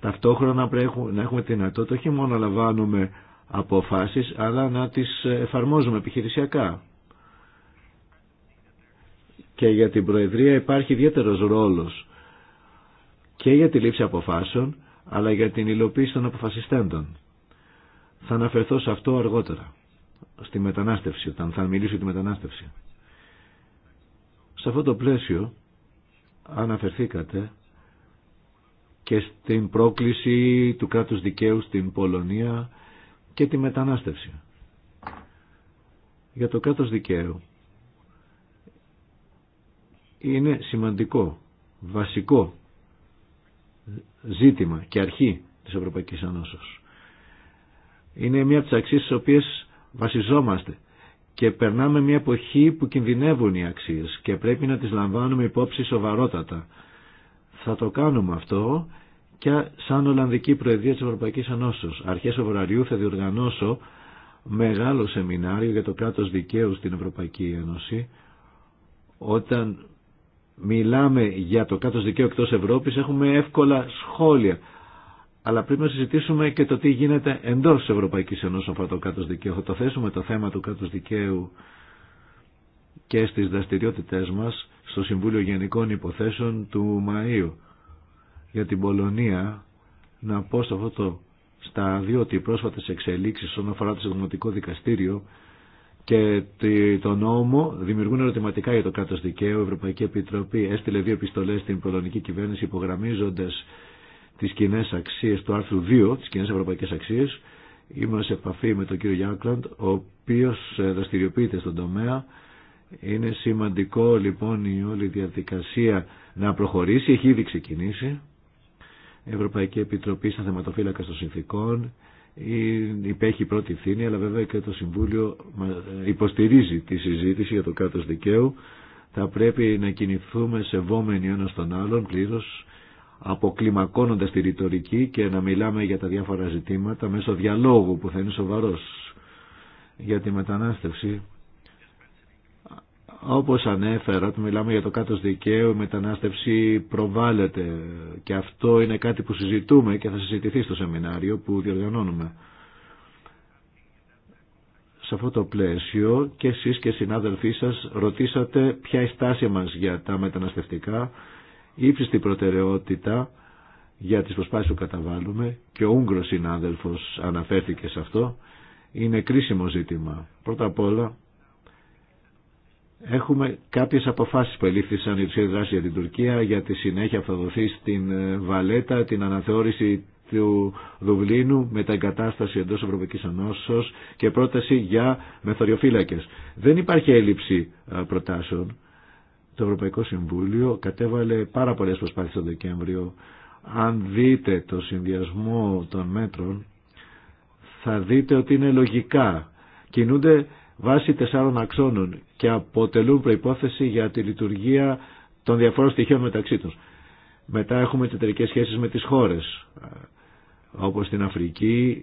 [SPEAKER 1] Ταυτόχρονα πρέπει να έχουμε την δυνατότητα όχι μόνο να λαμβάνουμε αποφάσεις αλλά να τις εφαρμόζουμε επιχειρησιακά. Και για την Προεδρία υπάρχει ιδιαίτερος ρόλος και για τη λήψη αποφάσεων αλλά για την υλοποίηση των αποφασιστέντων. Θα αναφερθώ σε αυτό αργότερα, στη μετανάστευση, όταν θα μιλήσω για τη μετανάστευση. Σε αυτό το πλαίσιο αναφερθήκατε και στην πρόκληση του κράτους δικαίου στην Πολωνία και τη μετανάστευση. Για το κράτος δικαίου είναι σημαντικό, βασικό ζήτημα και αρχή της Ευρωπαϊκής Ανώσεως. Είναι μια από τις αξίες στις οποίες βασιζόμαστε και περνάμε μια εποχή που κινδυνεύουν οι αξίες και πρέπει να τις λαμβάνουμε υπόψη σοβαρότατα. Θα το κάνουμε αυτό και σαν Ολλανδική Προεδρία της Ευρωπαϊκής Ενώσεως. Αρχές Φεβρουαρίου θα διοργανώσω μεγάλο σεμινάριο για το κράτος δικαίου στην Ευρωπαϊκή Ένωση. Όταν μιλάμε για το κράτος δικαίου εκτός Ευρώπης έχουμε εύκολα σχόλια. Αλλά πρέπει να συζητήσουμε και το τι γίνεται εντός της Ευρωπαϊκής Ένωσης από το κράτος δικαίου. Θα το θέσουμε το θέμα του κράτους δικαίου και στις δραστηριότητές μας στο Συμβούλιο Γενικών Υποθέσεων του Μαΐου για την Πολωνία να πω σε αυτό το στάδιο ότι οι πρόσφατες εξελίξει όσον αφορά το συνταγματικό δικαστήριο και το νόμο δημιουργούν ερωτηματικά για το κράτος δικαίου. Η Ευρωπαϊκή Επιτροπή έστειλε δύο επιστολέ στην πολωνική κυβέρνηση υπογραμμίζοντας τι κοινέ αξίε, του άρθρου 2, τις κοινέ ευρωπαϊκές Αξίε, είμαι σε επαφή με τον κύριο Γιάνκλαντ, ο οποίο ε, δραστηριοποιείται στον τομέα. Είναι σημαντικό λοιπόν η όλη διαδικασία να προχωρήσει, έχει ήδη ξεκινήσει. Ευρωπαϊκή Επιτροπή στα θεματοφύλακα των συνθήκων ε, υπέχει πρώτη ευθύνη, αλλά βέβαια και το Συμβούλιο ε, υποστηρίζει τη συζήτηση για το κράτο δικαίου. Θα πρέπει να κινηθούμε σεβόμενοι ένα τον άλλον πλήρω, αποκλιμακώνοντας τη ρητορική και να μιλάμε για τα διάφορα ζητήματα μέσω διαλόγου που θα είναι σοβαρός για τη μετανάστευση όπως ανέφερα, όταν μιλάμε για το κάτω δικαίου, η μετανάστευση προβάλλεται και αυτό είναι κάτι που συζητούμε και θα συζητηθεί στο σεμινάριο που διοργανώνουμε. Σε αυτό το πλαίσιο και εσείς και οι συνάδελφοί σας ρωτήσατε ποια η στάση μας για τα μεταναστευτικά, η ύψιστη προτεραιότητα για τις προσπάσεις που καταβάλουμε και ο Ούγγρος συνάδελφος αναφέρθηκε σε αυτό, είναι κρίσιμο ζήτημα. Πρώτα απ' όλα Έχουμε κάποιες αποφάσεις που ελήφθησαν η δράση για την Τουρκία για τη συνέχεια που θα δοθεί στην ε, Βαλέτα, την αναθεώρηση του Δουβλίνου με εγκατάσταση εντό Ευρωπαϊκή Ενώσεω και πρόταση για μεθοριοφύλακες. Δεν υπάρχει έλλειψη ε, προτάσεων. Το Ευρωπαϊκό Συμβούλιο κατέβαλε πάρα πολλέ προσπάθειε τον Δεκέμβριο. Αν δείτε το συνδυασμό των μέτρων θα δείτε ότι είναι λογικά. Κινούνται βάσει τεσσάρων αξώνων και αποτελούν προϋπόθεση για τη λειτουργία των διαφόρων στοιχείων μεταξύ τους. Μετά έχουμε εταιρικέ σχέσεις με τις χώρες, ε, όπως την Αφρική,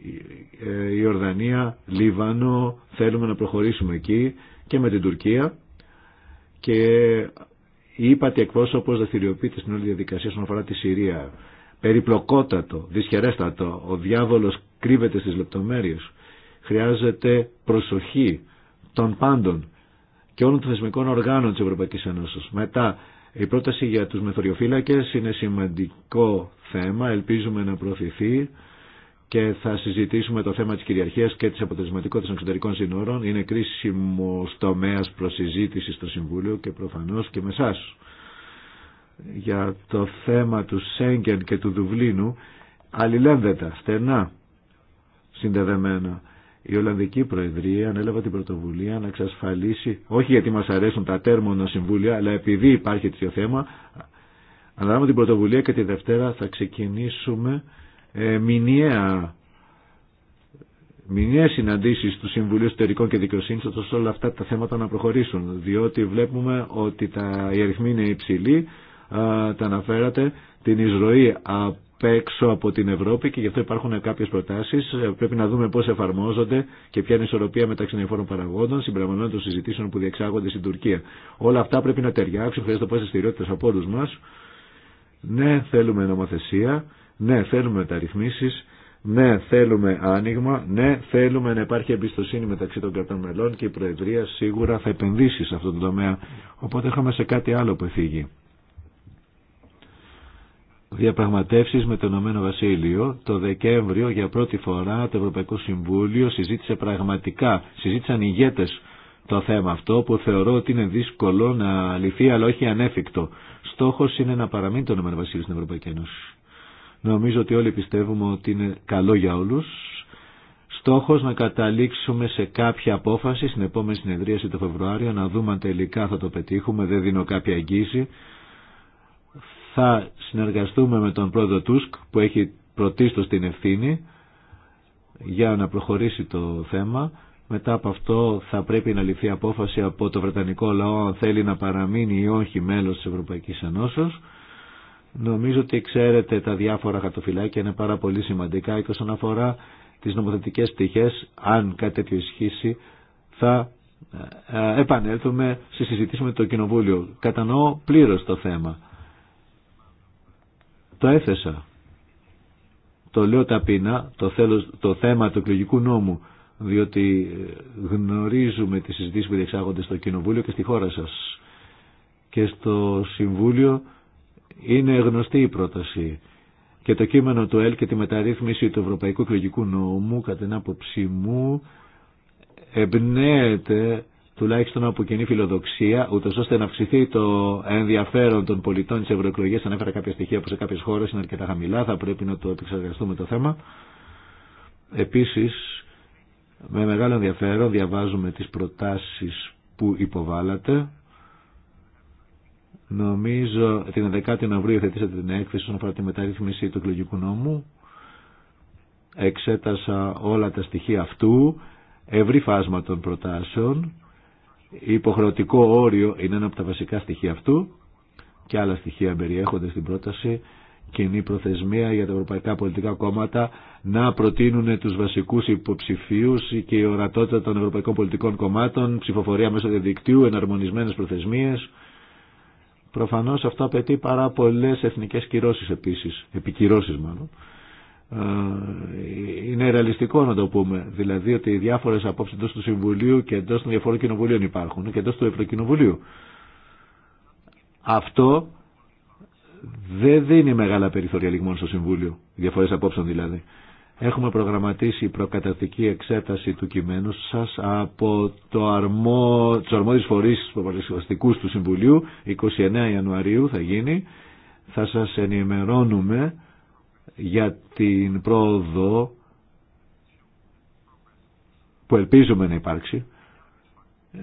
[SPEAKER 1] ε, η Ορδανία, Λίβανο, θέλουμε να προχωρήσουμε εκεί και με την Τουρκία και είπα ύπατη εκπρόσωπος δραστηριοποιείται στην όλη διαδικασία όσον αφορά τη Συρία. Περιπλοκότατο, δυσχερέστατο, ο διάβολος κρύβεται στις λεπτομέρειες. Χρειάζεται προσοχή των πάντων και όλων των θεσμικών οργάνων της Ευρωπαϊκής Ένωσης. Μετά, η πρόταση για τους μεθοριοφύλακες είναι σημαντικό θέμα, ελπίζουμε να προωθηθεί και θα συζητήσουμε το θέμα της κυριαρχίας και της αποτελεσματικότητας των εξωτερικών συνόρων. Είναι κρίσιμο τομέα προσυζήτηση στο Συμβούλιο και προφανώς και με εσά. Για το θέμα του Σέγγεν και του Δουβλίνου αλληλένδετα, στενά συνδεδεμένα η Ολλανδική Προεδρία ανέλαβε την πρωτοβουλία να εξασφαλίσει, όχι γιατί μας αρέσουν τα τέρμονα συμβούλια, αλλά επειδή υπάρχει τέτοιο θέμα, αναλάβουμε την πρωτοβουλία και τη Δευτέρα θα ξεκινήσουμε ε, μηνιαία μηνιαίες συναντήσεις του Συμβουλίου Εσωτερικών και Δικαιοσύνης ώστε όλα αυτά τα θέματα να προχωρήσουν διότι βλέπουμε ότι τα, οι αριθμοί είναι υψηλοί τα αναφέρατε την εισρωή από απ' έξω από την Ευρώπη και γι' αυτό υπάρχουν κάποιες προτάσεις. Ε, πρέπει να δούμε πώς εφαρμόζονται και ποια είναι η ισορροπία μεταξύ των εφόρων παραγόντων, συμπραγμανών των συζητήσεων που διεξάγονται στην Τουρκία. Όλα αυτά πρέπει να ταιριάξουν, χρειάζεται πάση στηριότητα από όλου μα. Ναι, θέλουμε νομοθεσία, ναι, θέλουμε τα ρυθμίσει, ναι, θέλουμε άνοιγμα, ναι, θέλουμε να υπάρχει εμπιστοσύνη μεταξύ των κρατών μελών και η Προεδρία σίγουρα θα επενδύσει σε αυτό το τομέα. Οπότε είχαμε σε κάτι άλλο που εφήγει διαπραγματεύσεις με το Ηνωμένο Βασίλειο το Δεκέμβριο για πρώτη φορά το Ευρωπαϊκό Συμβούλιο συζήτησε πραγματικά, συζήτησαν οι ηγέτες το θέμα αυτό που θεωρώ ότι είναι δύσκολο να λυθεί αλλά όχι ανέφικτο. Στόχος είναι να παραμείνει το Ηνωμένο Βασίλειο στην Ευρωπαϊκή Ένωση. Νομίζω ότι όλοι πιστεύουμε ότι είναι καλό για όλους. Στόχος να καταλήξουμε σε κάποια απόφαση στην επόμενη συνεδρίαση το Φεβρουάριο, να δούμε αν τελικά θα το πετύχουμε, δεν δίνω κάποια εγγύηση θα συνεργαστούμε με τον πρόεδρο Τούσκ που έχει πρωτίστως την ευθύνη για να προχωρήσει το θέμα. Μετά από αυτό θα πρέπει να ληφθεί απόφαση από το Βρετανικό λαό αν θέλει να παραμείνει ή όχι μέλος της Ευρωπαϊκής Ενώσεως. Νομίζω ότι ξέρετε τα διάφορα χαρτοφυλάκια είναι πάρα πολύ σημαντικά και όσον αφορά τις νομοθετικές πτυχές, αν κάτι τέτοιο ισχύσει, θα ε, ε, επανέλθουμε σε συζητήση με το Κοινοβούλιο. Κατανοώ πλήρως το θέμα. Το έθεσα. Το λέω ταπεινά, το, το θέμα του εκλογικού νόμου, διότι ε, γνωρίζουμε τις συζητήσεις που διεξάγονται στο Κοινοβούλιο και στη χώρα σας. Και στο Συμβούλιο είναι γνωστή η πρόταση. Και το κείμενο του ΕΛ και τη μεταρρύθμιση του Ευρωπαϊκού Εκλογικού Νόμου, κατά την άποψή μου, εμπνέεται τουλάχιστον από κοινή φιλοδοξία, ούτω ώστε να αυξηθεί το ενδιαφέρον των πολιτών τη ευρωεκλογία. Ανέφερα κάποια στοιχεία που σε κάποιε χώρε είναι αρκετά χαμηλά, θα πρέπει να το επεξεργαστούμε το θέμα. Επίση, με μεγάλο ενδιαφέρον διαβάζουμε τι προτάσει που υποβάλλατε. Νομίζω την 11η Νοεμβρίου θετήσατε την έκθεση όσον αφορά τη μεταρρύθμιση του εκλογικού νόμου. Εξέτασα όλα τα στοιχεία αυτού, ευρύ φάσμα των προτάσεων Υποχρεωτικό όριο είναι ένα από τα βασικά στοιχεία αυτού και άλλα στοιχεία περιέχονται στην πρόταση κοινή προθεσμία για τα ευρωπαϊκά πολιτικά κόμματα να προτείνουν τους βασικούς υποψηφίους και η ορατότητα των ευρωπαϊκών πολιτικών κομμάτων, ψηφοφορία μέσω διαδικτύου, εναρμονισμένες προθεσμίες. Προφανώς αυτό απαιτεί πάρα πολλές εθνικές κυρώσεις επίσης, επικυρώσεις μάλλον. Ε, είναι ρεαλιστικό να το πούμε. Δηλαδή ότι οι διάφορε απόψει εντό του Συμβουλίου και εντό των διαφόρων κοινοβουλίων υπάρχουν και εντό του Ευρωκοινοβουλίου. Αυτό δεν δίνει μεγάλα περιθώρια λιγμών στο Συμβούλιο, διαφορέ απόψεων δηλαδή. Έχουμε προγραμματίσει προκαταρτική εξέταση του κειμένου σα από το αρμό, φορεί του του Συμβουλίου, 29 Ιανουαρίου θα γίνει. Θα σας ενημερώνουμε για την πρόοδο που ελπίζουμε να υπάρξει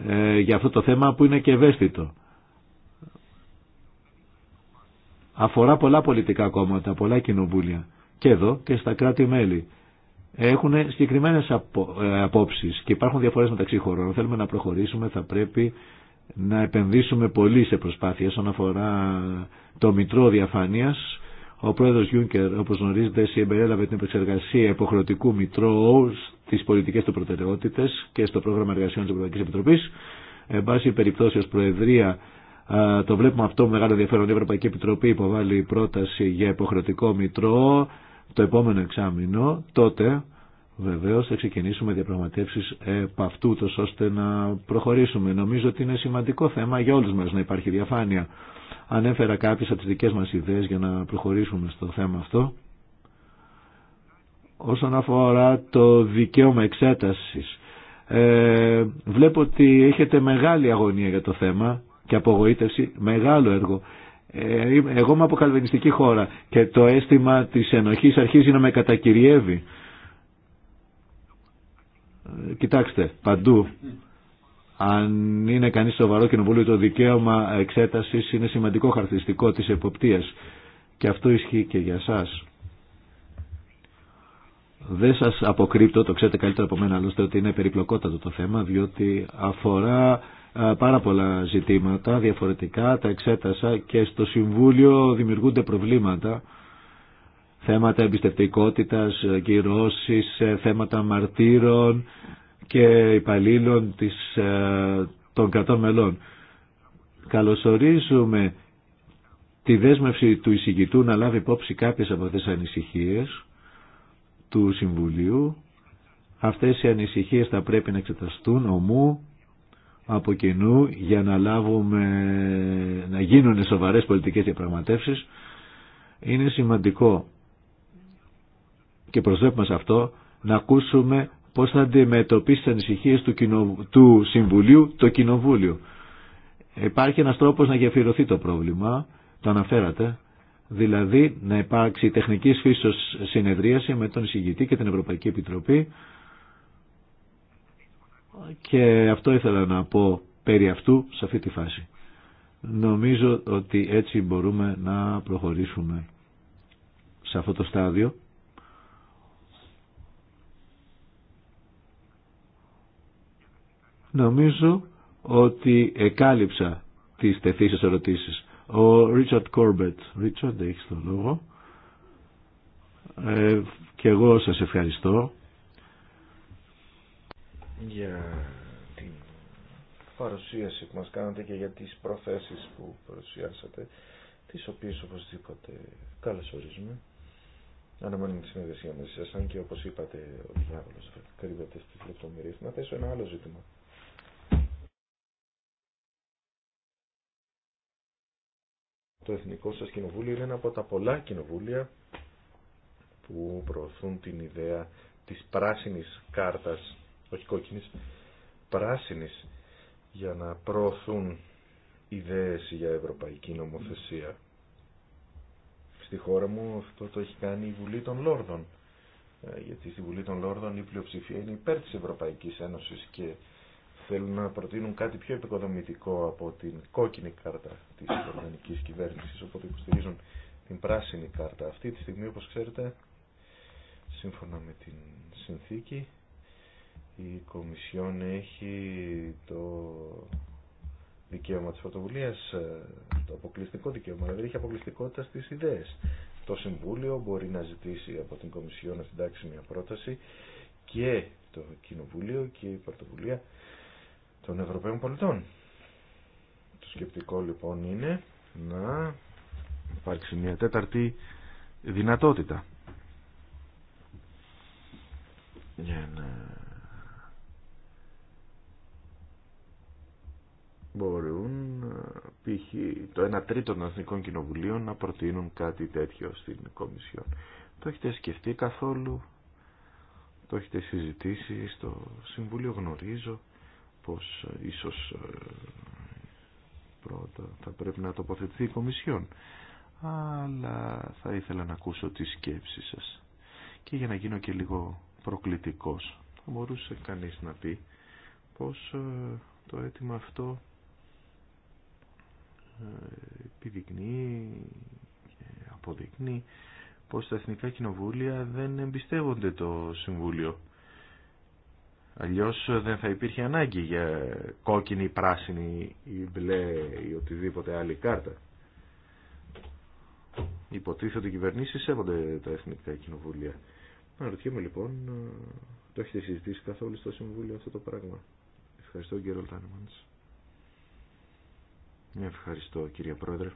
[SPEAKER 1] ε, για αυτό το θέμα που είναι και ευαίσθητο. Αφορά πολλά πολιτικά κόμματα, πολλά κοινοβούλια και εδώ και στα κράτη-μέλη. Έχουν συγκεκριμένες απο, ε, απόψεις και υπάρχουν διαφορές μεταξύ χωρών. θέλουμε να προχωρήσουμε θα πρέπει να επενδύσουμε πολύ σε προσπάθειες όσον αφορά το μητρό διαφάνειας ο πρόεδρος Γιούνκερ, όπως γνωρίζετε, συμπεριέλαβε την επεξεργασία υποχρεωτικού μητρώου στις πολιτικές του προτεραιότητες και στο πρόγραμμα εργασιών της Ευρωπαϊκής Επιτροπής. Εν πάση περιπτώσει ως Προεδρία το βλέπουμε αυτό με μεγάλο ενδιαφέρον. Η Ευρωπαϊκή Επιτροπή υποβάλλει πρόταση για υποχρεωτικό μητρώο το επόμενο εξάμεινο. Τότε βεβαίως θα ξεκινήσουμε διαπραγματεύσεις επ' αυτού ώστε να προχωρήσουμε. Νομίζω ότι είναι σημαντικό θέμα για όλους μας να υπάρχει διαφάνεια. Ανέφερα κάποιες από τις δικές μας ιδέες για να προχωρήσουμε στο θέμα αυτό. Όσον αφορά το δικαίωμα εξέτασης, ε, βλέπω ότι έχετε μεγάλη αγωνία για το θέμα και απογοήτευση, μεγάλο έργο. Ε, εγώ είμαι από καλβενιστική χώρα και το αίσθημα της ενοχής αρχίζει να με κατακυριεύει. Ε, κοιτάξτε, παντού αν είναι κανείς σοβαρό κοινοβούλιο το δικαίωμα εξέτασης είναι σημαντικό χαρακτηριστικό της εποπτείας και αυτό ισχύει και για σας. Δεν σας αποκρύπτω, το ξέρετε καλύτερα από μένα άλλωστε ότι είναι περιπλοκότατο το θέμα διότι αφορά πάρα πολλά ζητήματα διαφορετικά, τα εξέτασα και στο Συμβούλιο δημιουργούνται προβλήματα θέματα εμπιστευτικότητας, ε, κυρώσει, ε, θέματα μαρτύρων, και υπαλλήλων της, ε, των κρατών μελών. Καλωσορίζουμε τη δέσμευση του εισηγητού να λάβει υπόψη κάποιες από αυτές τις ανησυχίες του Συμβουλίου. Αυτές οι ανησυχίες θα πρέπει να εξεταστούν ομού από κοινού για να λάβουμε, να γίνουν σοβαρές πολιτικές διαπραγματεύσεις. Είναι σημαντικό και προσβλέπουμε σε αυτό να ακούσουμε πώς θα αντιμετωπίσει τις ανησυχίες του, κοινο... του Συμβουλίου το Κοινοβούλιο. Υπάρχει ένας τρόπος να γεφυρωθεί το πρόβλημα, το αναφέρατε, δηλαδή να υπάρξει τεχνικής φύσεως συνεδρίαση με τον εισηγητή και την Ευρωπαϊκή Επιτροπή και αυτό ήθελα να πω περί αυτού σε αυτή τη φάση. Νομίζω ότι έτσι μπορούμε να προχωρήσουμε σε αυτό το στάδιο Νομίζω ότι εκάλυψα τις τεθήσεις ερωτήσεις. Ο Ρίτσαρτ Κόρμπετ. Ρίτσαρτ, έχεις τον λόγο. Ε, και εγώ σας ευχαριστώ.
[SPEAKER 2] Για την παρουσίαση που μας κάνατε και για τις προθέσεις που παρουσιάσατε, τις οποίες οπωσδήποτε καλωσορίζουμε. Αναμένουμε τη συνεργασία μαζί σας, αν και όπως είπατε ο διάβολος κρύβεται στις λεπτομέρειες. Να θέσω ένα άλλο ζήτημα. το Εθνικό σας Κοινοβούλιο είναι ένα από τα πολλά κοινοβούλια που προωθούν την ιδέα της πράσινης κάρτας, όχι κόκκινης, πράσινης, για να προωθούν ιδέες για ευρωπαϊκή νομοθεσία. Στη χώρα μου αυτό το έχει κάνει η Βουλή των Λόρδων, ε, γιατί στη Βουλή των Λόρδων η πλειοψηφία είναι υπέρ της Ευρωπαϊκής Ένωσης και θέλουν να προτείνουν κάτι πιο επικοδομητικό από την κόκκινη κάρτα τη οργανικής κυβέρνηση, οπότε υποστηρίζουν την πράσινη κάρτα. Αυτή τη στιγμή, όπω ξέρετε, σύμφωνα με την συνθήκη, η Κομισιόν έχει το δικαίωμα τη πρωτοβουλία ε, το αποκλειστικό δικαίωμα, δηλαδή έχει αποκλειστικότητα στι ιδέε. Το Συμβούλιο μπορεί να ζητήσει από την Κομισιόν να συντάξει μια πρόταση και το Κοινοβούλιο και η Πρωτοβουλία των Ευρωπαίων πολιτών. Το σκεπτικό λοιπόν είναι να υπάρξει μια τέταρτη δυνατότητα για να μπορούν π.χ. το 1 τρίτο των Εθνικών Κοινοβουλίων να προτείνουν κάτι τέτοιο στην Κομισιόν. Το έχετε σκεφτεί καθόλου, το έχετε συζητήσει στο Συμβούλιο, γνωρίζω πως ε, ίσως ε, πρώτα θα πρέπει να τοποθετηθεί η Κομισιόν αλλά θα ήθελα να ακούσω τις σκέψεις σας και για να γίνω και λίγο προκλητικός θα μπορούσε κανείς να πει πως ε, το αίτημα αυτό επιδεικνύει και αποδεικνύει πως τα Εθνικά Κοινοβούλια δεν εμπιστεύονται το Συμβούλιο Αλλιώς ε, δεν θα υπήρχε ανάγκη για κόκκινη, πράσινη ή μπλε ή οτιδήποτε άλλη κάρτα. Υποτίθεται ότι οι κυβερνήσει σέβονται τα εθνικά κοινοβούλια. Αναρωτιέμαι λοιπόν, ε, το έχετε συζητήσει καθόλου στο Συμβούλιο αυτό το πράγμα. Ευχαριστώ κύριε Τάνεμαντς. Ευχαριστώ κύριε Πρόεδρε.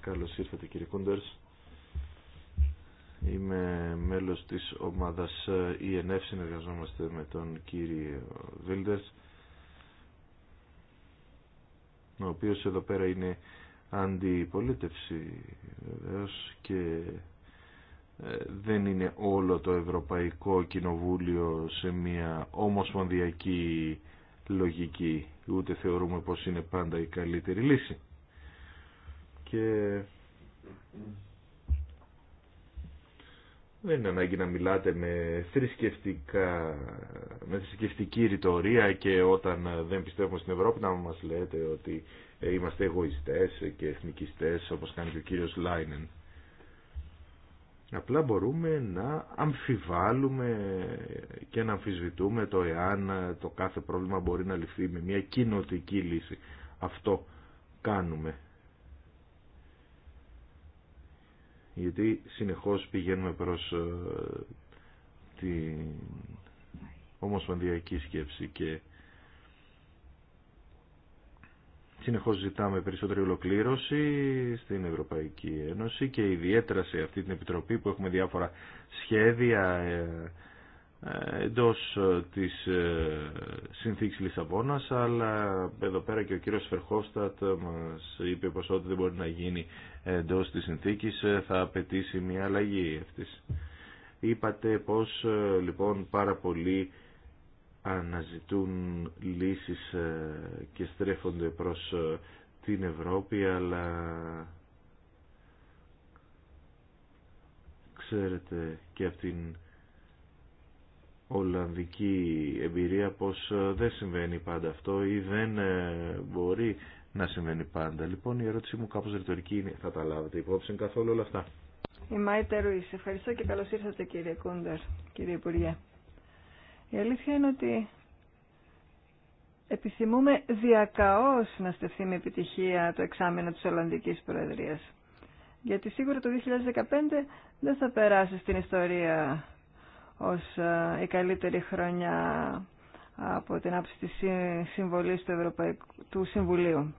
[SPEAKER 2] Καλώς ήρθατε κύριε Κούντερς. Είμαι μέλος της ομάδας ε, ENF, συνεργαζόμαστε με τον κύριο Βίλντερς, ο οποίος εδώ πέρα είναι αντιπολίτευση βεβαίως και ε, δεν είναι όλο το Ευρωπαϊκό Κοινοβούλιο σε μια ομοσπονδιακή λογική, ούτε θεωρούμε πως είναι πάντα η καλύτερη λύση. Και δεν είναι ανάγκη να μιλάτε με, θρησκευτικά, με θρησκευτική ρητορία και όταν δεν πιστεύουμε στην Ευρώπη να μας λέτε ότι ε, είμαστε εγωιστές και εθνικιστές όπως κάνει και ο κύριος Λάινεν. Απλά μπορούμε να αμφιβάλλουμε και να αμφισβητούμε το εάν το κάθε πρόβλημα μπορεί να λυθεί με μια κοινοτική λύση. Αυτό κάνουμε. γιατί συνεχώς πηγαίνουμε προς ε, την ομοσπονδιακή σκέψη και συνεχώς ζητάμε περισσότερη ολοκλήρωση στην Ευρωπαϊκή Ένωση και ιδιαίτερα σε αυτή την Επιτροπή που έχουμε διάφορα σχέδια ε, ε, εντός ε, της ε, συνθήκης Λισαβόνας αλλά εδώ πέρα και ο κύριος Φερχόστατ μας είπε πως ό,τι δεν μπορεί να γίνει εντός της συνθήκης θα απαιτήσει μια αλλαγή αυτής. Είπατε πως λοιπόν πάρα πολλοί αναζητούν λύσεις και στρέφονται προς την Ευρώπη αλλά ξέρετε και αυτήν Ολλανδική εμπειρία πως ε, δεν συμβαίνει πάντα αυτό ή δεν ε, μπορεί να συμβαίνει πάντα. Λοιπόν, η ερώτησή μου κάπως ρητορική είναι, θα τα λάβετε υπόψη καθόλου όλα αυτά.
[SPEAKER 3] Η Μάιτε Ρουίς, ευχαριστώ και καλώς ήρθατε κύριε Κούντερ, κύριε Υπουργέ. Η αλήθεια είναι ότι επιθυμούμε διακαώς να στεφθεί με επιτυχία το εξάμεινο της Ολλανδικής Προεδρίας. Γιατί σίγουρα το 2015 δεν θα περάσει στην ιστορία ως ε, η καλύτερη χρονιά από την άψη της συμβολής του Ευρωπαϊκού του Συμβουλίου.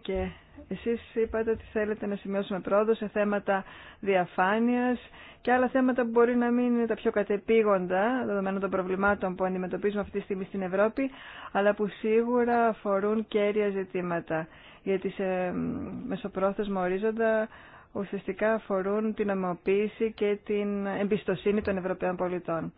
[SPEAKER 3] Και εσείς είπατε ότι θέλετε να σημειώσουμε πρόοδο σε θέματα διαφάνειας και άλλα θέματα που μπορεί να μην είναι τα πιο κατεπήγοντα, δεδομένων των προβλημάτων που αντιμετωπίζουμε αυτή τη στιγμή στην Ευρώπη, αλλά που σίγουρα αφορούν κέρια ζητήματα. Γιατί σε μεσοπρόθεσμο ορίζοντα ουσιαστικά αφορούν την ομοποίηση και την εμπιστοσύνη των Ευρωπαίων πολιτών.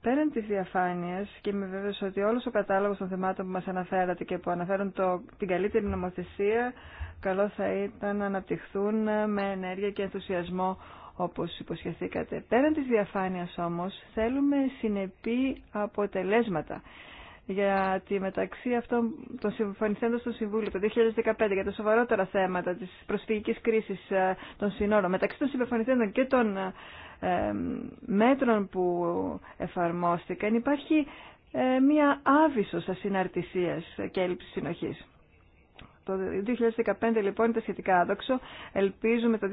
[SPEAKER 3] Πέραν τη διαφάνεια και είμαι βέβαιο ότι όλο ο κατάλογο των θεμάτων που μα αναφέρατε και που αναφέρουν το, την καλύτερη νομοθεσία, καλό θα ήταν να αναπτυχθούν με ενέργεια και ενθουσιασμό όπω υποσχεθήκατε. Πέραν τη διαφάνεια όμω, θέλουμε συνεπή αποτελέσματα γιατί μεταξύ αυτών των συμφωνηθέντων στο Συμβούλιο το 2015 για τα σοβαρότερα θέματα της προσφυγικής κρίσης ε, των συνόρων, μεταξύ των συμφωνηθέντων και των ε, μέτρων που εφαρμόστηκαν, υπάρχει ε, μια άβυσος ασυναρτησίας και έλλειψη συνοχής. Το 2015 λοιπόν ήταν σχετικά άδοξο. Ελπίζουμε το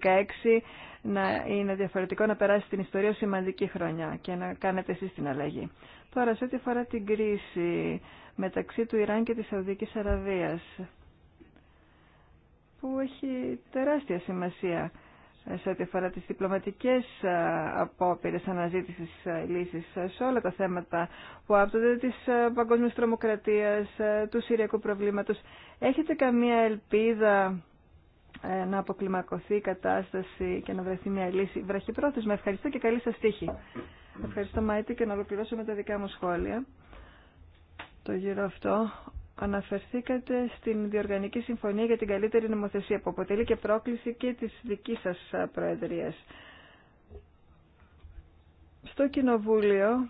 [SPEAKER 3] 2016 να είναι διαφορετικό, να περάσει στην ιστορία σημαντική χρονιά και να κάνετε εσεί την αλλαγή. Τώρα, σε ό,τι αφορά την κρίση μεταξύ του Ιράν και της Σαουδικής Αραβίας, που έχει τεράστια σημασία ε, σε ό,τι αφορά τις διπλωματικές ε, απόπειρες αναζήτησης ε, λύσης σε όλα τα θέματα που άπτονται της παγκόσμιας τρομοκρατίας, του συριακού προβλήματος. Έχετε καμία ελπίδα να αποκλιμακωθεί η κατάσταση και να βρεθεί μια λύση. Βραχυπρόθεσμα, ευχαριστώ και καλή σας τύχη. Ευχαριστώ Μαϊτή και να ολοκληρώσω με τα δικά μου σχόλια. Το γύρο αυτό αναφερθήκατε στην Διοργανική Συμφωνία για την Καλύτερη Νομοθεσία που αποτελεί και πρόκληση και της δικής σας Προεδρίας. Στο Κοινοβούλιο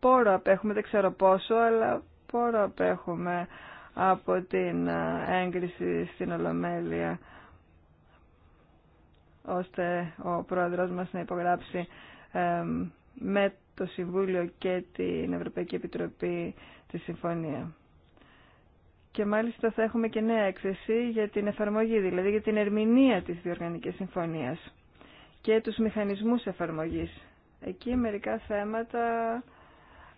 [SPEAKER 3] πόρο απέχουμε, δεν ξέρω πόσο, αλλά πόρο απέχουμε από την έγκριση στην Ολομέλεια ώστε ο Πρόεδρος μας να υπογράψει με το Συμβούλιο και την Ευρωπαϊκή Επιτροπή τη Συμφωνία. Και μάλιστα θα έχουμε και νέα έκθεση για την εφαρμογή, δηλαδή για την ερμηνεία της διοργανικής συμφωνίας και τους μηχανισμούς εφαρμογής. Εκεί μερικά θέματα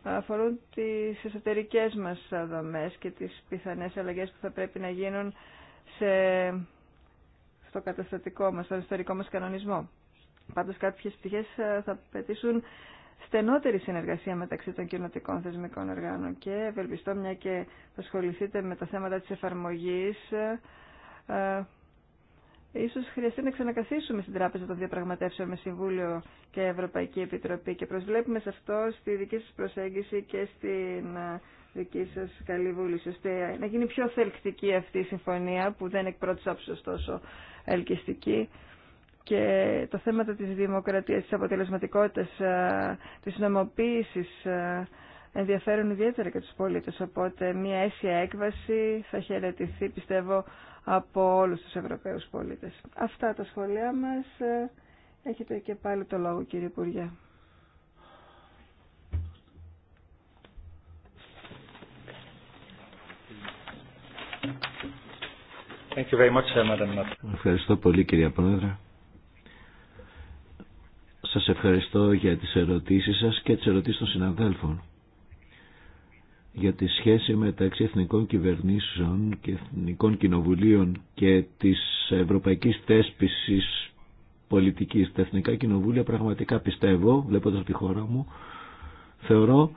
[SPEAKER 3] αφορούν τις εσωτερικές μας δομές και τις πιθανές αλλαγές που θα πρέπει να γίνουν σε... στο καταστατικό μας, στον ιστορικό μας κανονισμό. Πάντως κάποιες πτυχές ε, θα πετήσουν στενότερη συνεργασία μεταξύ των κοινοτικών θεσμικών οργάνων και ευελπιστώ μια και ασχοληθείτε με τα θέματα της εφαρμογής ε, ε, ίσως χρειαστεί να ξανακαθίσουμε στην Τράπεζα των Διαπραγματεύσεων με Συμβούλιο και Ευρωπαϊκή Επιτροπή και προσβλέπουμε σε αυτό στη δική σας προσέγγιση και στην ε, δική σας καλή βούληση ώστε να γίνει πιο θελκτική αυτή η συμφωνία που δεν εκ πρώτης τόσο ελκυστική και τα θέματα της δημοκρατίας, της αποτελεσματικότητας, ε, της νομοποίησης ε, ενδιαφέρουν ιδιαίτερα και τους πολίτες. Οπότε μια αίσια έκβαση θα χαιρετηθεί πιστεύω από όλους τους Ευρωπαίους πολίτες. Αυτά τα σχολεία μας. Ε, έχετε και πάλι το λόγο κύριε Υπουργέ.
[SPEAKER 1] Thank you very much, Madam. Ευχαριστώ πολύ κυρία Πρόεδρε. Σας ευχαριστώ για τις ερωτήσεις σας και τις ερωτήσεις των συναδέλφων για τη σχέση μεταξύ εθνικών κυβερνήσεων και εθνικών κοινοβουλίων και της ευρωπαϊκής θέσπισης πολιτικής. Τα εθνικά κοινοβούλια πραγματικά πιστεύω, βλέποντας τη χώρα μου, θεωρώ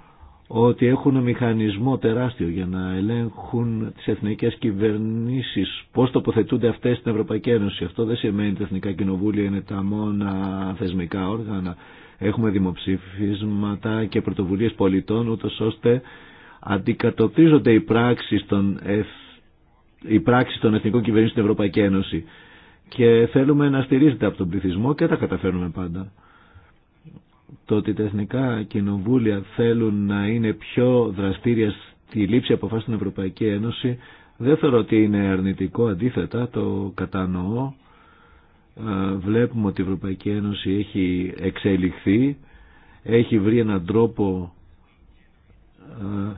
[SPEAKER 1] ότι έχουν μηχανισμό τεράστιο για να ελέγχουν τις εθνικές κυβερνήσεις πώς τοποθετούνται αυτές στην Ευρωπαϊκή Ένωση. Αυτό δεν σημαίνει ότι τα εθνικά κοινοβούλια είναι τα μόνα θεσμικά όργανα. Έχουμε δημοψήφισματα και πρωτοβουλίες πολιτών ούτως ώστε αντικατοπτρίζονται οι πράξεις των, εθ... οι πράξεις των εθνικών κυβερνήσεων στην Ευρωπαϊκή Ένωση. Και θέλουμε να στηρίζεται από τον πληθυσμό και τα καταφέρνουμε πάντα το ότι τα εθνικά κοινοβούλια θέλουν να είναι πιο δραστήρια στη λήψη αποφάσεων στην Ευρωπαϊκή Ένωση δεν θεωρώ ότι είναι αρνητικό, αντίθετα το κατανοώ. Ε, βλέπουμε ότι η Ευρωπαϊκή Ένωση έχει εξελιχθεί, έχει βρει έναν τρόπο ε,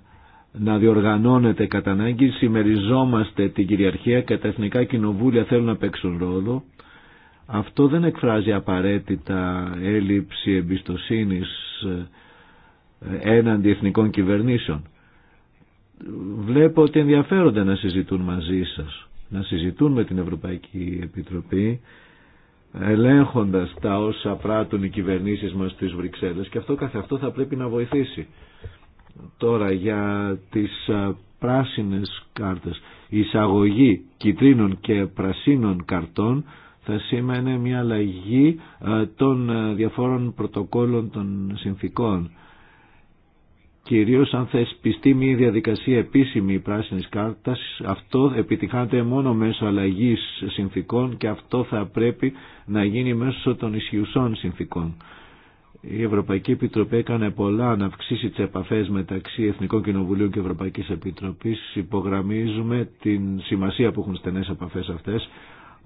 [SPEAKER 1] να διοργανώνεται κατά ανάγκη, συμμεριζόμαστε την κυριαρχία και τα εθνικά κοινοβούλια θέλουν να παίξουν ρόλο. Αυτό δεν εκφράζει απαραίτητα έλλειψη εμπιστοσύνης ε, έναντι εθνικών κυβερνήσεων. Βλέπω ότι ενδιαφέρονται να συζητούν μαζί σας, να συζητούν με την Ευρωπαϊκή Επιτροπή, ελέγχοντας τα όσα πράττουν οι κυβερνήσεις μας στις Βρυξέλλες και αυτό καθ' αυτό θα πρέπει να βοηθήσει. Τώρα για τις ε, πράσινες κάρτες, η εισαγωγή κυτρίνων και πρασίνων καρτών θα ε, σήμαινε μια αλλαγή ε, των ε, διαφόρων πρωτοκόλων των συνθήκων. Κυρίως αν θεσπιστεί μια διαδικασία επίσημη πράσινης κάρτας, αυτό επιτυχάνεται μόνο μέσω αλλαγής συνθήκων και αυτό θα πρέπει να γίνει μέσω των ισχυουσών συνθήκων. Η Ευρωπαϊκή Επιτροπή έκανε πολλά να αυξήσει τι επαφέ μεταξύ Εθνικών Κοινοβουλίων και Ευρωπαϊκή Επιτροπή. Υπογραμμίζουμε την σημασία που έχουν στενέ επαφέ αυτέ.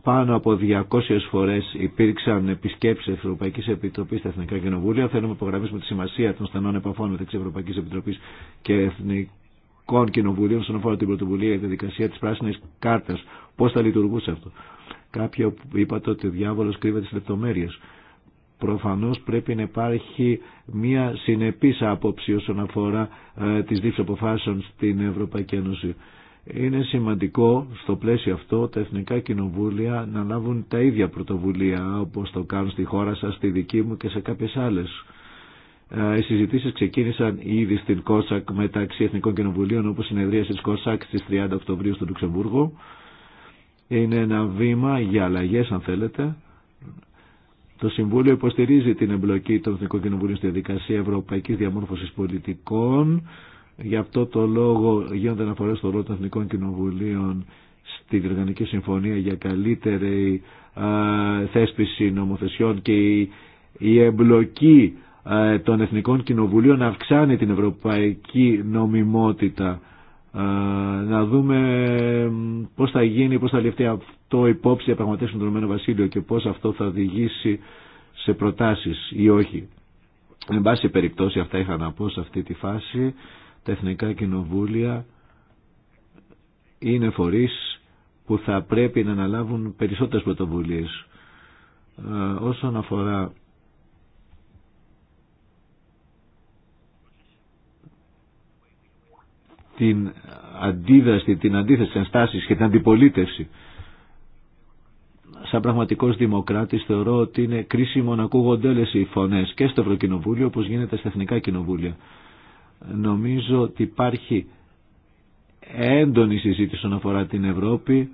[SPEAKER 1] Πάνω από 200 φορές υπήρξαν επισκέψεις Ευρωπαϊκής Επιτροπής στα Εθνικά Κοινοβούλια. Θέλουμε να υπογραμμίσουμε τη σημασία των στενών επαφών μεταξύ Ευρωπαϊκής Επιτροπής και Εθνικών Κοινοβουλίων στον αφορά την πρωτοβουλία για τη δικασία της πράσινης κάρτας. Πώς θα λειτουργούσε αυτό. Κάποιοι είπατε ότι ο διάβολος κρύβεται στις λεπτομέρειες. Προφανώς πρέπει να υπάρχει μια συνεπής άποψη όσον αφορά ε, τις αποφάσεων στην Ευρωπαϊκή Ένωση. Είναι σημαντικό στο πλαίσιο αυτό τα εθνικά κοινοβούλια να λάβουν τα ίδια πρωτοβουλία όπως το κάνουν στη χώρα σας, στη δική μου και σε κάποιες άλλες. Ε, οι συζητήσεις ξεκίνησαν ήδη στην Κόσακ μεταξύ Εθνικών Κοινοβουλίων όπως συνεδρίασε της Κόσακ στις 30 Οκτωβρίου στο Λουξεμβούργο. Είναι ένα βήμα για αλλαγέ αν θέλετε. Το Συμβούλιο υποστηρίζει την εμπλοκή των Εθνικών Κοινοβουλίων στη διαδικασία Ευρωπαϊκή Διαμόρφωση Πολιτικών Γι' αυτό το λόγο γίνονται αναφορέ στο ρόλο των Εθνικών Κοινοβουλίων στη Γερμανική Συμφωνία για καλύτερη θέσπιση νομοθεσιών και η, η εμπλοκή των Εθνικών Κοινοβουλίων αυξάνει την ευρωπαϊκή νομιμότητα. Να δούμε πώς θα γίνει, πώς θα ληφθεί αυτό υπόψη διαπραγματεύσεων του Ρωμένο Βασίλειο και πώς αυτό θα οδηγήσει σε προτάσεις ή όχι. Εν πάση περιπτώσει αυτά είχα να πω σε αυτή τη φάση τα εθνικά κοινοβούλια είναι φορείς που θα πρέπει να αναλάβουν περισσότερες πρωτοβουλίες. Ε, όσον αφορά την αντίδραση, την αντίθεση της ενστάσεις και την αντιπολίτευση. Σαν πραγματικός δημοκράτης θεωρώ ότι είναι κρίσιμο να ακούγονται όλες οι φωνές και στο Ευρωκοινοβούλιο όπως γίνεται στα Εθνικά Κοινοβούλια. Νομίζω ότι υπάρχει έντονη συζήτηση όσον αφορά την Ευρώπη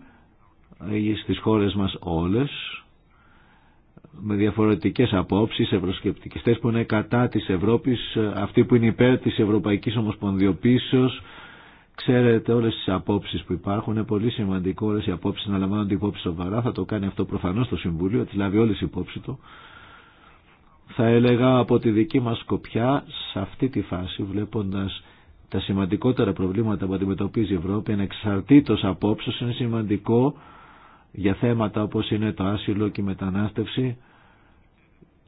[SPEAKER 1] ε, στις χώρες μας όλες με διαφορετικές απόψεις ευρωσκεπτικιστές που είναι κατά της Ευρώπης ε, αυτοί που είναι υπέρ της Ευρωπαϊκής Ομοσπονδιοποίησεως ξέρετε όλες τις απόψεις που υπάρχουν είναι πολύ σημαντικό όλες οι απόψεις να λαμβάνονται υπόψη σοβαρά θα το κάνει αυτό προφανώς το Συμβούλιο θα τις λάβει όλες υπόψη του θα έλεγα από τη δική μας σκοπιά σε αυτή τη φάση βλέποντας τα σημαντικότερα προβλήματα που αντιμετωπίζει η Ευρώπη ανεξαρτήτως απόψεως είναι σημαντικό για θέματα όπως είναι το άσυλο και η μετανάστευση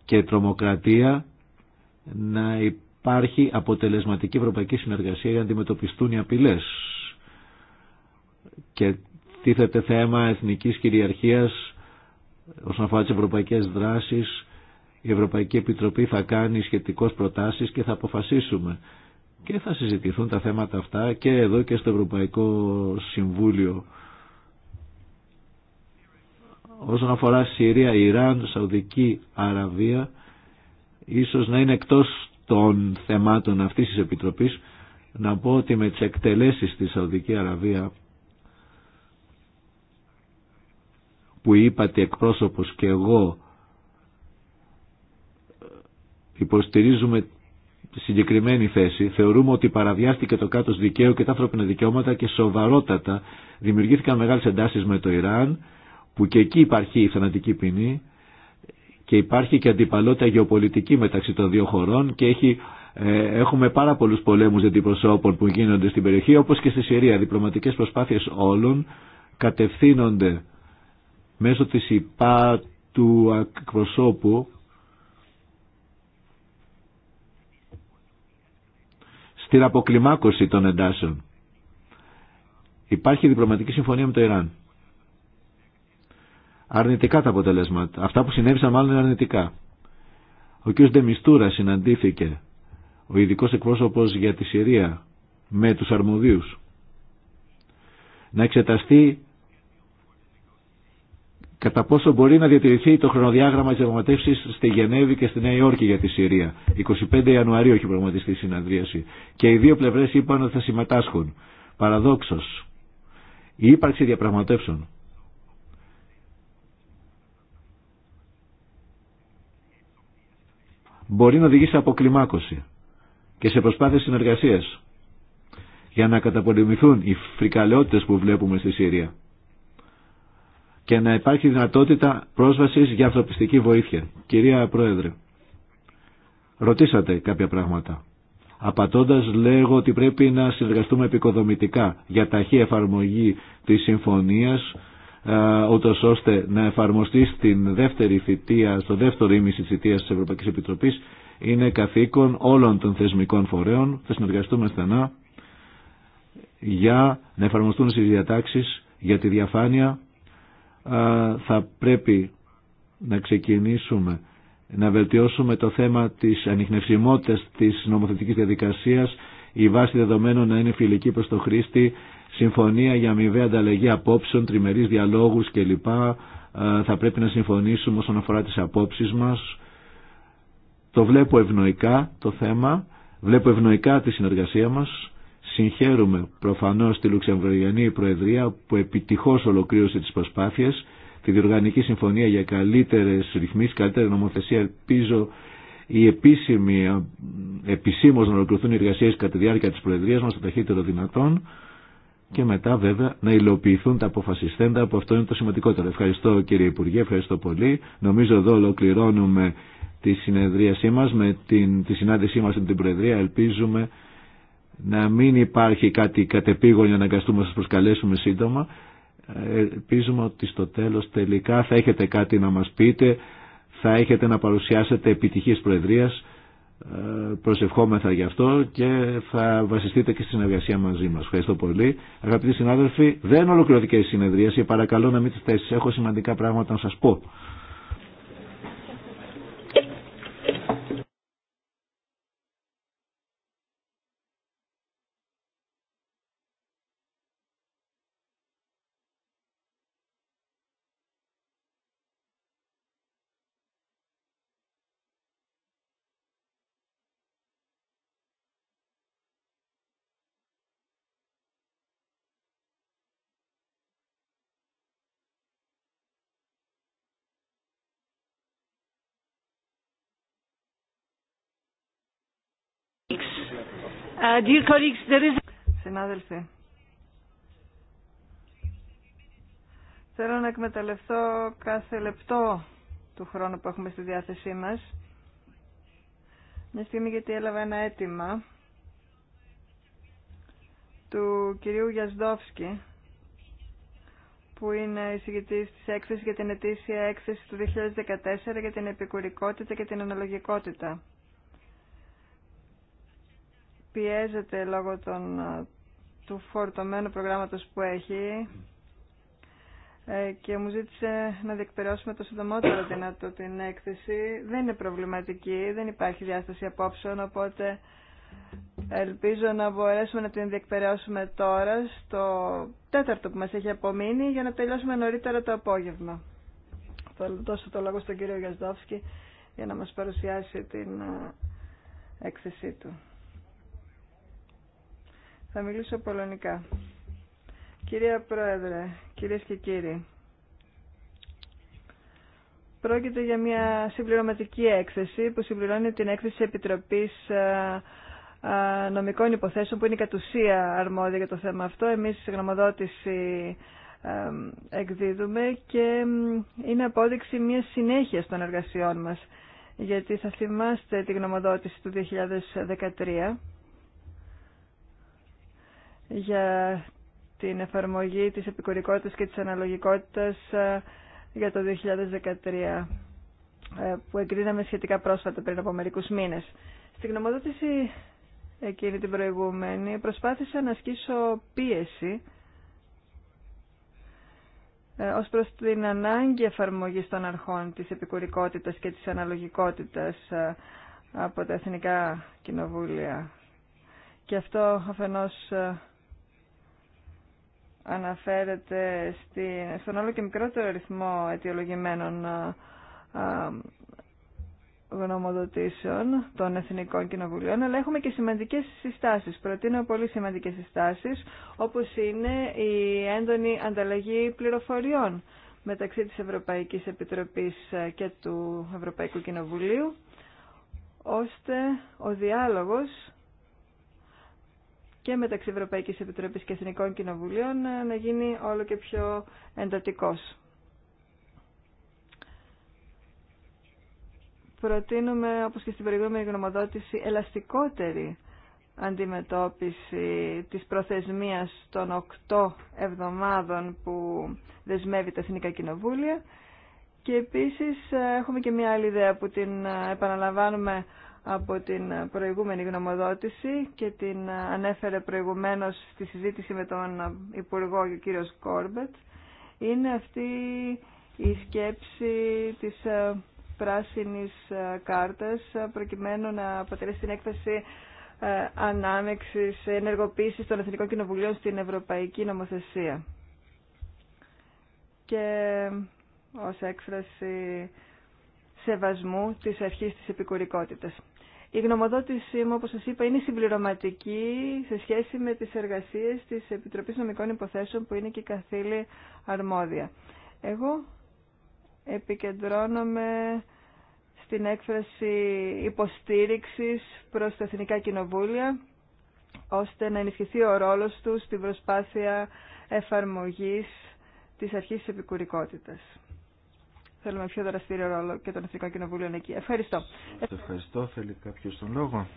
[SPEAKER 1] και η τρομοκρατία να υπάρχει αποτελεσματική ευρωπαϊκή συνεργασία για να αντιμετωπιστούν οι απειλές και τίθεται θέμα εθνικής κυριαρχίας όσον αφορά τις ευρωπαϊκές δράσεις η Ευρωπαϊκή Επιτροπή θα κάνει σχετικώς προτάσεις και θα αποφασίσουμε. Και θα συζητηθούν τα θέματα αυτά και εδώ και στο Ευρωπαϊκό Συμβούλιο. Όσον αφορά Συρία, Ιράν, Σαουδική Αραβία, ίσως να είναι εκτός των θεμάτων αυτής της Επιτροπής, να πω ότι με τις εκτελέσεις στη Σαουδική Αραβία που είπατε εκπρόσωπος και εγώ Υποστηρίζουμε συγκεκριμένη θέση. Θεωρούμε ότι παραβιάστηκε το κάτω δικαίου και τα ανθρώπινα δικαιώματα και σοβαρότατα δημιουργήθηκαν μεγάλε εντάσεις με το Ιράν που και εκεί υπάρχει η θανατική ποινή και υπάρχει και αντιπαλότητα γεωπολιτική μεταξύ των δύο χωρών και έχει, ε, έχουμε πάρα πολλούς πολέμους αντιπροσώπων που γίνονται στην περιοχή όπως και στη Συρία. Διπλωματικές προσπάθειες όλων κατευθύνονται μέσω της ΥΠΑ του Στην αποκλιμάκωση των εντάσεων. Υπάρχει διπλωματική συμφωνία με το Ιράν. Αρνητικά τα αποτελέσματα. Αυτά που συνέβησαν μάλλον είναι αρνητικά. Ο κ. Ντεμιστούρα συναντήθηκε, ο ειδικό εκπρόσωπο για τη Συρία, με του αρμοδίου. Να εξεταστεί κατά πόσο μπορεί να διατηρηθεί το χρονοδιάγραμμα της διαπραγματεύσης στη Γενέβη και στη Νέα Υόρκη για τη Συρία. 25 Ιανουαρίου έχει πραγματιστεί η συναντρίαση και οι δύο πλευρές είπαν ότι θα συμμετάσχουν. Παραδόξως, η ύπαρξη διαπραγματεύσεων μπορεί να οδηγήσει σε αποκλιμάκωση και σε προσπάθειες συνεργασία για να καταπολεμηθούν οι φρικαλαιότητε που βλέπουμε στη Συρία και να υπάρχει δυνατότητα πρόσβασης για ανθρωπιστική βοήθεια. Κυρία Πρόεδρε, ρωτήσατε κάποια πράγματα. Απατώντας λέγω ότι πρέπει να συνεργαστούμε επικοδομητικά για ταχύ εφαρμογή της συμφωνίας ούτω ώστε να εφαρμοστεί στην δεύτερη θητεία, στο δεύτερο ήμιση τη θητεία της Ευρωπαϊκής Επιτροπής είναι καθήκον όλων των θεσμικών φορέων. Θα συνεργαστούμε στενά για να εφαρμοστούν στις διατάξεις για τη διαφάνεια θα πρέπει να ξεκινήσουμε να βελτιώσουμε το θέμα της ανιχνευσιμότητας της νομοθετικής διαδικασίας, η βάση δεδομένων να είναι φιλική προς το χρήστη, συμφωνία για αμοιβή ανταλλαγή απόψεων, τριμερείς διαλόγους κλπ. Θα πρέπει να συμφωνήσουμε όσον αφορά τις απόψεις μας. Το βλέπω ευνοϊκά το θέμα, βλέπω ευνοϊκά τη συνεργασία μας Συγχαίρουμε προφανώς τη Λουξεμβουργιανή Προεδρία που επιτυχώς ολοκλήρωσε τις προσπάθειες, τη Διοργανική Συμφωνία για καλύτερες ρυθμίσεις, καλύτερη νομοθεσία. Ελπίζω η επίσημη επισήμως να ολοκληρωθούν οι εργασίες κατά τη διάρκεια της Προεδρίας μας το ταχύτερο δυνατόν και μετά βέβαια να υλοποιηθούν τα αποφασιστέντα που αυτό είναι το σημαντικότερο. Ευχαριστώ κύριε Υπουργέ, ευχαριστώ πολύ. Νομίζω εδώ ολοκληρώνουμε τη συνεδρίασή μας με την, τη συνάντησή μας με την Προεδρία. Ελπίζουμε να μην υπάρχει κάτι κατεπήγον για να αγκαστούμε να σας προσκαλέσουμε σύντομα. Ε, ελπίζουμε ότι στο τέλος τελικά θα έχετε κάτι να μας πείτε, θα έχετε να παρουσιάσετε επιτυχής προεδρίας, ε, προσευχόμεθα γι' αυτό και θα βασιστείτε και στην συνεργασία μαζί μας. Ευχαριστώ πολύ. Αγαπητοί συνάδελφοι, δεν ολοκληρωθήκε η συνεδρίαση, παρακαλώ να μην τις θέσεις. Έχω σημαντικά πράγματα να σας πω.
[SPEAKER 2] Uh,
[SPEAKER 3] Συνάδελφοι, θέλω να εκμεταλλευτώ κάθε λεπτό του χρόνου που έχουμε στη διάθεσή μας. Μια στιγμή γιατί έλαβα ένα αίτημα του κυρίου Γιασδόφσκι, που είναι εισηγητής της έκθεσης για την ετήσια έκθεση του 2014 για την επικουρικότητα και την αναλογικότητα πιέζεται λόγω των, ε, του φορτωμένου προγράμματος που έχει ε, και μου ζήτησε να διεκπαιρεώσουμε το συντομότερο δυνατό την έκθεση. Δεν είναι προβληματική, δεν υπάρχει διάσταση απόψεων, οπότε ελπίζω να μπορέσουμε να την διεκπαιρεώσουμε τώρα στο τέταρτο που μας έχει απομείνει για να τελειώσουμε νωρίτερα το απόγευμα. Θα δώσω το λόγο στον κύριο Γιασδόφσκι για να μας παρουσιάσει την ε, έκθεσή του. Θα μιλήσω πολωνικά. Κυρία Πρόεδρε, κυρίες και κύριοι, πρόκειται για μια συμπληρωματική έκθεση που συμπληρώνει την έκθεση Επιτροπής ε, ε, Νομικών Υποθέσεων που είναι κατ' ουσία αρμόδια για το θέμα αυτό. Εμείς στη γνωμοδότηση ε, εκδίδουμε και είναι απόδειξη μια συνέχεια των εργασιών μας γιατί θα θυμάστε τη γνωμοδότηση του 2013 για την εφαρμογή της επικουρικότητας και της αναλογικότητας ε, για το 2013 ε, που εγκρίναμε σχετικά πρόσφατα πριν από μερικούς μήνες. Στην γνωμοδότηση εκείνη την προηγούμενη προσπάθησα να ασκήσω πίεση ε, ως προς την ανάγκη εφαρμογής των αρχών της επικουρικότητας και της αναλογικότητας από τα Εθνικά Κοινοβούλια. Και αυτό αφενός αναφέρεται στην, στον όλο και μικρότερο αριθμό αιτιολογημένων γνωμοδοτήσεων των Εθνικών Κοινοβουλίων, αλλά έχουμε και σημαντικές συστάσεις. Προτείνω πολύ σημαντικές συστάσεις, όπως είναι η έντονη ανταλλαγή πληροφοριών μεταξύ της Ευρωπαϊκής Επιτροπής ε, και του Ευρωπαϊκού Κοινοβουλίου, ώστε ο διάλογος και μεταξύ Ευρωπαϊκής Επιτροπής και Εθνικών Κοινοβουλίων ε, να γίνει όλο και πιο εντατικός. Προτείνουμε, όπως και στην προηγούμενη γνωμοδότηση, ελαστικότερη αντιμετώπιση της προθεσμίας των 8 εβδομάδων που δεσμεύει τα Εθνικά Κοινοβούλια και επίσης ε, έχουμε και μια άλλη ιδέα που την ε, επαναλαμβάνουμε από την προηγούμενη γνωμοδότηση και την ανέφερε προηγουμένως στη συζήτηση με τον Υπουργό και κύριο Κόρμπετ είναι αυτή η σκέψη της ε, πράσινης ε, κάρτας ε, προκειμένου να αποτελέσει την έκθεση ανάμεξης ενεργοποίησης των Εθνικών Κοινοβουλίων στην Ευρωπαϊκή Νομοθεσία. Και ως έκφραση σεβασμού της αρχής της επικουρικότητας. Η γνωμοδότησή μου, όπως σας είπα, είναι συμπληρωματική σε σχέση με τις εργασίες της Επιτροπής Νομικών Υποθέσεων που είναι και η καθήλη αρμόδια. Εγώ επικεντρώνομαι στην έκφραση υποστήριξης προς τα Εθνικά Κοινοβούλια ώστε να ενισχυθεί ο ρόλος του στην προσπάθεια εφαρμογής της αρχής της επικουρικότητας θέλουμε πιο δραστήριο ρόλο και των Εθνικών Κοινοβουλίων εκεί. Ευχαριστώ.
[SPEAKER 2] Ευχαριστώ. Θέλει κάποιο τον λόγο.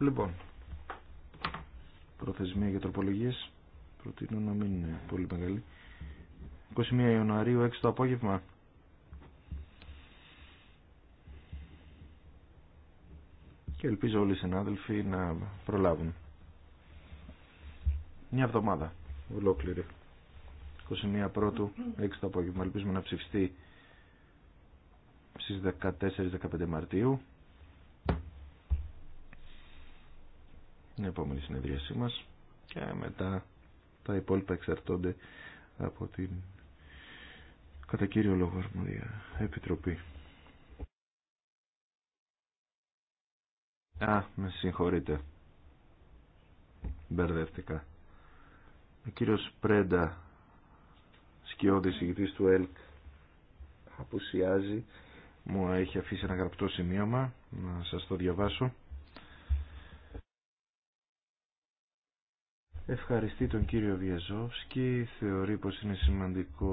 [SPEAKER 2] Λοιπόν, προθεσμία για τροπολογίες προτείνω να μην είναι πολύ μεγάλη. 21 Ιανουαρίου, 6 το απόγευμα. Και ελπίζω όλοι οι συνάδελφοι να προλάβουν. Μια εβδομάδα ολόκληρη. 21 πρώτου, 6 το απόγευμα. Ελπίζουμε να ψηφιστεί στις 14-15 Μαρτίου. την επόμενη συνεδρίασή μας και μετά τα υπόλοιπα εξαρτώνται από την κατά κύριο λόγο αρμοδία επιτροπή. Α, με συγχωρείτε. Μπερδεύτηκα. Ο κύριος Πρέντα, σκιώδης ηγητής του ΕΛΚ, απουσιάζει. Μου έχει αφήσει ένα γραπτό σημείωμα, να σας το διαβάσω. Ευχαριστεί τον κύριο Βιαζόφσκι, θεωρεί πως είναι σημαντικό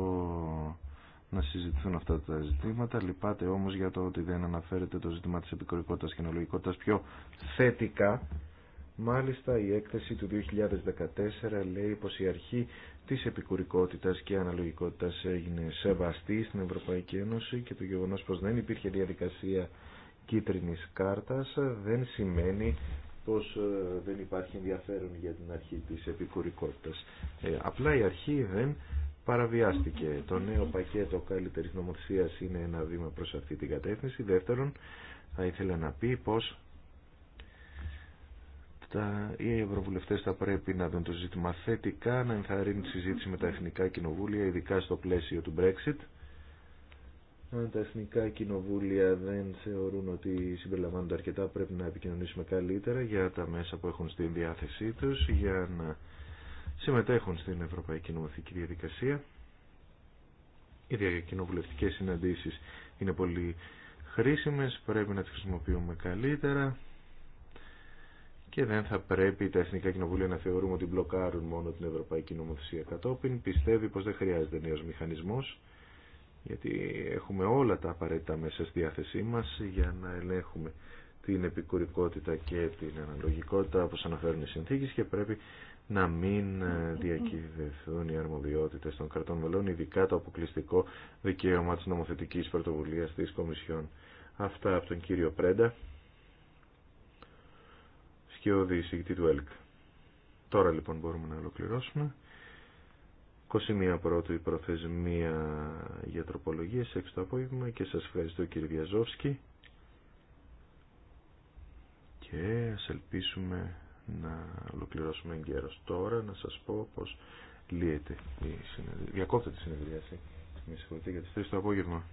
[SPEAKER 2] να συζητηθούν αυτά τα ζητήματα. Λυπάται όμως για το ότι δεν αναφέρεται το ζήτημα της επικορικότητας και νολογικότητας πιο θετικά Μάλιστα η έκθεση του 2014 λέει πως η αρχή της επικουρικότητας και αναλογικότητας έγινε σεβαστή στην Ευρωπαϊκή Ένωση και το γεγονός πως δεν υπήρχε διαδικασία κίτρινης κάρτας δεν σημαίνει πως ε, δεν υπάρχει ενδιαφέρον για την αρχή της επικουρικότητας. Ε, απλά η αρχή δεν παραβιάστηκε. Το νέο πακέτο καλύτερης νομοθεσίας είναι ένα βήμα προς αυτή την κατεύθυνση. Δεύτερον, θα ήθελα να πει πως οι ευρωβουλευτές θα πρέπει να δουν το ζήτημα θετικά, να ενθαρρύνουν τη συζήτηση με τα εθνικά κοινοβούλια, ειδικά στο πλαίσιο του Brexit. Αν τα εθνικά κοινοβούλια δεν θεωρούν ότι συμπεριλαμβάνονται αρκετά, πρέπει να επικοινωνήσουμε καλύτερα για τα μέσα που έχουν στην διάθεσή τους, για να συμμετέχουν στην Ευρωπαϊκή Νομοθετική Διαδικασία. Οι διακοινοβουλευτικές συναντήσεις είναι πολύ χρήσιμες, πρέπει να τις χρησιμοποιούμε καλύτερα και δεν θα πρέπει τα Εθνικά Κοινοβούλια να θεωρούμε ότι μπλοκάρουν μόνο την Ευρωπαϊκή Νομοθεσία κατόπιν. Πιστεύει πως δεν χρειάζεται νέος μηχανισμός, γιατί έχουμε όλα τα απαραίτητα μέσα στη διάθεσή μας για να ελέγχουμε την επικουρικότητα και την αναλογικότητα όπως αναφέρουν οι συνθήκες και πρέπει να μην διακυβευθούν οι αρμοδιότητες των κρατών μελών, ειδικά το αποκλειστικό δικαίωμα της νομοθετικής πρωτοβουλίας της Κομισιόν. Αυτά από τον κύριο Πρέντα. Και ο εισηγητή του ΕΛΚ. Τώρα λοιπόν μπορούμε να ολοκληρώσουμε. 21 πρώτου ή προθεσμία για σε έξω το απόγευμα και σας ευχαριστώ κύριε Βιαζόφσκι και ας ελπίσουμε να ολοκληρώσουμε εγκαίρως τώρα να σας πω πως λύεται η συνεδρία διακόπτεται η συνεδρίαση με συγχωρείτε για τις 3 το απόγευμα